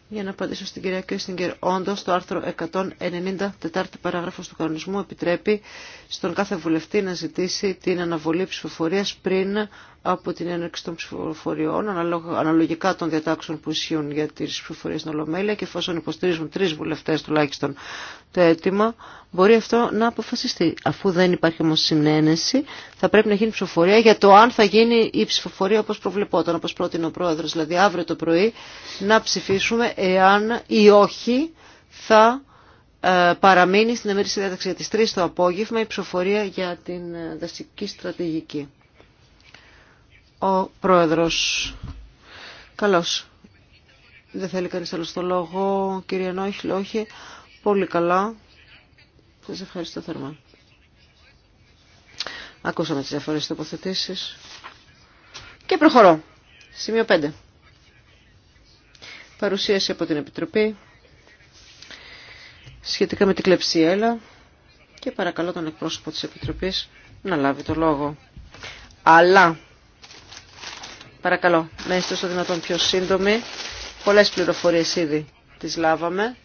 Για να απαντήσω στην κυρία Κίστιγκερ, όντω το άρθρο 194 παράγραφο του κανονισμού επιτρέπει στον κάθε βουλευτή να ζητήσει την αναβολή ψηφοφορία πριν από την έναρξη των ψηφοφοριών, αναλογικά των διατάξεων που ισχύουν για τι ψηφοφορίε στην Ολομέλεια και εφόσον υποστηρίζουν τρει βουλευτέ τουλάχιστον το αίτημα, μπορεί αυτό να αποφασιστεί. Αφού δεν υπάρχει όμω συνένεση, θα πρέπει να γίνει ψηφοφορία για το αν θα γίνει η ψηφοφορία όπω προβλεπόταν, όπω πρότεινε ο πρόεδρο, δηλαδή αύριο το πρωί, να ψηφίσουμε εάν ή όχι θα ε, παραμείνει στην εμερήσια διάταξη για τις 3 το απόγευμα η ψηφοφορία για την ε, δασική στρατηγική ο Πρόεδρος. Καλώς. Δεν θέλει κανείς άλλο το λόγο. Κύριε Νόχιλ, όχι. Πολύ καλά. Σας ευχαριστώ θερμά. Ακούσαμε τις διαφορετικές τοποθετήσεις. Και προχωρώ. Σημείο 5. Παρουσίαση από την Επιτροπή σχετικά με την κλεψιέλα και παρακαλώ τον εκπρόσωπο της Επιτροπής να λάβει το λόγο. Αλλά Παρακαλώ, να είστε όσο δυνατόν πιο σύντομοι. Πολλές πληροφορίες ήδη τις λάβαμε.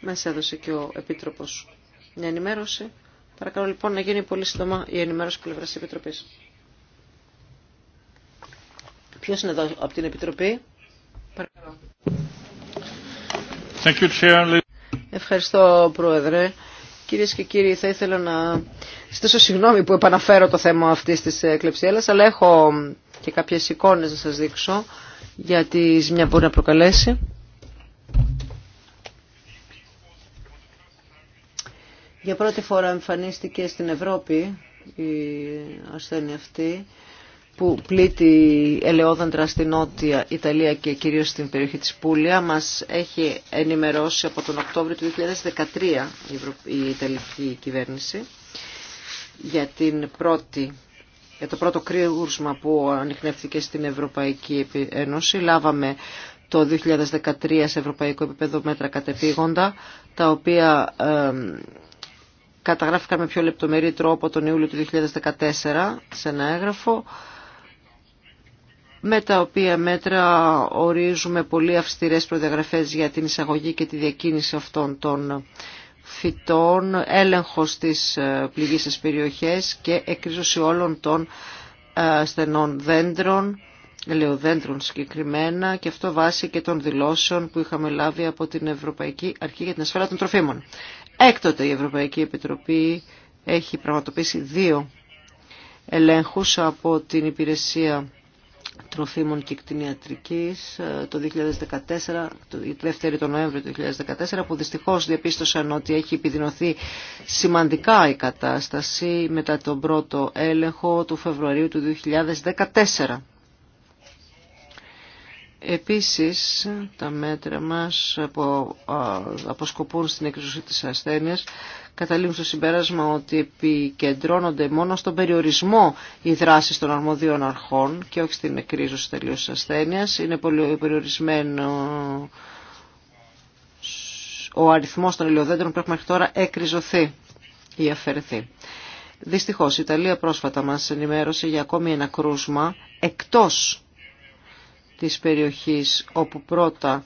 Μας έδωσε και ο Επίτροπος μια ενημέρωση. Παρακαλώ λοιπόν να γίνει πολύ σύντομα η ενημέρωση πλευράς της Επιτροπής. Ποιος είναι εδώ από την Επιτροπή. Παρακαλώ. Ευχαριστώ Πρόεδρε. Κυρίες και κύριοι, θα ήθελα να στήσω συγγνώμη που επαναφέρω το θέμα αυτής της ε, κλεψιέλας, αλλά έχω και κάποιες εικόνες να σας δείξω για τη ζημιά μπορεί να προκαλέσει. Για πρώτη φορά εμφανίστηκε στην Ευρώπη η ασθένεια αυτή που πλήττει ελαιόδαντρα στην Νότια Ιταλία και κυρίως στην περιοχή της Πούλια μας έχει ενημερώσει από τον Οκτώβριο του 2013 η Ιταλική κυβέρνηση για, την πρώτη, για το πρώτο κρύγουρσμα που ανοιχνεύτηκε στην Ευρωπαϊκή Ένωση. Λάβαμε το 2013 σε ευρωπαϊκό επίπεδο μέτρα κατεπήγοντα, τα οποία καταγράφηκαν με πιο λεπτομερή τρόπο τον Ιούλιο του 2014 σε ένα έγγραφο με τα οποία μέτρα ορίζουμε πολύ αυστηρές προδιαγραφές για την εισαγωγή και τη διακίνηση αυτών των φυτών, έλεγχος ε, στις πληγήσεις περιοχές και εκρίζωση όλων των ε, στενών δέντρων, ελαιοδέντρων συγκεκριμένα και αυτό βάσει και των δηλώσεων που είχαμε λάβει από την Ευρωπαϊκή Αρχή για την Ασφάλεια των Τροφίμων. Έκτοτε η Ευρωπαϊκή Επιτροπή έχει πραγματοποιήσει δύο ελέγχους από την Υπηρεσία τροφίμων και κτηνιατρικής ε, το 2014, το 2 το Νοέμβριο του 2014, που δυστυχώς διαπίστωσαν ότι έχει επιδεινωθεί σημαντικά η κατάσταση μετά τον πρώτο έλεγχο του Φεβρουαρίου του 2014. Επίσης, τα μέτρα μας από αποσκοπούν στην εκκριζωσή της ασθένειας καταλήγουν στο συμπέρασμα ότι επικεντρώνονται μόνο στον περιορισμό οι δράσει των αρμοδίων αρχών και όχι στην εκκρίζωση τελείως της ασθένειας. Είναι πολύ περιορισμένο ο αριθμός των ελαιοδέντρων που έχουμε μέχρι τώρα εκκριζωθεί ή αφαιρεθεί. Δυστυχώς η Ιταλία πρόσφατα μας ενημέρωσε για ακόμη ένα κρούσμα εκτός της περιοχής όπου πρώτα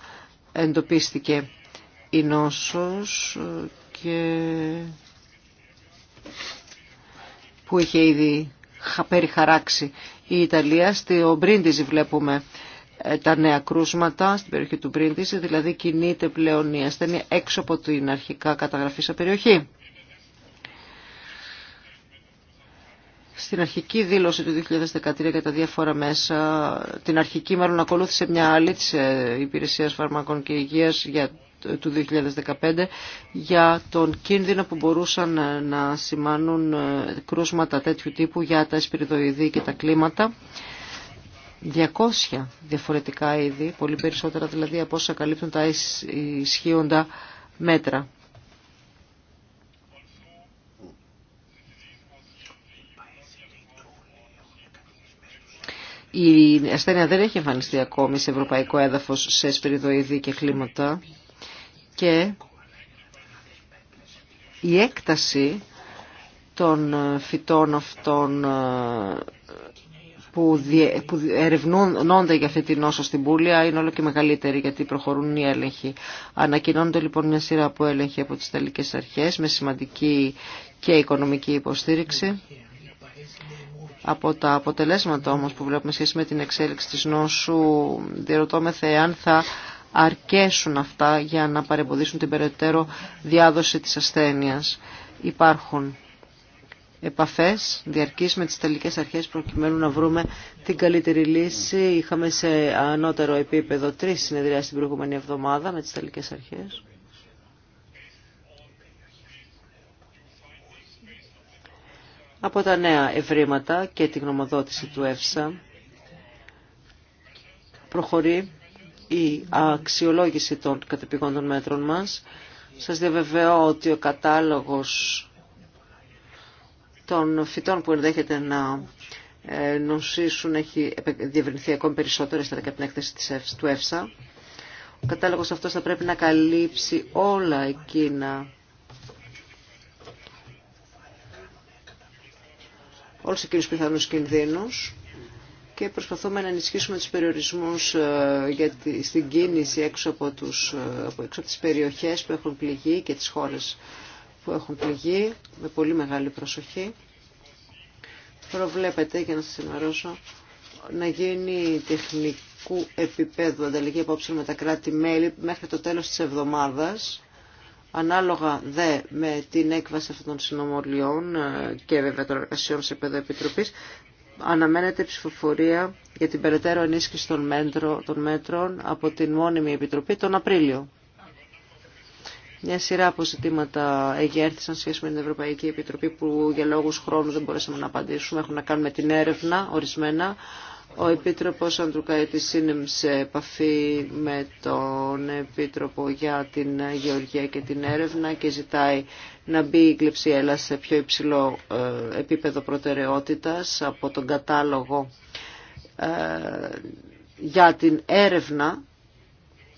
εντοπίστηκε η νόσος και που είχε ήδη περιχαράξει η Ιταλία. Στο Μπρίντιζι βλέπουμε ε, τα νέα κρούσματα στην περιοχή του Μπρίντιζι, δηλαδή κινείται πλέον η ασθένεια έξω από την αρχικά σε περιοχή. στην αρχική δήλωση του 2013 για τα διάφορα μέσα, την αρχική μάλλον ακολούθησε μια άλλη της ε, Υπηρεσίας Φαρμακών και Υγείας για του 2015 για τον κίνδυνο που μπορούσαν ε, να σημάνουν ε, κρούσματα τέτοιου τύπου για τα εσπυριδοειδή και τα κλίματα. 200 διαφορετικά είδη, πολύ περισσότερα δηλαδή από όσα καλύπτουν τα ισχύοντα μέτρα. Η ασθένεια δεν έχει εμφανιστεί ακόμη σε ευρωπαϊκό έδαφος σε σπυριδοειδή και κλίματα και η έκταση των φυτών αυτών ε, που, ερευνούνται για αυτή την νόσο στην Πούλια είναι όλο και μεγαλύτερη γιατί προχωρούν οι έλεγχοι. Ανακοινώνονται λοιπόν μια σειρά από έλεγχοι από τις Ιταλικές Αρχές με σημαντική και οικονομική υποστήριξη. Από τα αποτελέσματα όμως που βλέπουμε σχέση με την εξέλιξη της νόσου, διερωτώμεθα αν θα αρκέσουν αυτά για να παρεμποδίσουν την περαιτέρω διάδοση της ασθένειας. Υπάρχουν επαφές διαρκείς με τις τελικές αρχές προκειμένου να βρούμε την καλύτερη λύση. Είχαμε σε ανώτερο επίπεδο τρεις συνεδριά την προηγούμενη εβδομάδα με τις τελικές αρχές. από τα νέα ευρήματα και την γνωμοδότηση του ΕΦΣΑ προχωρεί η αξιολόγηση των κατεπηγόντων μέτρων μας. Σας διαβεβαιώ ότι ο κατάλογος των φυτών που ενδέχεται να ε, νοσήσουν έχει διευρυνθεί ακόμη περισσότερο από την έκθεση του ΕΦΣΑ. Ο κατάλογος αυτός θα πρέπει να καλύψει όλα εκείνα όλους εκείνους πιθανούς κινδύνους και προσπαθούμε να ενισχύσουμε τους περιορισμούς ε, για τη, στην κίνηση έξω από, τους, ε, από, έξω περιοχές που έχουν πληγεί και τις χώρες που έχουν πληγεί με πολύ μεγάλη προσοχή. Προβλέπετε, για να σας ενημερώσω, να γίνει τεχνικού επίπεδου ανταλλαγή απόψεων με τα κράτη-μέλη μέχρι το τέλος της εβδομάδας Ανάλογα δε με την έκβαση αυτών των συνομολιών ε, και βέβαια των εργασιών σε επίπεδο επιτροπής, αναμένεται ψηφοφορία για την περαιτέρω ενίσχυση των, μέτρο, μέτρων από την μόνιμη επιτροπή τον Απρίλιο. Μια σειρά από ζητήματα εγέρθησαν σχέση με την Ευρωπαϊκή Επιτροπή που για λόγους χρόνου δεν μπορέσαμε να απαντήσουμε. Έχουν να κάνουν με την έρευνα ορισμένα, ο Επίτροπος Ανδρουκαίτης είναι σε επαφή με τον Επίτροπο για την Γεωργία και την Έρευνα και ζητάει να μπει η κλεψιέλα σε πιο υψηλό ε, επίπεδο προτεραιότητας από τον κατάλογο ε, για την έρευνα,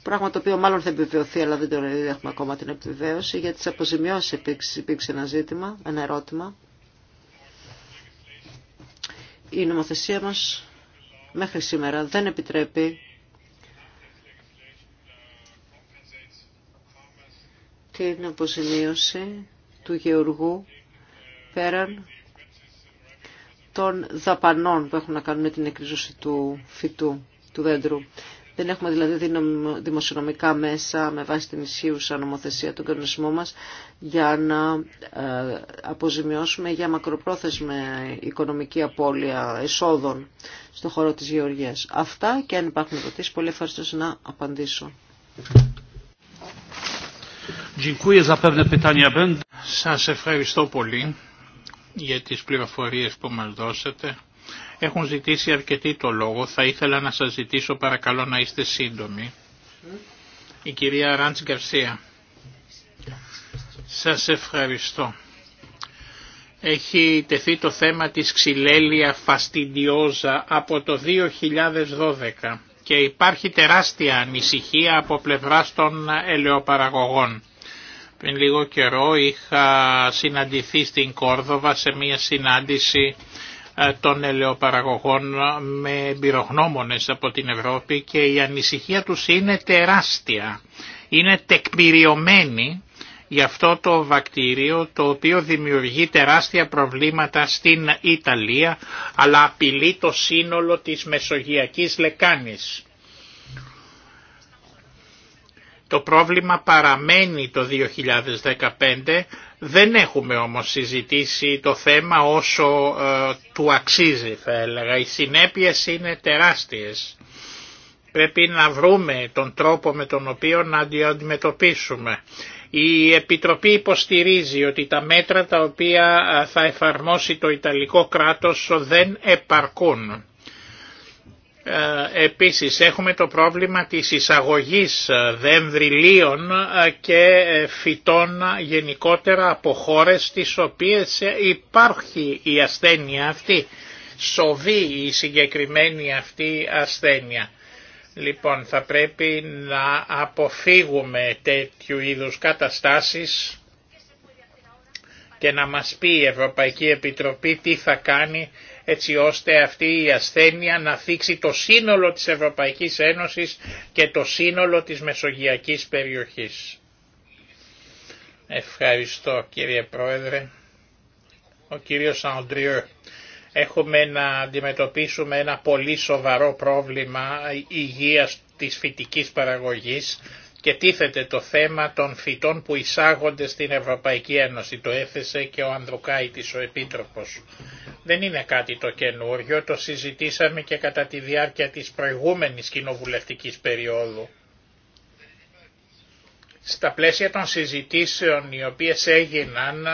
πράγμα το οποίο μάλλον θα επιβεβαιωθεί αλλά δεν το έχουμε ακόμα την επιβεβαίωση, για τις αποζημιώσεις υπήρξε ένα ζήτημα, ένα ερώτημα. Η νομοθεσία μας μέχρι σήμερα δεν επιτρέπει την αποζημίωση του γεωργού πέραν των δαπανών που έχουν να κάνουν με την εκρίζωση του φυτού, του δέντρου. Δεν έχουμε δηλαδή δημοσιονομικά μέσα με βάση την ισχύουσα νομοθεσία του κανονισμό μας για να ε, αποζημιώσουμε για μακροπρόθεσμη οικονομική απώλεια εσόδων στο χώρο της γεωργίας. Αυτά και αν υπάρχουν ερωτήσει, πολύ ευχαριστώ να απαντήσω. Σας ευχαριστώ πολύ για τις πληροφορίες που μας δώσατε. Έχουν ζητήσει αρκετοί το λόγο. Θα ήθελα να σας ζητήσω παρακαλώ να είστε σύντομοι. Η κυρία Ράντς Γκαρσία. Σας ευχαριστώ. Έχει τεθεί το θέμα της ξυλέλια φαστιντιόζα από το 2012 και υπάρχει τεράστια ανησυχία από πλευράς των ελαιοπαραγωγών. Πριν λίγο καιρό είχα συναντηθεί στην Κόρδοβα σε μια συνάντηση ε, των ελαιοπαραγωγών με εμπειρογνώμονες από την Ευρώπη και η ανησυχία τους είναι τεράστια. Είναι τεκμηριωμένη για αυτό το βακτήριο το οποίο δημιουργεί τεράστια προβλήματα στην Ιταλία αλλά απειλεί το σύνολο της Μεσογειακής Λεκάνης. Το πρόβλημα παραμένει το 2015 δεν έχουμε όμως συζητήσει το θέμα όσο ε, του αξίζει θα έλεγα. Οι συνέπειες είναι τεράστιες. Πρέπει να βρούμε τον τρόπο με τον οποίο να αντιμετωπίσουμε. Η Επιτροπή υποστηρίζει ότι τα μέτρα τα οποία ε, θα εφαρμόσει το Ιταλικό κράτος δεν επαρκούν. Ε, επίσης έχουμε το πρόβλημα της εισαγωγής ε, δένδρυλίων ε, και φυτών γενικότερα από χώρες στις οποίες υπάρχει η ασθένεια αυτή, σοβεί η συγκεκριμένη αυτή ασθένεια. Λοιπόν θα πρέπει να αποφύγουμε τέτοιου είδους καταστάσεις και να μας πει η Ευρωπαϊκή Επιτροπή τι θα κάνει έτσι ώστε αυτή η ασθένεια να θίξει το σύνολο της Ευρωπαϊκής Ένωσης και το σύνολο της Μεσογειακής περιοχής. Ευχαριστώ κύριε Πρόεδρε. Ο κύριος Αντριέ. Έχουμε να αντιμετωπίσουμε ένα πολύ σοβαρό πρόβλημα υγείας της φυτικής παραγωγής και τίθεται το θέμα των φυτών που εισάγονται στην Ευρωπαϊκή Ένωση. Το έθεσε και ο Ανδρουκάητης ο Επίτροπος. Δεν είναι κάτι το καινούριο, το συζητήσαμε και κατά τη διάρκεια της προηγούμενης κοινοβουλευτικής περίοδου. Στα πλαίσια των συζητήσεων οι οποίες έγιναν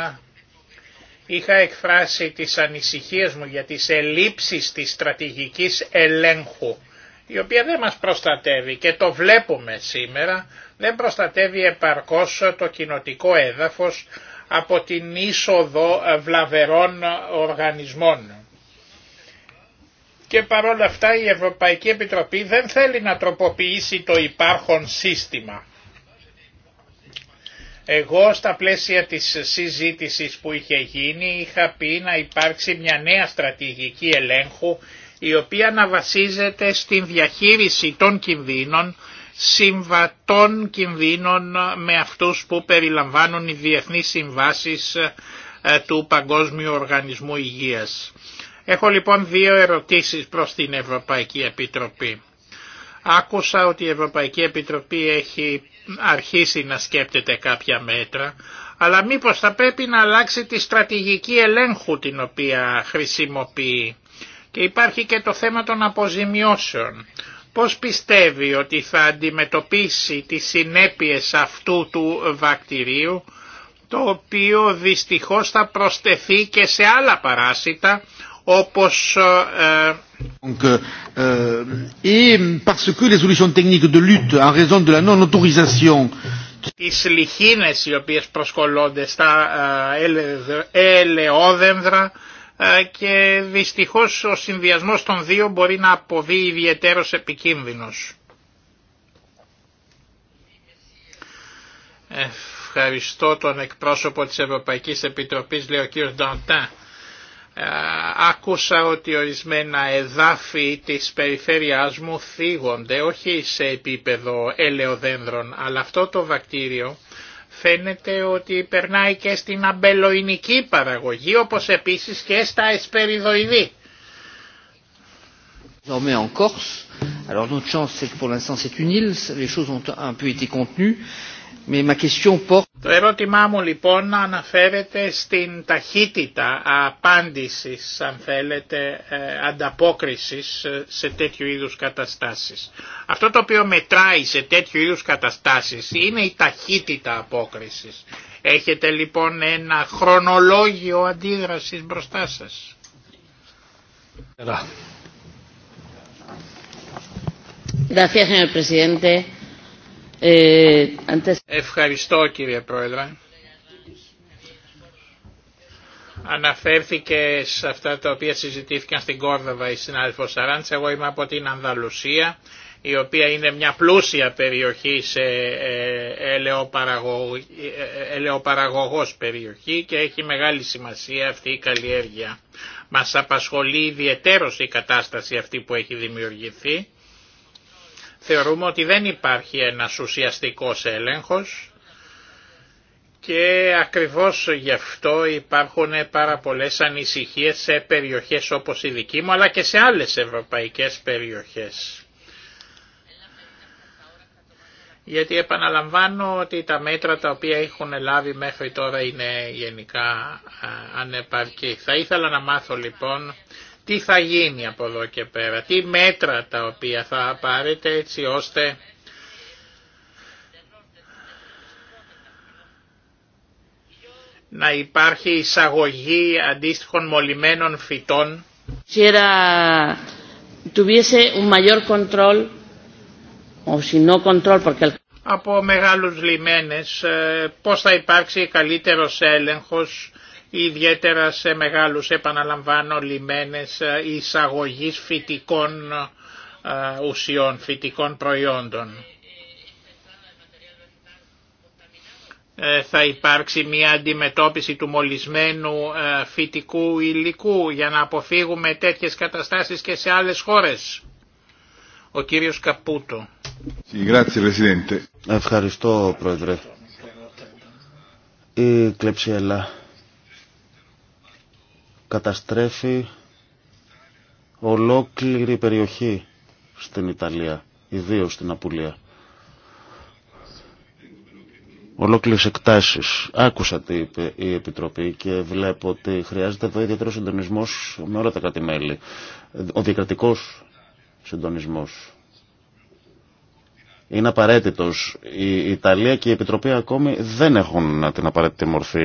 είχα εκφράσει τις ανησυχίες μου για τις ελλείψεις της στρατηγικής ελέγχου η οποία δεν μας προστατεύει και το βλέπουμε σήμερα, δεν προστατεύει επαρκώς το κοινοτικό έδαφος από την είσοδο βλαβερών οργανισμών. Και παρόλα αυτά η Ευρωπαϊκή Επιτροπή δεν θέλει να τροποποιήσει το υπάρχον σύστημα. Εγώ στα πλαίσια της συζήτησης που είχε γίνει είχα πει να υπάρξει μια νέα στρατηγική ελέγχου η οποία να βασίζεται στην διαχείριση των κινδύνων, συμβατών κινδύνων με αυτούς που περιλαμβάνουν οι διεθνείς συμβάσεις ε, του Παγκόσμιου Οργανισμού Υγείας. Έχω λοιπόν δύο ερωτήσεις προς την Ευρωπαϊκή Επιτροπή. Άκουσα ότι η Ευρωπαϊκή Επιτροπή έχει αρχίσει να σκέπτεται κάποια μέτρα, αλλά μήπως θα πρέπει να αλλάξει τη στρατηγική ελέγχου την οποία χρησιμοποιεί. Και υπάρχει και το θέμα των αποζημιώσεων. Πώς πιστεύει ότι θα αντιμετωπίσει τις συνέπειες αυτού του βακτηρίου, το οποίο δυστυχώς θα προστεθεί και σε άλλα παράσιτα, όπως... Ε, Donc, euh, et parce que les solutions techniques de lutte en raison de la non-autorisation τις λιχίνες οι οποίες προσκολώνται στα ελαιόδενδρα ε, και δυστυχώς ο συνδυασμός των δύο μπορεί να αποβεί ιδιαίτερος επικίνδυνος. Ευχαριστώ τον εκπρόσωπο της Ευρωπαϊκής Επιτροπής, λέει ο κ. Νταντά. Ε, άκουσα ότι ορισμένα εδάφη της περιφέρειάς μου θίγονται, όχι σε επίπεδο ελαιοδένδρων, αλλά αυτό το βακτήριο φαίνεται ότι περνάει και στην αμπελοϊνική παραγωγή όπως επίσης και στα εσπεριδοειδή. Désormais en Corse, alors les Το ερώτημά μου λοιπόν αναφέρεται στην ταχύτητα απάντησης, αν θέλετε, ε, ανταπόκρισης ε, σε τέτοιου είδους καταστάσεις. Αυτό το οποίο μετράει σε τέτοιου είδους καταστάσεις είναι η ταχύτητα απόκρισης. Έχετε λοιπόν ένα χρονολόγιο αντίδρασης μπροστά σας. Eh, Ευχαριστώ κύριε Πρόεδρε. Αναφέρθηκε σε αυτά τα οποία συζητήθηκαν στην Κόρδοβα η συνάδελφο Σαράντσα. Εγώ είμαι από την Ανδαλουσία, η οποία είναι μια πλούσια περιοχή σε ε, ε, ε, ελαιοπαραγωγός περιοχή και έχει μεγάλη σημασία αυτή η καλλιέργεια. Μας απασχολεί ιδιαιτέρως η κατάσταση αυτή που έχει δημιουργηθεί θεωρούμε ότι δεν υπάρχει ένας ουσιαστικός έλεγχος και ακριβώς γι' αυτό υπάρχουν πάρα πολλές ανησυχίες σε περιοχές όπως η δική μου αλλά και σε άλλες ευρωπαϊκές περιοχές. Γιατί επαναλαμβάνω ότι τα μέτρα τα οποία έχουν λάβει μέχρι τώρα είναι γενικά ανεπαρκή. Θα ήθελα να μάθω λοιπόν τι θα γίνει από εδώ και πέρα, τι μέτρα τα οποία θα πάρετε έτσι ώστε να υπάρχει εισαγωγή αντίστοιχων μολυμένων φυτών. Από μεγάλους λιμένες ε, πώς θα υπάρξει καλύτερος έλεγχος ιδιαίτερα σε μεγάλους επαναλαμβάνω λιμένες ε, εισαγωγής φυτικών ε, ουσιών, φυτικών προϊόντων. Ε, θα υπάρξει μια αντιμετώπιση του μολυσμένου φυτικού υλικού για να αποφύγουμε τέτοιες καταστάσεις και σε άλλες χώρες. Ο κύριος Καπούτο. Ευχαριστώ Πρόεδρε. Η κλεψιέλα καταστρέφει ολόκληρη περιοχή στην Ιταλία, ιδίως στην Απουλία. Ολόκληρες εκτάσεις. Άκουσα τι είπε η Επιτροπή και βλέπω ότι χρειάζεται εδώ ιδιαίτερο συντονισμός με όλα τα κράτη-μέλη. Ο διακρατικός συντονισμός είναι απαραίτητος. Η Ιταλία και η Επιτροπή ακόμη δεν έχουν την απαραίτητη μορφή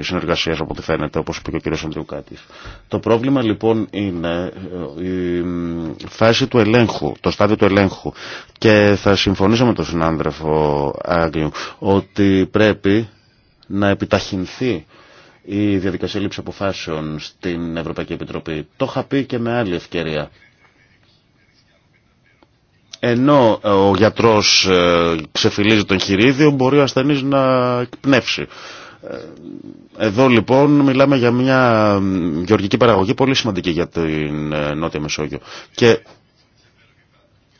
συνεργασίας από ό,τι φαίνεται, όπως είπε και ο κ. Σαντιουκάτης. Το πρόβλημα λοιπόν είναι ε, η φάση του ελέγχου, το στάδιο του ελέγχου. Και θα συμφωνήσω με τον συνάνδρεφο Άγγλιο ότι πρέπει να επιταχυνθεί η διαδικασία λήψη αποφάσεων στην Ευρωπαϊκή Επιτροπή. Το είχα πει και με άλλη ευκαιρία ενώ ε, ο γιατρός ε, ξεφυλίζει τον χειρίδιο μπορεί ο ασθενής να εκπνεύσει. Ε, εδώ λοιπόν μιλάμε για μια γεωργική παραγωγή πολύ σημαντική για την Νότια Μεσόγειο. Και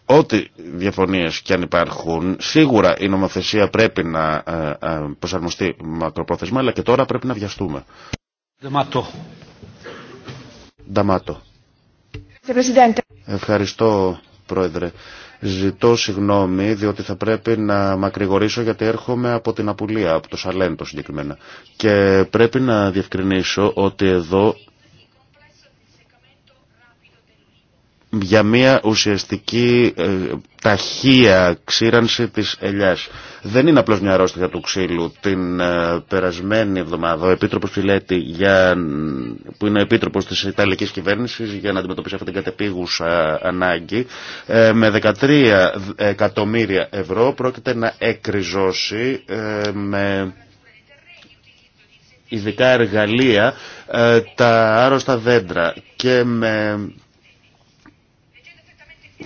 ό,τι διαφωνίες και αν υπάρχουν, σίγουρα η νομοθεσία πρέπει να προσαρμοστεί μακροπρόθεσμα, αλλά και τώρα πρέπει να βιαστούμε. Ευχαριστώ, Πρόεδρε. Ζητώ συγγνώμη, διότι θα πρέπει να μακρηγορήσω γιατί έρχομαι από την Απουλία, από το Σαλέντο συγκεκριμένα. Και πρέπει να διευκρινίσω ότι εδώ για μια ουσιαστική ε, ταχεία ξύρανση της ελιάς. Δεν είναι απλώς μια αρρώστια του ξύλου. Την ε, περασμένη εβδομάδα ο Επίτροπος Φιλέτη, για, που είναι ο Επίτροπος της Ιταλικής Κυβέρνησης για να αντιμετωπίσει αυτή την κατεπίγουσα ανάγκη, ε, με 13 εκατομμύρια ευρώ πρόκειται να εκριζώσει με ειδικά εργαλεία τα άρρωστα δέντρα και με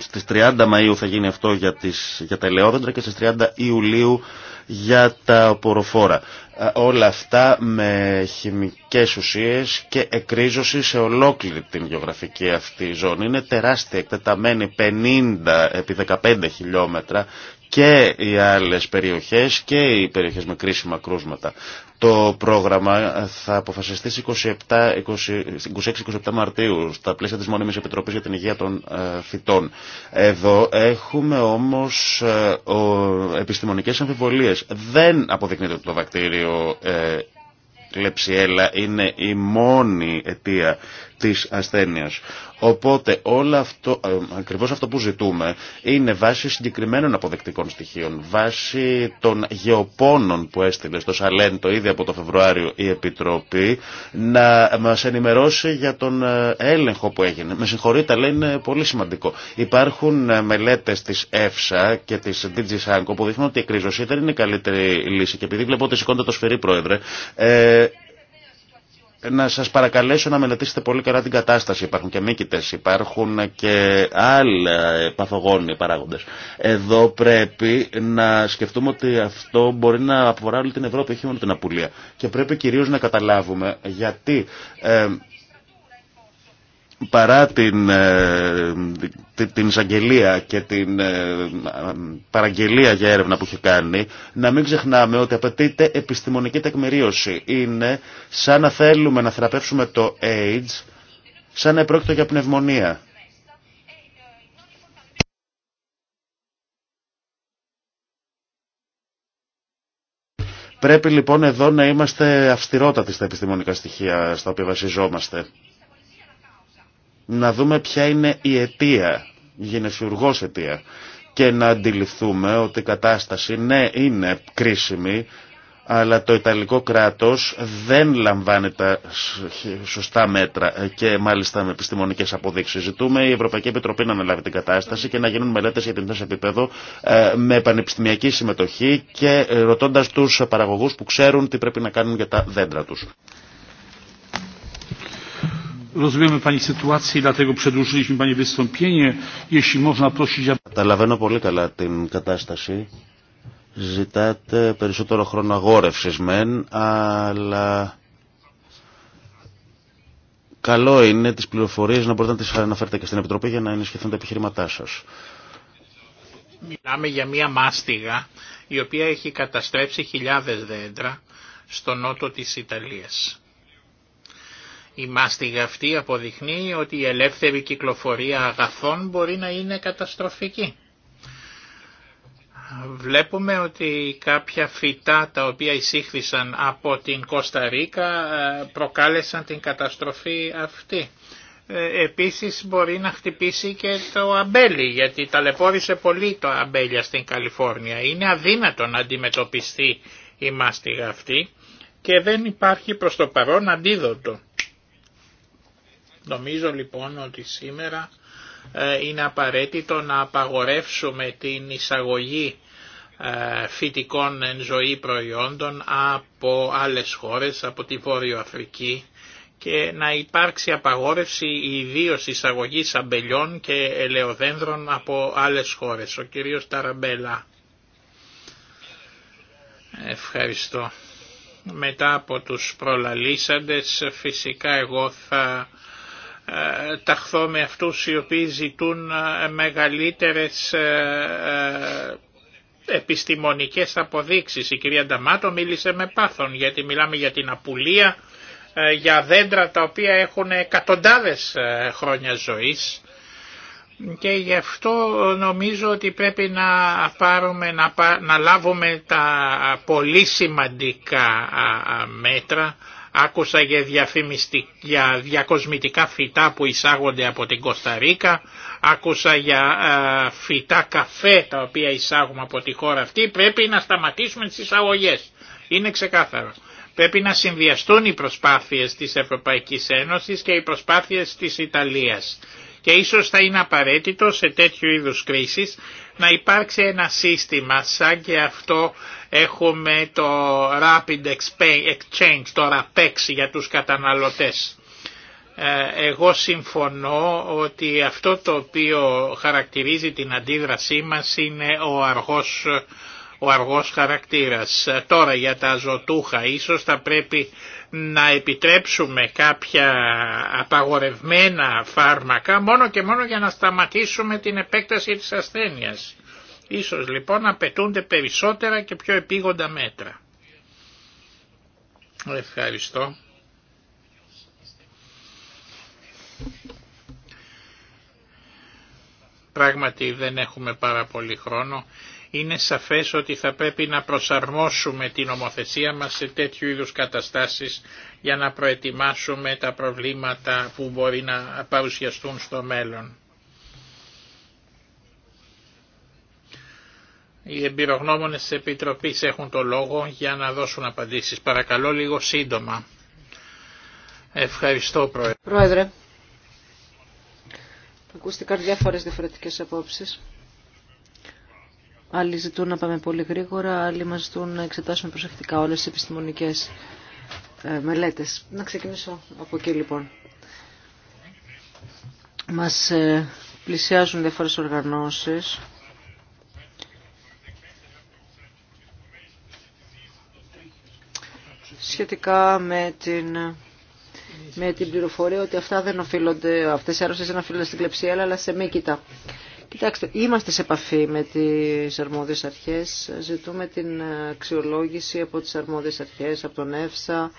στις 30 Μαΐου θα γίνει αυτό για, τις, για τα ελαιόδεντρα και στις 30 Ιουλίου για τα ποροφόρα. Ε, όλα αυτά με χημικές ουσίες και εκρίζωση σε ολόκληρη την γεωγραφική αυτή ζώνη. Είναι τεράστια, εκτεταμένη 50 επί 15 χιλιόμετρα και οι άλλες περιοχές και οι περιοχές με κρίσιμα κρούσματα. Το πρόγραμμα θα αποφασιστεί στις 26-27 Μαρτίου στα πλαίσια της Μονίμης Επιτροπής για την Υγεία των Φυτών. Εδώ έχουμε όμως επιστημονικές αμφιβολίες. Δεν αποδεικνύεται ότι το βακτήριο Λεψιέλα είναι η μόνη αιτία της ασθένειας. Οπότε όλο αυτό, ε, ακριβώς αυτό που ζητούμε είναι βάσει συγκεκριμένων αποδεκτικών στοιχείων, βάσει των γεωπόνων που έστειλε στο Σαλέντο ήδη από το Φεβρουάριο η Επιτροπή να μας ενημερώσει για τον ε, έλεγχο που έγινε. Με συγχωρείτε αλλά είναι πολύ σημαντικό. Υπάρχουν ε, μελέτες της ΕΦΣΑ και της DG που δείχνουν ότι η κρίζωση δεν είναι η καλύτερη λύση και επειδή βλέπω ότι σηκώνεται το σφυρί πρόεδρε, ε, να σας παρακαλέσω να μελετήσετε πολύ καλά την κατάσταση. Υπάρχουν και μήκητες, υπάρχουν και άλλα παθογόνοι παράγοντες. Εδώ πρέπει να σκεφτούμε ότι αυτό μπορεί να αφορά όλη την Ευρώπη, όχι μόνο την Απουλία. Και πρέπει κυρίως να καταλάβουμε γιατί... Ε, παρά ε, την, την εισαγγελία και την ε, παραγγελία για έρευνα που είχε κάνει, να μην ξεχνάμε ότι απαιτείται επιστημονική τεκμηρίωση. Είναι σαν να θέλουμε να θεραπεύσουμε το AIDS, σαν να επρόκειτο για πνευμονία. Πρέπει λοιπόν εδώ να είμαστε αυστηρότατοι στα επιστημονικά στοιχεία στα οποία βασιζόμαστε να δούμε ποια είναι η αιτία, η γενεσιουργός αιτία και να αντιληφθούμε ότι η κατάσταση ναι είναι κρίσιμη αλλά το Ιταλικό κράτος δεν λαμβάνει τα σωστά μέτρα και μάλιστα με επιστημονικές αποδείξεις. Ζητούμε η Ευρωπαϊκή Επιτροπή να αναλάβει την κατάσταση και να γίνουν μελέτες για την επίπεδο ε, με πανεπιστημιακή συμμετοχή και ε, ρωτώντας τους παραγωγούς που ξέρουν τι πρέπει να κάνουν για τα δέντρα τους. Rozumiemy Pani sytuację, Καταλαβαίνω πολύ καλά την κατάσταση. Ζητάτε περισσότερο χρόνο αγόρευσης μεν, αλλά καλό είναι τις πληροφορίες να μπορείτε να τις αναφέρετε και στην Επιτροπή για να ενισχυθούν τα επιχειρηματά σας. Μιλάμε για μία μάστιγα η οποία έχει καταστρέψει χιλιάδες δέντρα στο νότο της Ιταλίας. Η μάστιγα αυτή αποδεικνύει ότι η ελεύθερη κυκλοφορία αγαθών μπορεί να είναι καταστροφική. Βλέπουμε ότι κάποια φυτά τα οποία εισήχθησαν από την Κοσταρίκα ε, προκάλεσαν την καταστροφή αυτή. Ε, επίσης μπορεί να χτυπήσει και το αμπέλι γιατί ταλαιπώρησε πολύ το αμπέλια στην Καλιφόρνια. Είναι αδύνατο να αντιμετωπιστεί η μάστιγα αυτή και δεν υπάρχει προς το παρόν αντίδοτο. Νομίζω λοιπόν ότι σήμερα ε, είναι απαραίτητο να απαγορεύσουμε την εισαγωγή ε, φυτικών εν ζωή προϊόντων από άλλες χώρες, από τη Βόρειο Αφρική και να υπάρξει απαγόρευση ιδίω εισαγωγή αμπελιών και ελαιοδένδρων από άλλες χώρες. Ο κύριος Ταραμπέλα. Ευχαριστώ. Μετά από τους προλαλήσαντες φυσικά εγώ θα ε, ταχθώ με αυτούς οι οποίοι ζητούν ε, μεγαλύτερες ε, επιστημονικές αποδείξεις. Η κυρία Νταμάτο μίλησε με πάθον γιατί μιλάμε για την απουλία, για δέντρα τα οποία έχουν εκατοντάδες χρόνια ζωής και γι' αυτό νομίζω ότι πρέπει να, πάρουμε, να, να λάβουμε τα πολύ σημαντικά μέτρα Άκουσα για, για διακοσμητικά φυτά που εισάγονται από την Κωνσταντίνα. Άκουσα για φυτά καφέ τα οποία εισάγουμε από τη χώρα αυτή. Πρέπει να σταματήσουμε τις εισαγωγές. Είναι ξεκάθαρο. Πρέπει να συνδυαστούν οι προσπάθειες της Ευρωπαϊκής Ένωσης και οι προσπάθειες της Ιταλίας. Και ίσως θα είναι απαραίτητο σε τέτοιου είδους κρίσεις να υπάρξει ένα σύστημα σαν και αυτό Έχουμε το Rapid Exchange, το RAPEX για τους καταναλωτές. Ε, εγώ συμφωνώ ότι αυτό το οποίο χαρακτηρίζει την αντίδρασή μας είναι ο αργός, ο αργός χαρακτήρας. Τώρα για τα ζωτούχα ίσως θα πρέπει να επιτρέψουμε κάποια απαγορευμένα φάρμακα μόνο και μόνο για να σταματήσουμε την επέκταση της ασθένειας. Ίσως λοιπόν απαιτούνται περισσότερα και πιο επίγοντα μέτρα. Ευχαριστώ. Πράγματι δεν έχουμε πάρα πολύ χρόνο. Είναι σαφές ότι θα πρέπει να προσαρμόσουμε την ομοθεσία μας σε τέτοιου είδους καταστάσεις για να προετοιμάσουμε τα προβλήματα που μπορεί να παρουσιαστούν στο μέλλον. Οι εμπειρογνώμονες της Επιτροπής έχουν το λόγο για να δώσουν απαντήσεις. Παρακαλώ λίγο σύντομα. Ευχαριστώ Πρόεδρε. Πρόεδρε, ακούστηκαν διάφορες διαφορετικές απόψεις. Άλλοι ζητούν να πάμε πολύ γρήγορα, άλλοι μας ζητούν να εξετάσουμε προσεκτικά όλες τις επιστημονικές ε, μελέτες. Να ξεκινήσω από εκεί λοιπόν. Μας ε, πλησιάζουν διάφορες οργανώσεις σχετικά με την, με την πληροφορία ότι αυτά δεν οφείλονται, αυτές οι άρρωσες δεν οφείλονται στην κλεψία, αλλά σε μήκητα. Κοιτάξτε, είμαστε σε επαφή με τις αρμόδιες αρχές, ζητούμε την αξιολόγηση από τις αρμόδιες αρχές, από τον ΕΦΣΑ,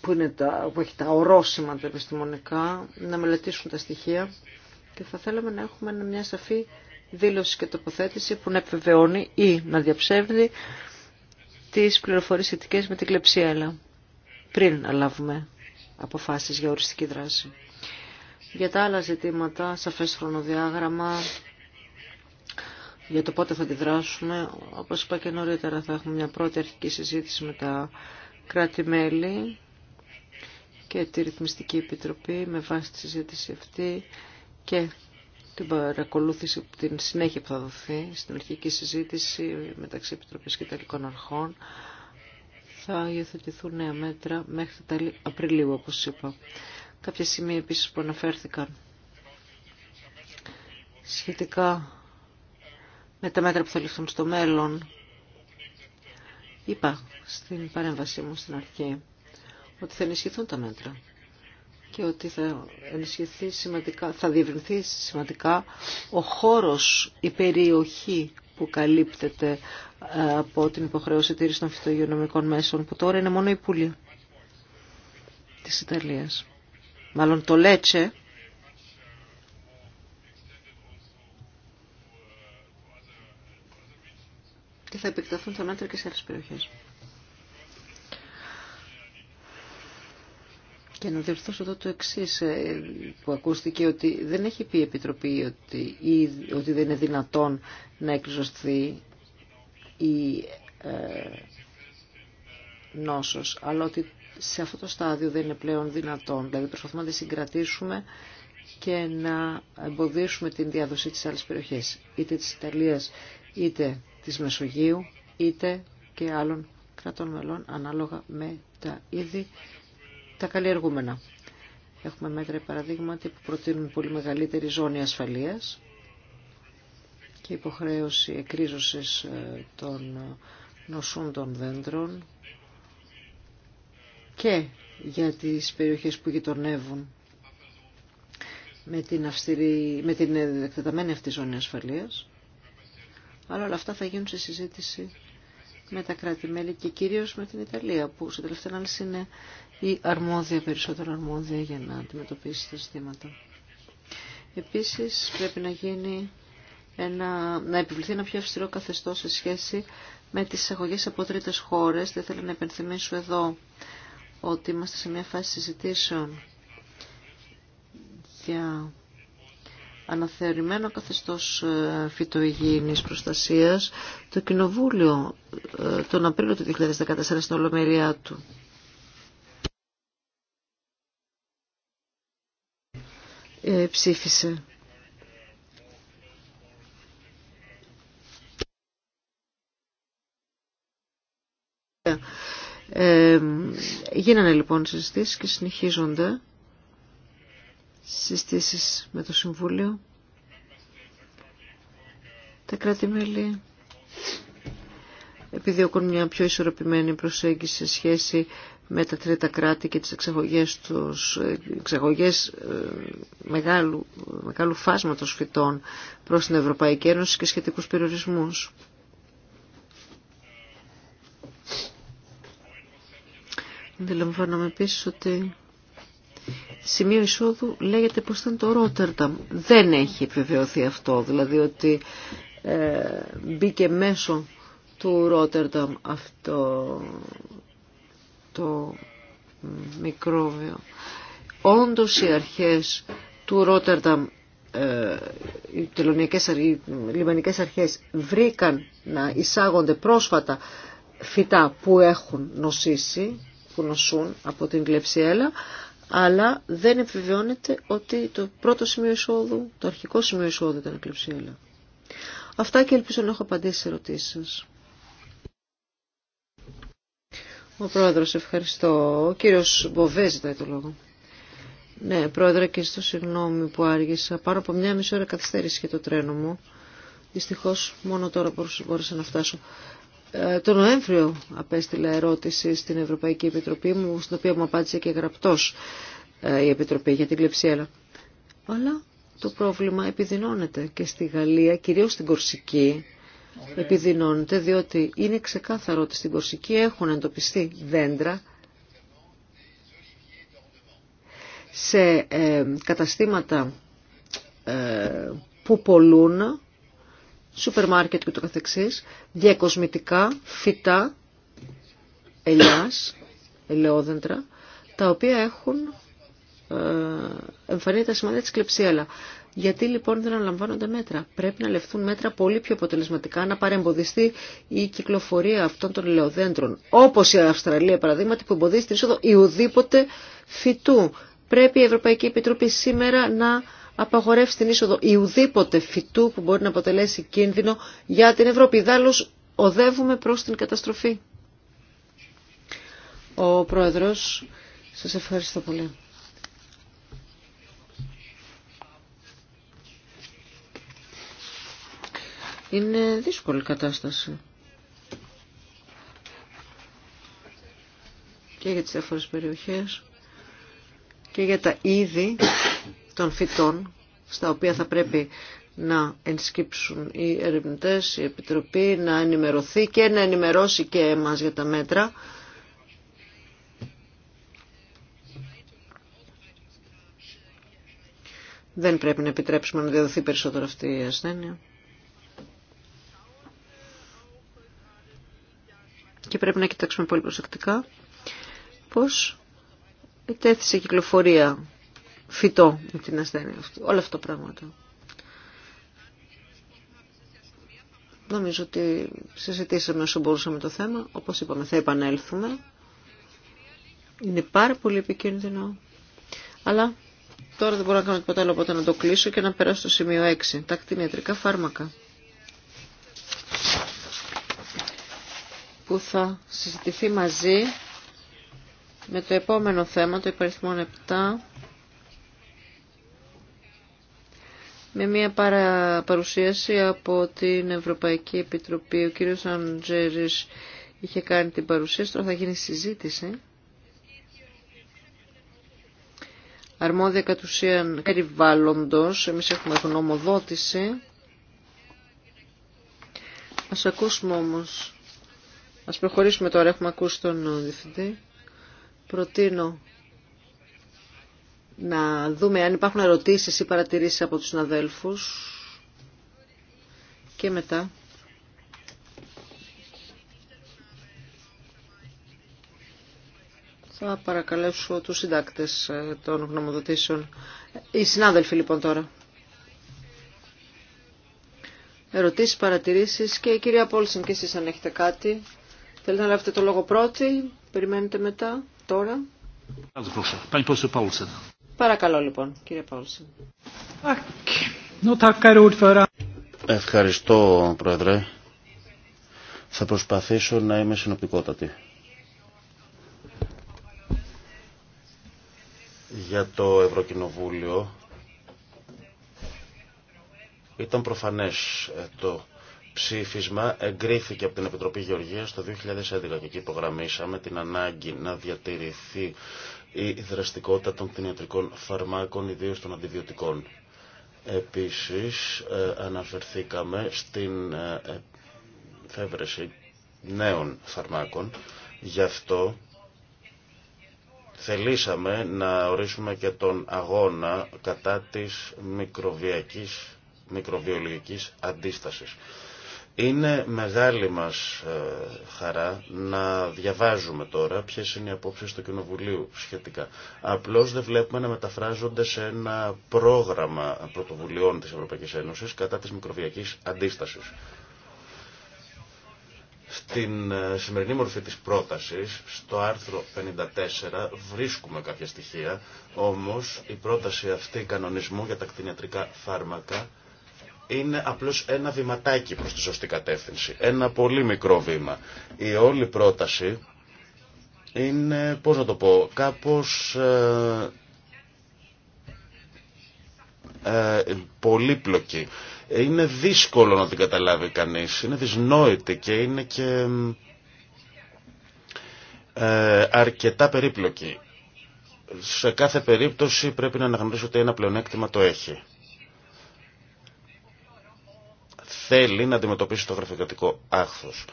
που, είναι τα, που έχει τα ορόσημα τα επιστημονικά, να μελετήσουν τα στοιχεία και θα θέλαμε να έχουμε μια σαφή δήλωση και τοποθέτηση που να επιβεβαιώνει ή να διαψεύδει τις πληροφορίες σχετικέ με την κλεψίαλα πριν να λάβουμε αποφάσεις για οριστική δράση. Για τα άλλα ζητήματα, σαφές χρονοδιάγραμμα, για το πότε θα αντιδράσουμε, όπως είπα και νωρίτερα θα έχουμε μια πρώτη αρχική συζήτηση με τα κράτη-μέλη και τη Ρυθμιστική Επιτροπή με βάση τη συζήτηση αυτή και την παρακολούθηση, την συνέχεια που θα δοθεί στην αρχική συζήτηση μεταξύ Επιτροπής και Τελικών Αρχών θα υιοθετηθούν νέα μέτρα μέχρι τα Απριλίου, όπως είπα. Κάποια σημεία επίσης που αναφέρθηκαν σχετικά με τα μέτρα που θα ληφθούν στο μέλλον. Είπα στην παρέμβασή μου στην αρχή ότι θα ενισχυθούν τα μέτρα και ότι θα ενισχυθεί σημαντικά, θα διευρυνθεί σημαντικά ο χώρος, η περιοχή που καλύπτεται ε, από την υποχρέωση τήρηση των φυτογειονομικών μέσων, που τώρα είναι μόνο η πουλή της Ιταλίας. Μάλλον το Λέτσε, και θα επεκταθούν τα μέτρα και σε άλλες περιοχές. Και να διορθώσω εδώ το εξή ε, που ακούστηκε ότι δεν έχει πει η Επιτροπή ότι, ή, ότι δεν είναι δυνατόν να εκριζωθεί η ε, νόσος, αλλά ότι σε αυτό το στάδιο δεν είναι πλέον δυνατόν. Δηλαδή προσπαθούμε να συγκρατήσουμε και να εμποδίσουμε την διαδοσή της άλλες περιοχές, είτε της Ιταλίας, είτε της Μεσογείου, είτε και άλλων κρατών μελών ανάλογα με τα είδη τα καλλιεργούμενα. Έχουμε μέτρα παραδείγματι που προτείνουν πολύ μεγαλύτερη ζώνη ασφαλείας και υποχρέωση εκρίζωσης ε, των ε, νοσούντων δέντρων και για τις περιοχές που γειτονεύουν με την, αυστηρή, με την ε, εκτεταμένη αυτή ζώνη ασφαλείας. Αλλά όλα αυτά θα γίνουν σε συζήτηση με τα κράτη-μέλη και κυρίως με την Ιταλία που σε τελευταία ανάλυση είναι η αρμόδια, περισσότερο αρμόδια για να αντιμετωπίσει τα ζητήματα. Επίσης πρέπει να γίνει ένα, να επιβληθεί ένα πιο αυστηρό καθεστώς σε σχέση με τις εισαγωγές από τρίτες χώρες. Δεν θέλω να επενθυμίσω εδώ ότι είμαστε σε μια φάση συζητήσεων για αναθεωρημένο καθεστώς ε, φυτοϊγιεινής προστασίας το Κοινοβούλιο ε, τον Απρίλιο του 2014 στην Ολομερία του. Ε, ψήφισε. Ε, γίνανε λοιπόν συζητήσεις και συνεχίζονται συστήσεις με το Συμβούλιο. Τα κράτη-μέλη επιδιώκουν μια πιο ισορροπημένη προσέγγιση σε σχέση με τα τρίτα κράτη και τις εξαγωγές, τους, εξαγωγές ε, μεγάλου, μεγάλου φάσματος φυτών προς την Ευρωπαϊκή Ένωση και σχετικούς περιορισμούς. Αντιλαμβάνομαι επίσης ότι σημείο εισόδου λέγεται πως ήταν το Ρότερνταμ. Δεν έχει επιβεβαιωθεί αυτό, δηλαδή ότι ε, μπήκε μέσω του Ρότερνταμ αυτό το μικρόβιο. Όντως οι αρχές του Ρότερνταμ, ε, οι τελωνιακές, οι λιμανικές αρχές βρήκαν να εισάγονται πρόσφατα φυτά που έχουν νοσήσει, που νοσούν από την κλεψιέλα, αλλά δεν επιβεβαιώνεται ότι το πρώτο σημείο εισόδου, το αρχικό σημείο εισόδου ήταν εκλεψίελα. Αυτά και ελπίζω να έχω απαντήσει στις ερωτήσεις σας. Ο Πρόεδρος, ευχαριστώ. Ο κύριος Μποβέ ζητάει το λόγο. Ναι, Πρόεδρε, και στο συγγνώμη που άργησα. Πάνω από μια μισή ώρα καθυστέρησε και το τρένο μου. Δυστυχώς μόνο τώρα μπορούσα να φτάσω. Ε, το Νοέμβριο απέστειλα ερώτηση στην Ευρωπαϊκή Επιτροπή μου, στην οποία μου απάντησε και γραπτός ε, η Επιτροπή για την κλεψιέλα. Αλλά το πρόβλημα επιδεινώνεται και στη Γαλλία, κυρίως στην Κορσική, επιδεινώνεται διότι είναι ξεκάθαρο ότι στην Κορσική έχουν εντοπιστεί δέντρα σε ε, καταστήματα που πολλούν σούπερ μάρκετ και το καθεξής, διακοσμητικά, φυτά, ελιάς, ελαιόδεντρα, τα οποία έχουν ε, εμφανεί τα σημάδια της κλεψίαλα. Γιατί λοιπόν δεν αναλαμβάνονται μέτρα. Πρέπει να λεφθούν μέτρα πολύ πιο αποτελεσματικά, να παρεμποδιστεί η κυκλοφορία αυτών των ελαιοδέντρων. Όπως η Αυστραλία παραδείγματι που εμποδίζει την είσοδο ιουδήποτε φυτού. Πρέπει η Ευρωπαϊκή Επιτροπή σήμερα να απαγορεύσει την είσοδο ιουδήποτε φυτού που μπορεί να αποτελέσει κίνδυνο για την Ευρώπη. Δάλλως οδεύουμε προς την καταστροφή. Ο Πρόεδρος, σας ευχαριστώ πολύ. Είναι δύσκολη κατάσταση. Και για τις διάφορες περιοχές και για τα είδη των φυτών στα οποία θα πρέπει να ενσκύψουν οι ερευνητές, η Επιτροπή να ενημερωθεί και να ενημερώσει και εμάς για τα μέτρα. Δεν πρέπει να επιτρέψουμε να διαδοθεί περισσότερο αυτή η ασθένεια. Και πρέπει να κοιτάξουμε πολύ προσεκτικά πώς ετέθησε η κυκλοφορία φυτό με την ασθένεια αυτή. Όλα αυτά πράγμα. πράγματα. Νομίζω ότι συζητήσαμε όσο μπορούσαμε το θέμα. Όπως είπαμε θα επανέλθουμε. Είναι πάρα πολύ επικίνδυνο. Αλλά τώρα δεν μπορώ να κάνω τίποτα άλλο οπότε να το κλείσω και να περάσω στο σημείο 6. Τα κτηνιατρικά φάρμακα. Που θα συζητηθεί μαζί με το επόμενο θέμα, το υπαριθμό 7 με μια παρουσίαση από την Ευρωπαϊκή Επιτροπή. Ο κύριος Αντζέρης είχε κάνει την παρουσίαση, τώρα θα γίνει συζήτηση. Αρμόδια κατ' ουσίαν περιβάλλοντος, εμείς έχουμε γνωμοδότηση. Ας ακούσουμε όμως, ας προχωρήσουμε τώρα, έχουμε ακούσει τον διευθυντή. Προτείνω να δούμε αν υπάρχουν ερωτήσεις ή παρατηρήσεις από τους συναδέλφους και μετά. Θα παρακαλέσω τους συντάκτες ε, των γνωμοδοτήσεων. Οι συνάδελφοι λοιπόν τώρα. Ερωτήσεις, παρατηρήσεις και η κυρία Πόλσιν και εσείς αν έχετε κάτι. Θέλετε να λάβετε το λόγο πρώτη, περιμένετε μετά, τώρα. Παρακαλώ λοιπόν, κύριε Πόλση. Ευχαριστώ, Πρόεδρε. Θα προσπαθήσω να είμαι συνοπτικότατη. Για το Ευρωκοινοβούλιο ήταν προφανές ε, το ψήφισμα εγκρίθηκε από την Επιτροπή Γεωργίας το 2011 και εκεί υπογραμμίσαμε την ανάγκη να διατηρηθεί η δραστικότητα των κτηνιατρικών φαρμάκων, ιδίω των αντιβιωτικών. Επίσης, ε, αναφερθήκαμε στην ε, φέβρεση νέων φαρμάκων. Γι' αυτό θελήσαμε να ορίσουμε και τον αγώνα κατά της μικροβιακής, μικροβιολογικής αντίστασης. Είναι μεγάλη μας ε, χαρά να διαβάζουμε τώρα ποιες είναι οι απόψεις του Κοινοβουλίου σχετικά. Απλώς δεν βλέπουμε να μεταφράζονται σε ένα πρόγραμμα πρωτοβουλειών της Ευρωπαϊκής Ένωσης κατά της μικροβιακής αντίστασης. Στην ε, σημερινή μορφή της πρότασης, στο άρθρο 54, βρίσκουμε κάποια στοιχεία, όμως η πρόταση αυτή κανονισμού για τα κτηνιατρικά φάρμακα είναι απλώς ένα βηματάκι προς τη σωστή κατεύθυνση. Ένα πολύ μικρό βήμα. Η όλη πρόταση είναι, πώς να το πω, κάπως ε, ε πολύπλοκη. Είναι δύσκολο να την καταλάβει κανείς. Είναι δυσνόητη και είναι και ε, αρκετά περίπλοκη. Σε κάθε περίπτωση πρέπει να αναγνωρίσω ότι ένα πλεονέκτημα το έχει. θέλει να αντιμετωπίσει το γραφειοκρατικό άχθος.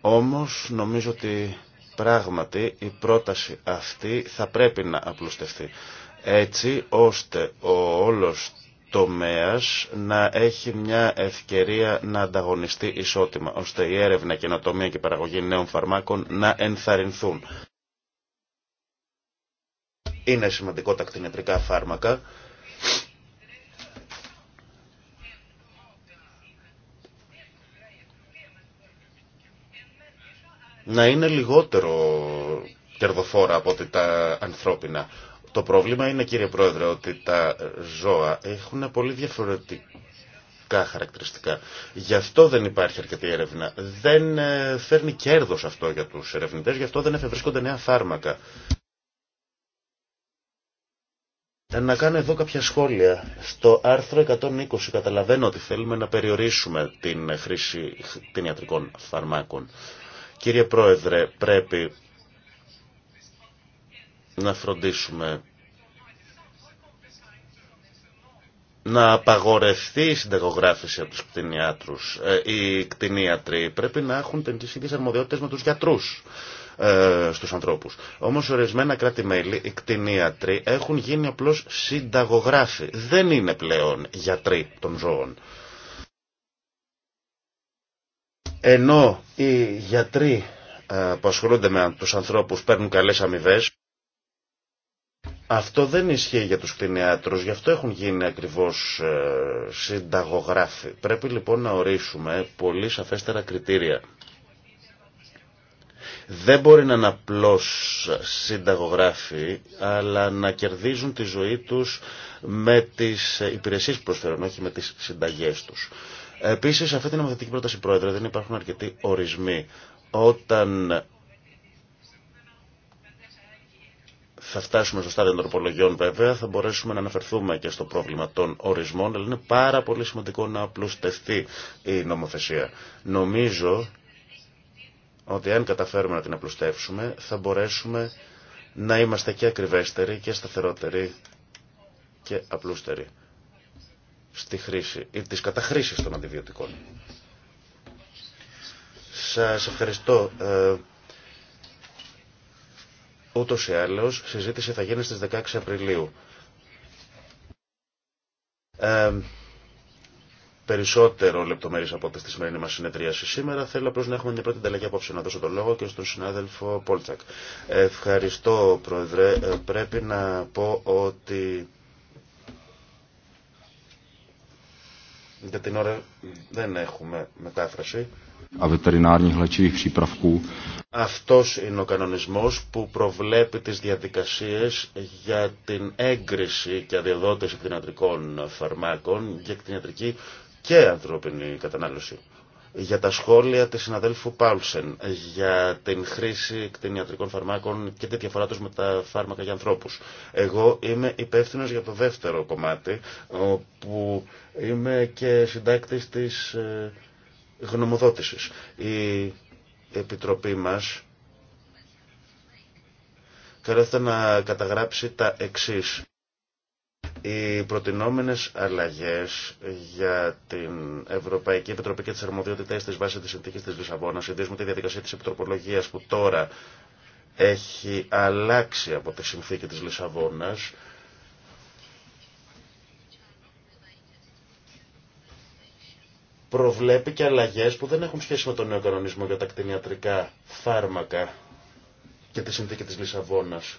Όμως νομίζω ότι πράγματι η πρόταση αυτή θα πρέπει να απλουστευτεί έτσι ώστε ο όλος τομέας να έχει μια ευκαιρία να ανταγωνιστεί ισότιμα, ώστε η έρευνα, καινοτομία και η παραγωγή νέων φαρμάκων να ενθαρρυνθούν. Είναι σημαντικό τα κτηνιατρικά φάρμακα να είναι λιγότερο κερδοφόρα από ότι τα ανθρώπινα. Το πρόβλημα είναι κύριε Πρόεδρε ότι τα ζώα έχουν πολύ διαφορετικά χαρακτηριστικά. Γι' αυτό δεν υπάρχει αρκετή έρευνα. Δεν ε, φέρνει κέρδος αυτό για τους ερευνητές, γι' αυτό δεν εφευρίσκονται νέα φάρμακα. Ε, να κάνω εδώ κάποια σχόλια. Στο άρθρο 120 καταλαβαίνω ότι θέλουμε να περιορίσουμε την χρήση την ιατρικών φαρμάκων. Κύριε Πρόεδρε, πρέπει να φροντίσουμε να απαγορευτεί η συνταγογράφηση από τους κτηνιάτρους. Ε, οι κτηνίατροι πρέπει να έχουν τις ίδιες αρμοδιότητες με τους γιατρούς ε, στους ανθρώπους. Όμως ορισμένα κράτη-μέλη, οι κτηνίατροι, έχουν γίνει απλώς συνταγογράφοι. Δεν είναι πλέον γιατροί των ζώων. Ενώ οι γιατροί ε, που ασχολούνται με τους ανθρώπους παίρνουν καλές αμοιβέ. Αυτό δεν ισχύει για τους κτηνιάτρους, γι' αυτό έχουν γίνει ακριβώς ε, συνταγογράφοι. Πρέπει λοιπόν να ορίσουμε πολύ σαφέστερα κριτήρια. Δεν μπορεί να είναι απλώς συνταγογράφοι, αλλά να κερδίζουν τη ζωή τους με τις ε, υπηρεσίες που προσφέρουν, όχι με τις συνταγές τους. Επίση, σε αυτή την νομοθετική πρόταση, Πρόεδρε, δεν υπάρχουν αρκετοί ορισμοί. Όταν θα φτάσουμε στο στάδιο των τροπολογιών βέβαια, θα μπορέσουμε να αναφερθούμε και στο πρόβλημα των ορισμών, αλλά είναι πάρα πολύ σημαντικό να απλουστευτεί η νομοθεσία. Νομίζω ότι αν καταφέρουμε να την απλουστεύσουμε, θα μπορέσουμε να είμαστε και ακριβέστεροι και σταθερότεροι και απλούστεροι στη χρήση ή της καταχρήσης των αντιβιωτικών. Σας ευχαριστώ. Ε, ούτως ή άλλως, συζήτηση θα γίνει στις 16 Απριλίου. Ε, περισσότερο λεπτομέρειες από τη σημερινή μας συνεδρίαση σήμερα. Θέλω απλώς να έχουμε μια πρώτη ανταλλαγή απόψε να δώσω τον λόγο και στον συνάδελφο Πόλτσακ. Ευχαριστώ, Πρόεδρε. Ε, πρέπει να πω ότι Για την ώρα δεν έχουμε μετάφραση. Αυτός είναι ο κανονισμός που προβλέπει τις διαδικασίες για την έγκριση και αδειοδότηση κτηνιατρικών φαρμάκων για κτηνιατρική και ανθρώπινη κατανάλωση για τα σχόλια της συναδέλφου Πάουλσεν για την χρήση κτηνιατρικών φαρμάκων και τη διαφορά τους με τα φάρμακα για ανθρώπους. Εγώ είμαι υπεύθυνος για το δεύτερο κομμάτι, που είμαι και συντάκτης της ε, γνωμοδότησης. Η Επιτροπή μας καλέθεται να καταγράψει τα εξής. Οι προτινόμενες αλλαγές για την Ευρωπαϊκή Επιτροπή και τις αρμοδιότητες της βάσης της συνθήκης της Λισαβόνας, ιδίως με τη διαδικασία της επιτροπολογίας που τώρα έχει αλλάξει από τη συνθήκη της Λισαβόνας, προβλέπει και αλλαγές που δεν έχουν σχέση με τον νέο κανονισμό για τα κτηνιατρικά φάρμακα και τη συνθήκη της Λισαβόνας.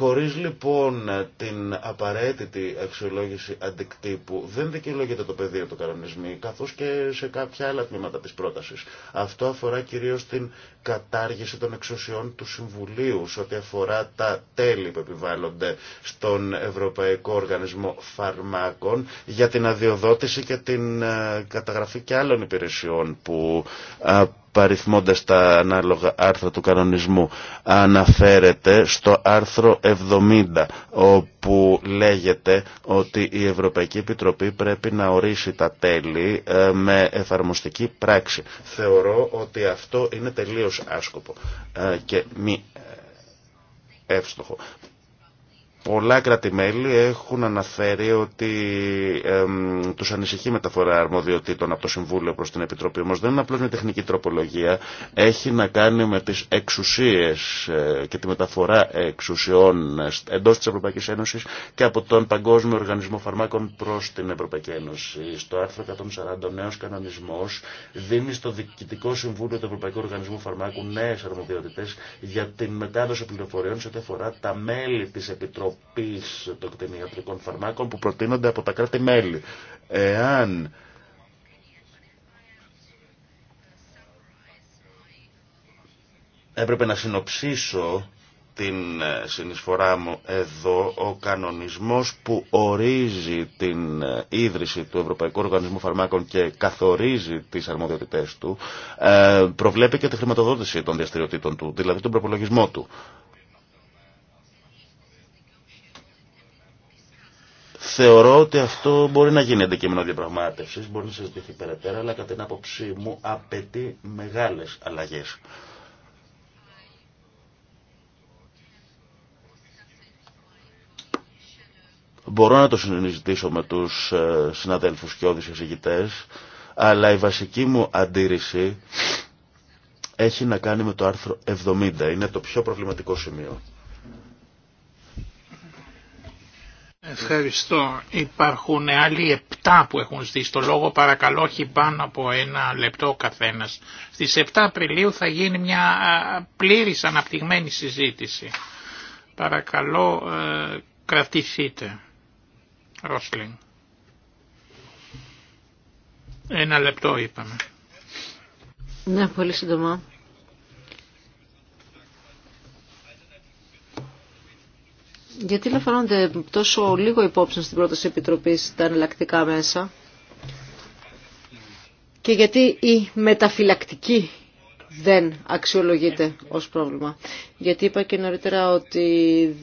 Χωρίς λοιπόν την απαραίτητη αξιολόγηση αντικτύπου δεν δικαιολογείται το πεδίο του κανονισμού καθώς και σε κάποια άλλα τμήματα της πρότασης. Αυτό αφορά κυρίως την κατάργηση των εξουσιών του Συμβουλίου σε ό,τι αφορά τα τέλη που επιβάλλονται στον Ευρωπαϊκό Οργανισμό Φαρμάκων για την αδειοδότηση και την ε, καταγραφή και άλλων υπηρεσιών που ε, παριθμώντας τα ανάλογα άρθρα του κανονισμού αναφέρεται στο άρθρο 70 όπου λέγεται ότι η Ευρωπαϊκή Επιτροπή πρέπει να ορίσει τα τέλη ε, με εφαρμοστική πράξη. Θεωρώ ότι αυτό είναι τελείως άσκοπο ε, και μη ε, εύστοχο. Πολλά έχουν αναφέρει ότι ε, του ανησυχεί η μεταφορά αρμοδιοτήτων από το Συμβούλιο προ την Επιτροπή. Όμω δεν είναι απλώ μια τεχνική τροπολογία. Έχει να κάνει με τι εξουσίε ε, και τη μεταφορά εξουσιών ε, εντό τη Ευρωπαϊκή Ένωση και από τον Παγκόσμιο Οργανισμό Φαρμάκων προ την Ευρωπαϊκή Ένωση. Στο άρθρο 140 ο νέο κανονισμό δίνει στο Διοικητικό Συμβούλιο του Ευρωπαϊκού Οργανισμού Φαρμάκων νέε αρμοδιότητε για την μετάδοση πληροφοριών σε ό,τι αφορά τα μέλη τη Επιτροπή νομοποίηση των κτηνιατρικών φαρμάκων που προτείνονται από τα κράτη-μέλη. Εάν έπρεπε να συνοψίσω την ε, συνεισφορά μου εδώ ο κανονισμός που ορίζει την ε, ίδρυση του Ευρωπαϊκού Οργανισμού Φαρμάκων και καθορίζει τις αρμοδιότητές του ε, προβλέπει και τη χρηματοδότηση των διαστηριοτήτων του, δηλαδή τον προπολογισμό του. Θεωρώ ότι αυτό μπορεί να γίνει αντικείμενο διαπραγμάτευση, μπορεί να συζητηθεί περαιτέρω, αλλά κατά την άποψή μου απαιτεί μεγάλε αλλαγέ. Μπορώ να το συζητήσω με τους ε, συναδέλφους και όδου εισηγητέ, αλλά η βασική μου αντίρρηση έχει να κάνει με το άρθρο 70. Είναι το πιο προβληματικό σημείο. Ευχαριστώ. Υπάρχουν άλλοι επτά που έχουν ζητήσει το λόγο, παρακαλώ έχει πάνω από ένα λεπτό ο καθένας. Στις 7 Απριλίου θα γίνει μια πλήρης αναπτυγμένη συζήτηση. Παρακαλώ ε, κρατηθείτε. Ρόσλινγκ. Ένα λεπτό είπαμε. Ναι, πολύ σύντομα. Γιατί λαμβάνονται τόσο λίγο υπόψη στην πρόταση επιτροπή τα εναλλακτικά μέσα και γιατί η μεταφυλακτική δεν αξιολογείται ως πρόβλημα. Γιατί είπα και νωρίτερα ότι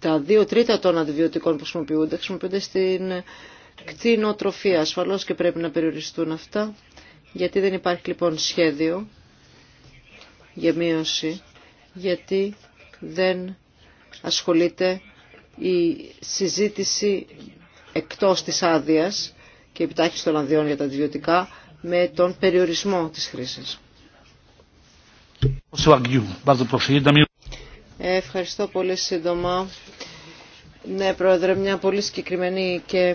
τα δύο τρίτα των αντιβιωτικών που χρησιμοποιούνται χρησιμοποιούνται στην κτηνοτροφία. Ασφαλώς και πρέπει να περιοριστούν αυτά, γιατί δεν υπάρχει λοιπόν σχέδιο για μείωση, γιατί δεν ασχολείται η συζήτηση εκτός της άδεια και επιτάχυση των αδειών για τα αντιβιωτικά με τον περιορισμό της χρήσης. Ευχαριστώ πολύ σύντομα. Ναι, Πρόεδρε, μια πολύ συγκεκριμένη και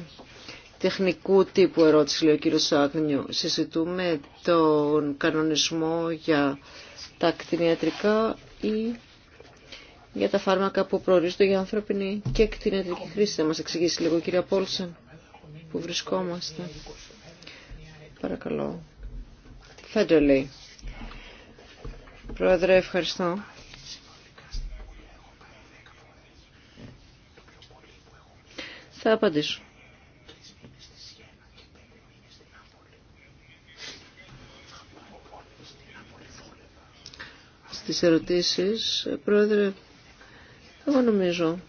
τεχνικού τύπου ερώτηση, λέει ο κύριος Άγνιου. Συζητούμε τον κανονισμό για τα κτηνιατρικά ή για τα φάρμακα που προορίζονται για ανθρώπινη και κτηνιατρική χρήση. Θα μας εξηγήσει λίγο, κυρία Πόλσεν, που βρισκόμαστε. Παρακαλώ. λέει. Πρόεδρε, ευχαριστώ. Θα απαντήσω. Στις ερωτήσεις, Πρόεδρε, εγώ νομίζω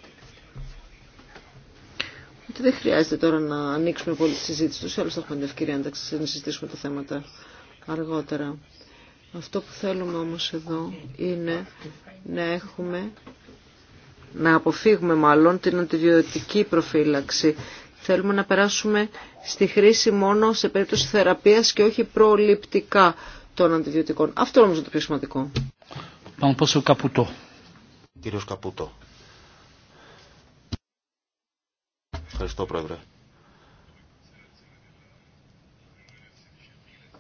ότι δεν χρειάζεται τώρα να ανοίξουμε πολύ τη συζήτηση του Άλλωστε θα έχουμε την ευκαιρία να συζητήσουμε τα θέματα αργότερα. Αυτό που θέλουμε όμως εδώ είναι να έχουμε, να αποφύγουμε μάλλον την αντιβιωτική προφύλαξη. Θέλουμε να περάσουμε στη χρήση μόνο σε περίπτωση θεραπείας και όχι προληπτικά των αντιβιωτικών. Αυτό όμως είναι το πιο σημαντικό. Πάμε Καπουτό. Κύριος Καπούτο. Ευχαριστώ, Πρόεδρε.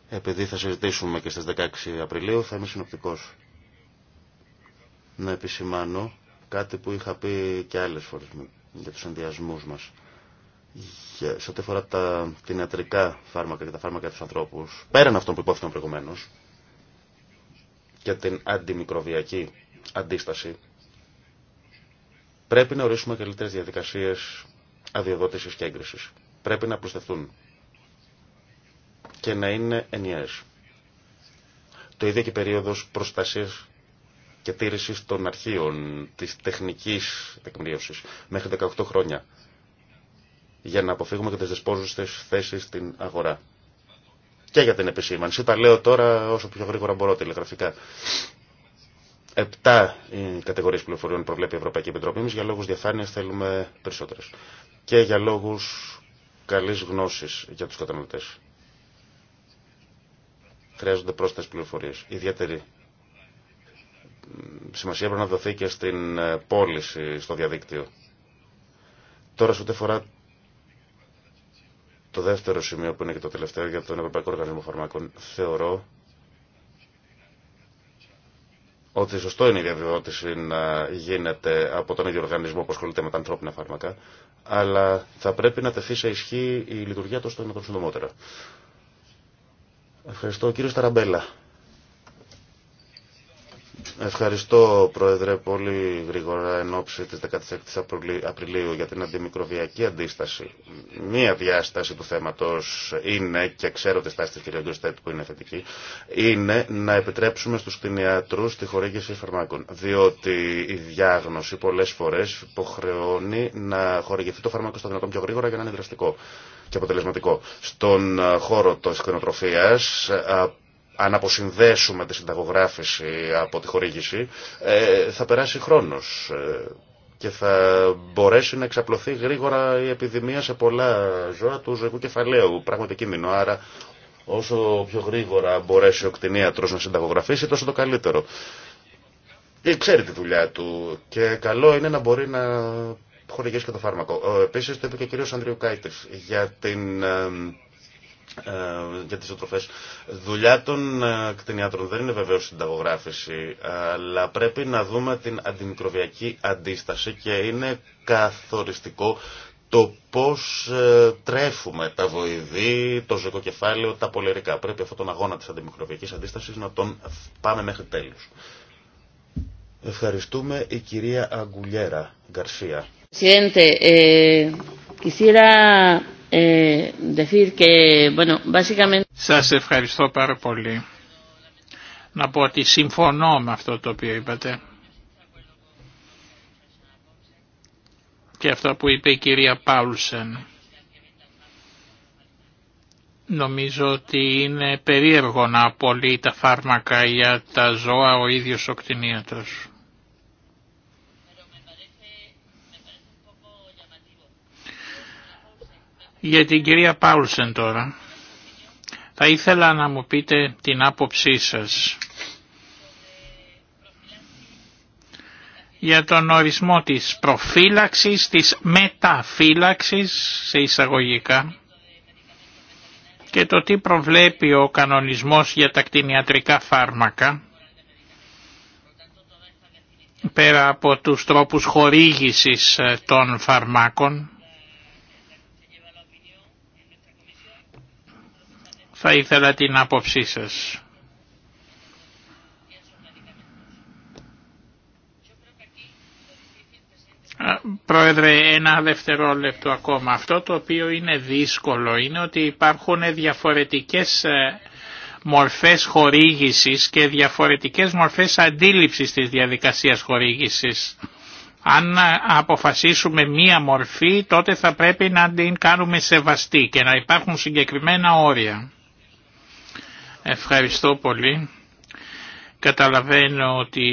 Επειδή θα συζητήσουμε και στις 16 Απριλίου, θα είμαι συνοπτικός. Να επισημάνω κάτι που είχα πει και άλλες φορές για τους ενδιασμούς μας. σε ό,τι αφορά τα κτηνιατρικά φάρμακα και τα φάρμακα για τους ανθρώπους, πέραν αυτών που υπόθηκαν προηγουμένως, και την αντιμικροβιακή αντίσταση, Πρέπει να ορίσουμε καλύτερε διαδικασίε αδειοδότηση και έγκριση. Πρέπει να προστεθούν και να είναι ενιαίε. Το ίδιο και η περίοδο προστασία και τήρηση των αρχείων τη τεχνική τεκμηρίωση μέχρι 18 χρόνια για να αποφύγουμε και τι δεσπόζουστε θέσει στην αγορά. Και για την επισήμανση. Τα λέω τώρα όσο πιο γρήγορα μπορώ τηλεγραφικά. Επτά κατηγορίε πληροφοριών προβλέπει η Ευρωπαϊκή Επιτροπή. Εμεί για λόγου διαφάνειας θέλουμε περισσότερε. Και για λόγου καλή γνώσης για του καταναλωτέ. Χρειάζονται πρόσθετε πληροφορίε. Ιδιαίτερη σημασία πρέπει να δοθεί και στην ε, πώληση στο διαδίκτυο. Τώρα, σε ό,τι αφορά το δεύτερο σημείο που είναι και το τελευταίο για τον Ευρωπαϊκό Οργανισμό Φαρμάκων, θεωρώ ότι σωστό είναι η διαδιδότηση να γίνεται από τον ίδιο οργανισμό που ασχολείται με τα ανθρώπινα φάρμακα, αλλά θα πρέπει να τεθεί σε ισχύ η λειτουργία του στο δυνατόν συντομότερα. Ευχαριστώ. Κύριο Σταραμπέλα. Ευχαριστώ, Πρόεδρε, πολύ γρήγορα εν ώψη της 16ης Απριλίου για την αντιμικροβιακή αντίσταση. Μία διάσταση του θέματος είναι, και ξέρω τη στάση της κυρία που είναι θετική, είναι να επιτρέψουμε στους κτηνιάτρους τη χορήγηση φαρμάκων. Διότι η διάγνωση πολλές φορές υποχρεώνει να χορηγηθεί το φαρμάκο στο δυνατόν πιο γρήγορα για να είναι δραστικό και αποτελεσματικό. Στον χώρο της κτηνοτροφίας αν αποσυνδέσουμε τη συνταγογράφηση από τη χορήγηση, ε, θα περάσει χρόνος ε, και θα μπορέσει να εξαπλωθεί γρήγορα η επιδημία σε πολλά ζώα του ζωικού κεφαλαίου, πράγματι κίνδυνο. Άρα όσο πιο γρήγορα μπορέσει ο κτηνίατρος να συνταγογραφήσει, τόσο το καλύτερο. Ξέρει τη δουλειά του και καλό είναι να μπορεί να χορηγήσει και το φάρμακο. Επίσης, το είπε και ο κύριος Ανδριουκάητης για την ε, ε, για τις οτροφές. Δουλειά των ε, κτηνιάτρων δεν είναι βεβαίως συνταγογράφηση, αλλά πρέπει να δούμε την αντιμικροβιακή αντίσταση και είναι καθοριστικό το πώς ε, τρέφουμε τα βοηδή, το ζωικοκεφάλαιο, τα πολερικά. Πρέπει αυτόν τον αγώνα της αντιμικροβιακής αντίστασης να τον πάμε μέχρι τέλους. Ευχαριστούμε η κυρία Αγκουλιέρα Γκαρσία. Eh, Σας ευχαριστώ πάρα πολύ. Να πω ότι συμφωνώ με αυτό το οποίο είπατε. Και αυτό που είπε η κυρία Πάουλσεν. Νομίζω ότι είναι περίεργο να απολύει τα φάρμακα για τα ζώα ο ίδιος ο κτηνίατρος. Για την κυρία Πάουλσεν τώρα, θα ήθελα να μου πείτε την άποψή σας για τον ορισμό της προφύλαξης, της μεταφύλαξης σε εισαγωγικά και το τι προβλέπει ο κανονισμός για τα κτηνιατρικά φάρμακα πέρα από τους τρόπους χορήγησης ε, των φαρμάκων Θα ήθελα την άποψή σας. Πρόεδρε, ένα δευτερόλεπτο ακόμα. Αυτό το οποίο είναι δύσκολο είναι ότι υπάρχουν διαφορετικές ε, μορφές χορήγησης και διαφορετικές μορφές αντίληψης της διαδικασίας χορήγησης. Αν ε, αποφασίσουμε μία μορφή τότε θα πρέπει να την κάνουμε σεβαστή και να υπάρχουν συγκεκριμένα όρια. Ευχαριστώ πολύ. Καταλαβαίνω ότι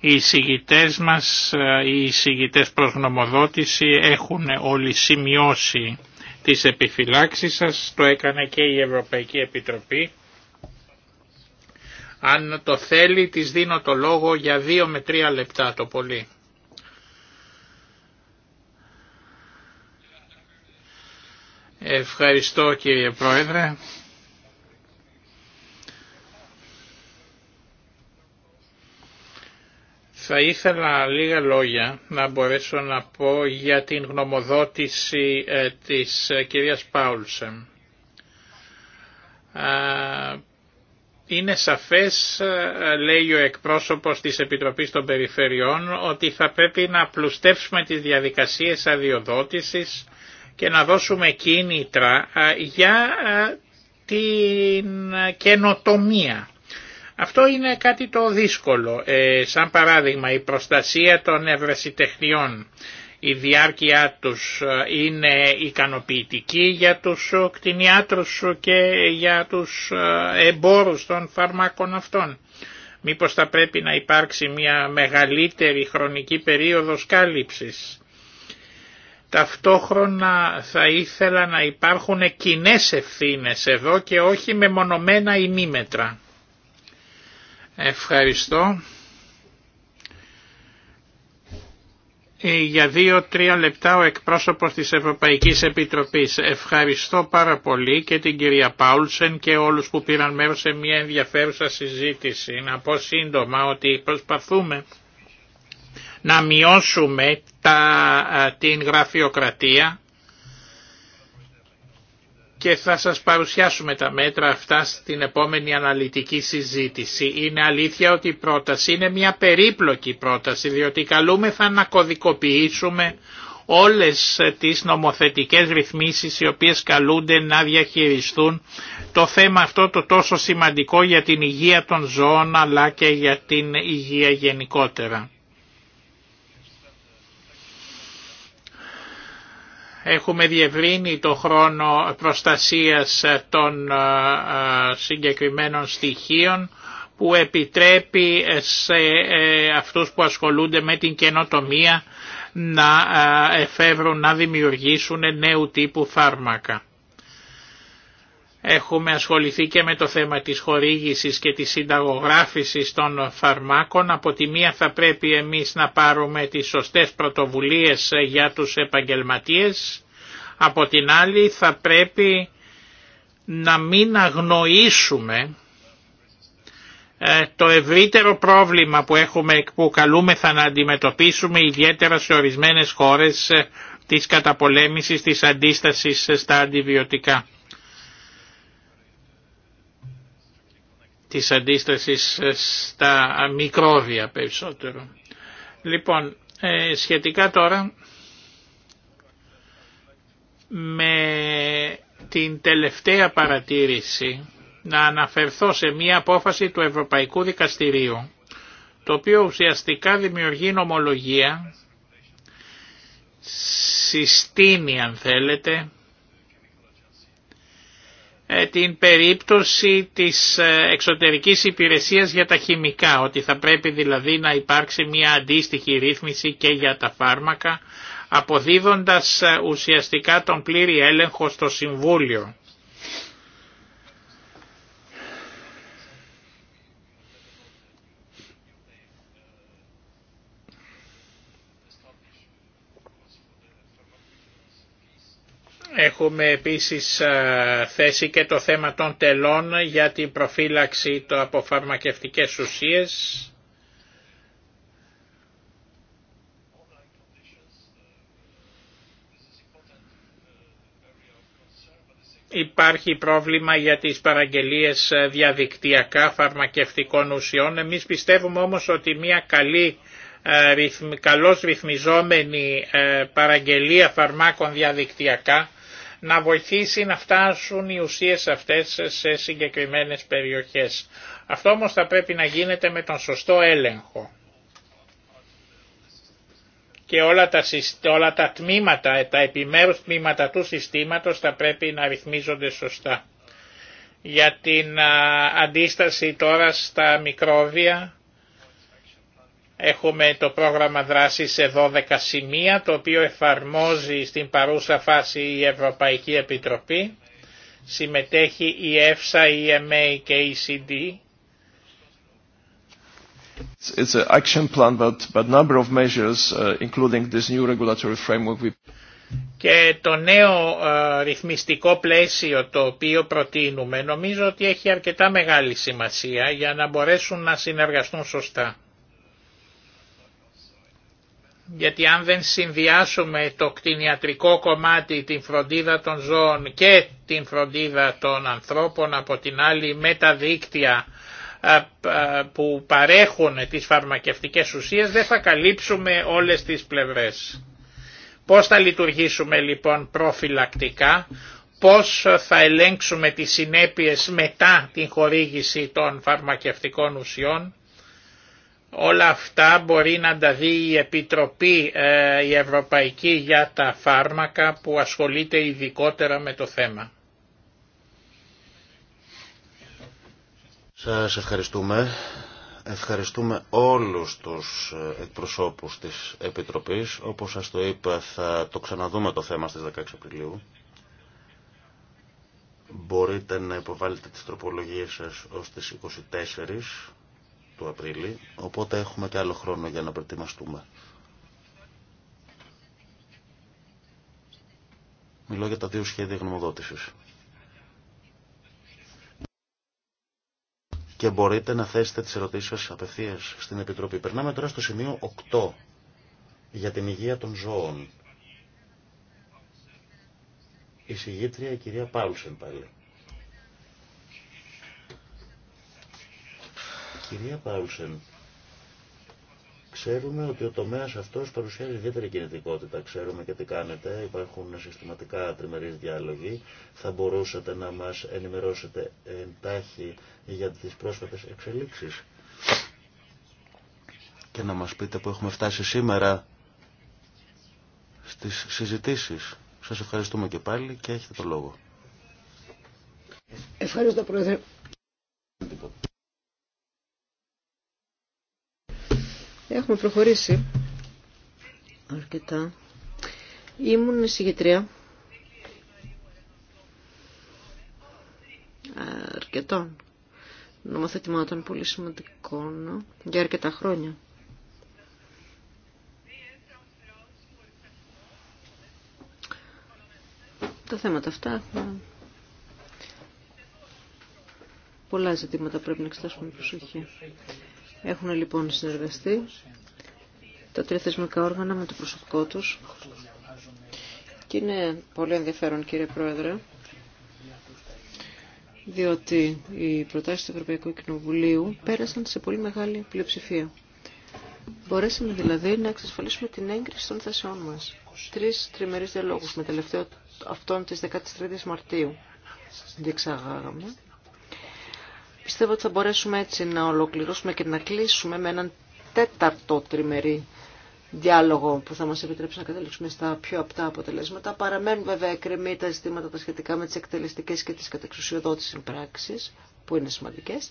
οι εισηγητές μας, ε, οι εισηγητές προς γνωμοδότηση έχουν όλοι σημειώσει τις επιφυλάξεις σας, το έκανε και η Ευρωπαϊκή Επιτροπή. Αν το θέλει της δίνω το λόγο για δύο με τρία λεπτά το πολύ. Ευχαριστώ κύριε Πρόεδρε. Θα ήθελα λίγα λόγια να μπορέσω να πω για την γνωμοδότηση ε, της ε, κυρίας Πάουλσεν. Είναι σαφές, ε, λέει ο εκπρόσωπος της Επιτροπής των Περιφερειών, ότι θα πρέπει να πλουστεύσουμε τις διαδικασίες αδειοδότησης και να δώσουμε κίνητρα για την καινοτομία αυτό είναι κάτι το δύσκολο. Ε, σαν παράδειγμα η προστασία των ευρεσιτεχνιών, η διάρκεια τους ε, είναι ικανοποιητική για τους ε, κτηνιάτρους και για τους ε, εμπόρους των φαρμάκων αυτών. Μήπως θα πρέπει να υπάρξει μια μεγαλύτερη χρονική περίοδος κάλυψης. Ταυτόχρονα θα ήθελα να υπάρχουν κοινέ ευθύνε εδώ και όχι με μονομένα ημίμετρα. Ευχαριστώ. Ε, για δύο-τρία λεπτά ο εκπρόσωπος της Ευρωπαϊκής Επιτροπής. Ευχαριστώ πάρα πολύ και την κυρία Πάουλσεν και όλους που πήραν μέρος σε μια ενδιαφέρουσα συζήτηση. Να πω σύντομα ότι προσπαθούμε να μειώσουμε τα, την γραφειοκρατία και θα σας παρουσιάσουμε τα μέτρα αυτά στην επόμενη αναλυτική συζήτηση. Είναι αλήθεια ότι η πρόταση είναι μια περίπλοκη πρόταση, διότι καλούμεθα να κωδικοποιήσουμε όλες τις νομοθετικές ρυθμίσεις οι οποίες καλούνται να διαχειριστούν το θέμα αυτό το τόσο σημαντικό για την υγεία των ζώων αλλά και για την υγεία γενικότερα. Έχουμε διευρύνει το χρόνο προστασίας των ε, ε, συγκεκριμένων στοιχείων που επιτρέπει σε ε, αυτούς που ασχολούνται με την καινοτομία να εφεύρουν, να δημιουργήσουν νέου τύπου φάρμακα. Έχουμε ασχοληθεί και με το θέμα της χορήγησης και της συνταγογράφησης των φαρμάκων. Από τη μία θα πρέπει εμείς να πάρουμε τις σωστές πρωτοβουλίες για τους επαγγελματίες. Από την άλλη θα πρέπει να μην αγνοήσουμε ε, το ευρύτερο πρόβλημα που, έχουμε, που καλούμεθα να αντιμετωπίσουμε ιδιαίτερα σε ορισμένες χώρες ε, της καταπολέμησης της αντίστασης στα αντιβιωτικά. της αντίστασης ε, στα μικρόβια περισσότερο. Λοιπόν, ε, σχετικά τώρα με την τελευταία παρατήρηση να αναφερθώ σε μία απόφαση του Ευρωπαϊκού Δικαστηρίου το οποίο ουσιαστικά δημιουργεί νομολογία, συστήνει αν θέλετε, ε, την περίπτωση της ε, εξωτερικής υπηρεσίας για τα χημικά, ότι θα πρέπει δηλαδή να υπάρξει μια αντίστοιχη ρύθμιση και για τα φάρμακα, αποδίδοντας ε, ουσιαστικά τον πλήρη έλεγχο στο Συμβούλιο. Έχουμε επίσης ε, θέσει και το θέμα των τελών για την προφύλαξη το από φαρμακευτικές ουσίες. Υπάρχει πρόβλημα για τις παραγγελίες ε, διαδικτυακά φαρμακευτικών ουσιών. Εμείς πιστεύουμε όμως ότι μια καλή ε, καλώς ρυθμιζόμενη παραγγελία φαρμάκων διαδικτυακά να βοηθήσει να φτάσουν οι ουσίες αυτές σε συγκεκριμένες περιοχές. Αυτό όμως θα πρέπει να γίνεται με τον σωστό έλεγχο. Και όλα τα, όλα τα τμήματα, τα επιμέρους τμήματα του συστήματος θα πρέπει να ρυθμίζονται σωστά. Για την αντίσταση τώρα στα μικρόβια, Έχουμε το πρόγραμμα δράσης σε 12 σημεία, το οποίο εφαρμόζει στην παρούσα φάση η Ευρωπαϊκή Επιτροπή. Συμμετέχει η ΕΦΣΑ, η EMA και η CD. It's an action plan, but, number of measures, uh, including this new regulatory framework. We... Και το νέο ε, ρυθμιστικό πλαίσιο το οποίο προτείνουμε νομίζω ότι έχει αρκετά μεγάλη σημασία για να μπορέσουν να συνεργαστούν σωστά γιατί αν δεν συνδυάσουμε το κτηνιατρικό κομμάτι, την φροντίδα των ζώων και την φροντίδα των ανθρώπων, από την άλλη με τα δίκτυα που παρέχουν τις φαρμακευτικές ουσίες, δεν θα καλύψουμε όλες τις πλευρές. Πώς θα λειτουργήσουμε λοιπόν προφυλακτικά, πώς θα ελέγξουμε τις συνέπειες μετά την χορήγηση των φαρμακευτικών ουσιών, Όλα αυτά μπορεί να τα δει η Επιτροπή ε, η Ευρωπαϊκή για τα φάρμακα που ασχολείται ειδικότερα με το θέμα. Σας ευχαριστούμε. Ευχαριστούμε όλους τους ε, εκπροσώπους της Επιτροπής. Όπως σας το είπα θα το ξαναδούμε το θέμα στις 16 Απριλίου. Μπορείτε να υποβάλλετε τις τροπολογίες σας ως τις 24 του Απρίλη, οπότε έχουμε και άλλο χρόνο για να προετοιμαστούμε. Μιλώ για τα δύο σχέδια γνωμοδότησης. Και μπορείτε να θέσετε τις ερωτήσεις σας απευθείας στην Επιτροπή. Περνάμε τώρα στο σημείο 8 για την υγεία των ζώων. Η συγγήτρια η κυρία Πάουλσεν πάλι. Κυρία Πάουλσεν, ξέρουμε ότι ο τομέας αυτός παρουσιάζει ιδιαίτερη κινητικότητα. Ξέρουμε και τι κάνετε, υπάρχουν συστηματικά τριμερείς διάλογοι. Θα μπορούσατε να μας ενημερώσετε εντάχει για τις πρόσφατες εξελίξεις. Και να μας πείτε που έχουμε φτάσει σήμερα στις συζητήσεις. Σας ευχαριστούμε και πάλι και έχετε το λόγο. Ευχαριστώ Πρόεδρε. Έχουμε προχωρήσει αρκετά. Ήμουν εισηγητρία αρκετών νομοθετημάτων πολύ σημαντικών ναι, για αρκετά χρόνια. Τα θέματα αυτά ναι. πολλά ζητήματα πρέπει να εξετάσουμε προσοχή. Έχουν λοιπόν συνεργαστεί τα τρία θεσμικά όργανα με το προσωπικό τους. Και είναι πολύ ενδιαφέρον κύριε Πρόεδρε, διότι οι προτάσεις του Ευρωπαϊκού Κοινοβουλίου πέρασαν σε πολύ μεγάλη πλειοψηφία. Μπορέσαμε δηλαδή να εξασφαλίσουμε την έγκριση των θέσεών μας. Τρεις τριμερείς διαλόγους με τελευταίο αυτόν της 13ης Μαρτίου διεξαγάγαμε Πιστεύω ότι θα μπορέσουμε έτσι να ολοκληρώσουμε και να κλείσουμε με έναν τέταρτο τριμερή διάλογο που θα μας επιτρέψει να καταλήξουμε στα πιο απτά αποτελέσματα. Παραμένουν βέβαια εκκρεμή τα ζητήματα τα σχετικά με τις εκτελεστικές και τις κατεξουσιοδότησης πράξεις που είναι σημαντικές.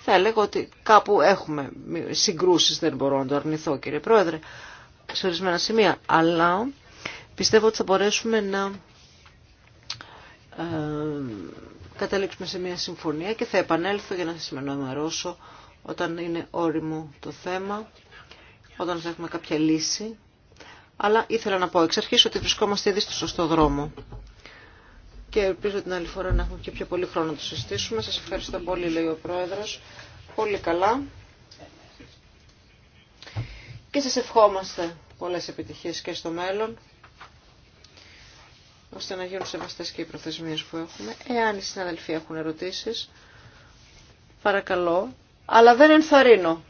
Θα έλεγα ότι κάπου έχουμε συγκρούσεις, δεν μπορώ να το αρνηθώ κύριε Πρόεδρε, σε ορισμένα σημεία, αλλά πιστεύω ότι θα μπορέσουμε να ε, καταλήξουμε σε μια συμφωνία και θα επανέλθω για να σας ενημερώσω όταν είναι όριμο το θέμα, όταν θα έχουμε κάποια λύση. Αλλά ήθελα να πω εξ αρχής ότι βρισκόμαστε ήδη στο σωστό δρόμο. Και ελπίζω την άλλη φορά να έχουμε και πιο πολύ χρόνο να το συστήσουμε. Σας ευχαριστώ πολύ, λέει ο Πρόεδρος. Πολύ καλά. Και σας ευχόμαστε πολλές επιτυχίες και στο μέλλον ώστε να γίνουν σεβαστές και οι προθεσμίες που έχουμε. Εάν οι συναδελφοί έχουν ερωτήσεις, παρακαλώ, αλλά δεν ενθαρρύνω.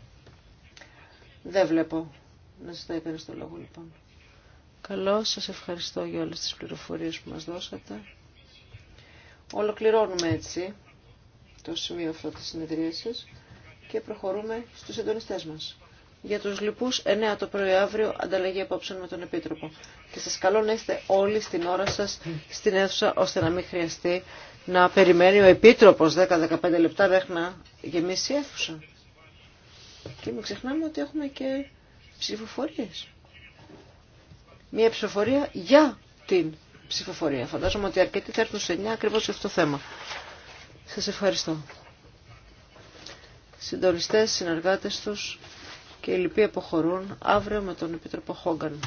Δεν βλέπω να ζητάει κανείς στο λόγο λοιπόν. Καλώ, σας ευχαριστώ για όλες τις πληροφορίες που μας δώσατε. Ολοκληρώνουμε έτσι το σημείο αυτό της συνεδρίασης και προχωρούμε στους συντονιστέ μας για τους λοιπούς 9 το πρωί αύριο ανταλλαγή απόψεων με τον Επίτροπο. Και σας καλώ να είστε όλοι στην ώρα σας στην αίθουσα ώστε να μην χρειαστεί να περιμένει ο Επίτροπος 10-15 λεπτά μέχρι να γεμίσει η αίθουσα. Και μην ξεχνάμε ότι έχουμε και ψηφοφορίες. Μία ψηφοφορία για την ψηφοφορία. Φαντάζομαι ότι αρκετοί θα έρθουν σε 9 ακριβώς για αυτό το θέμα. Σας ευχαριστώ. Συντονιστές, συνεργάτες τους, και οι λοιποί αποχωρούν αύριο με τον Επίτροπο Χόγκαν.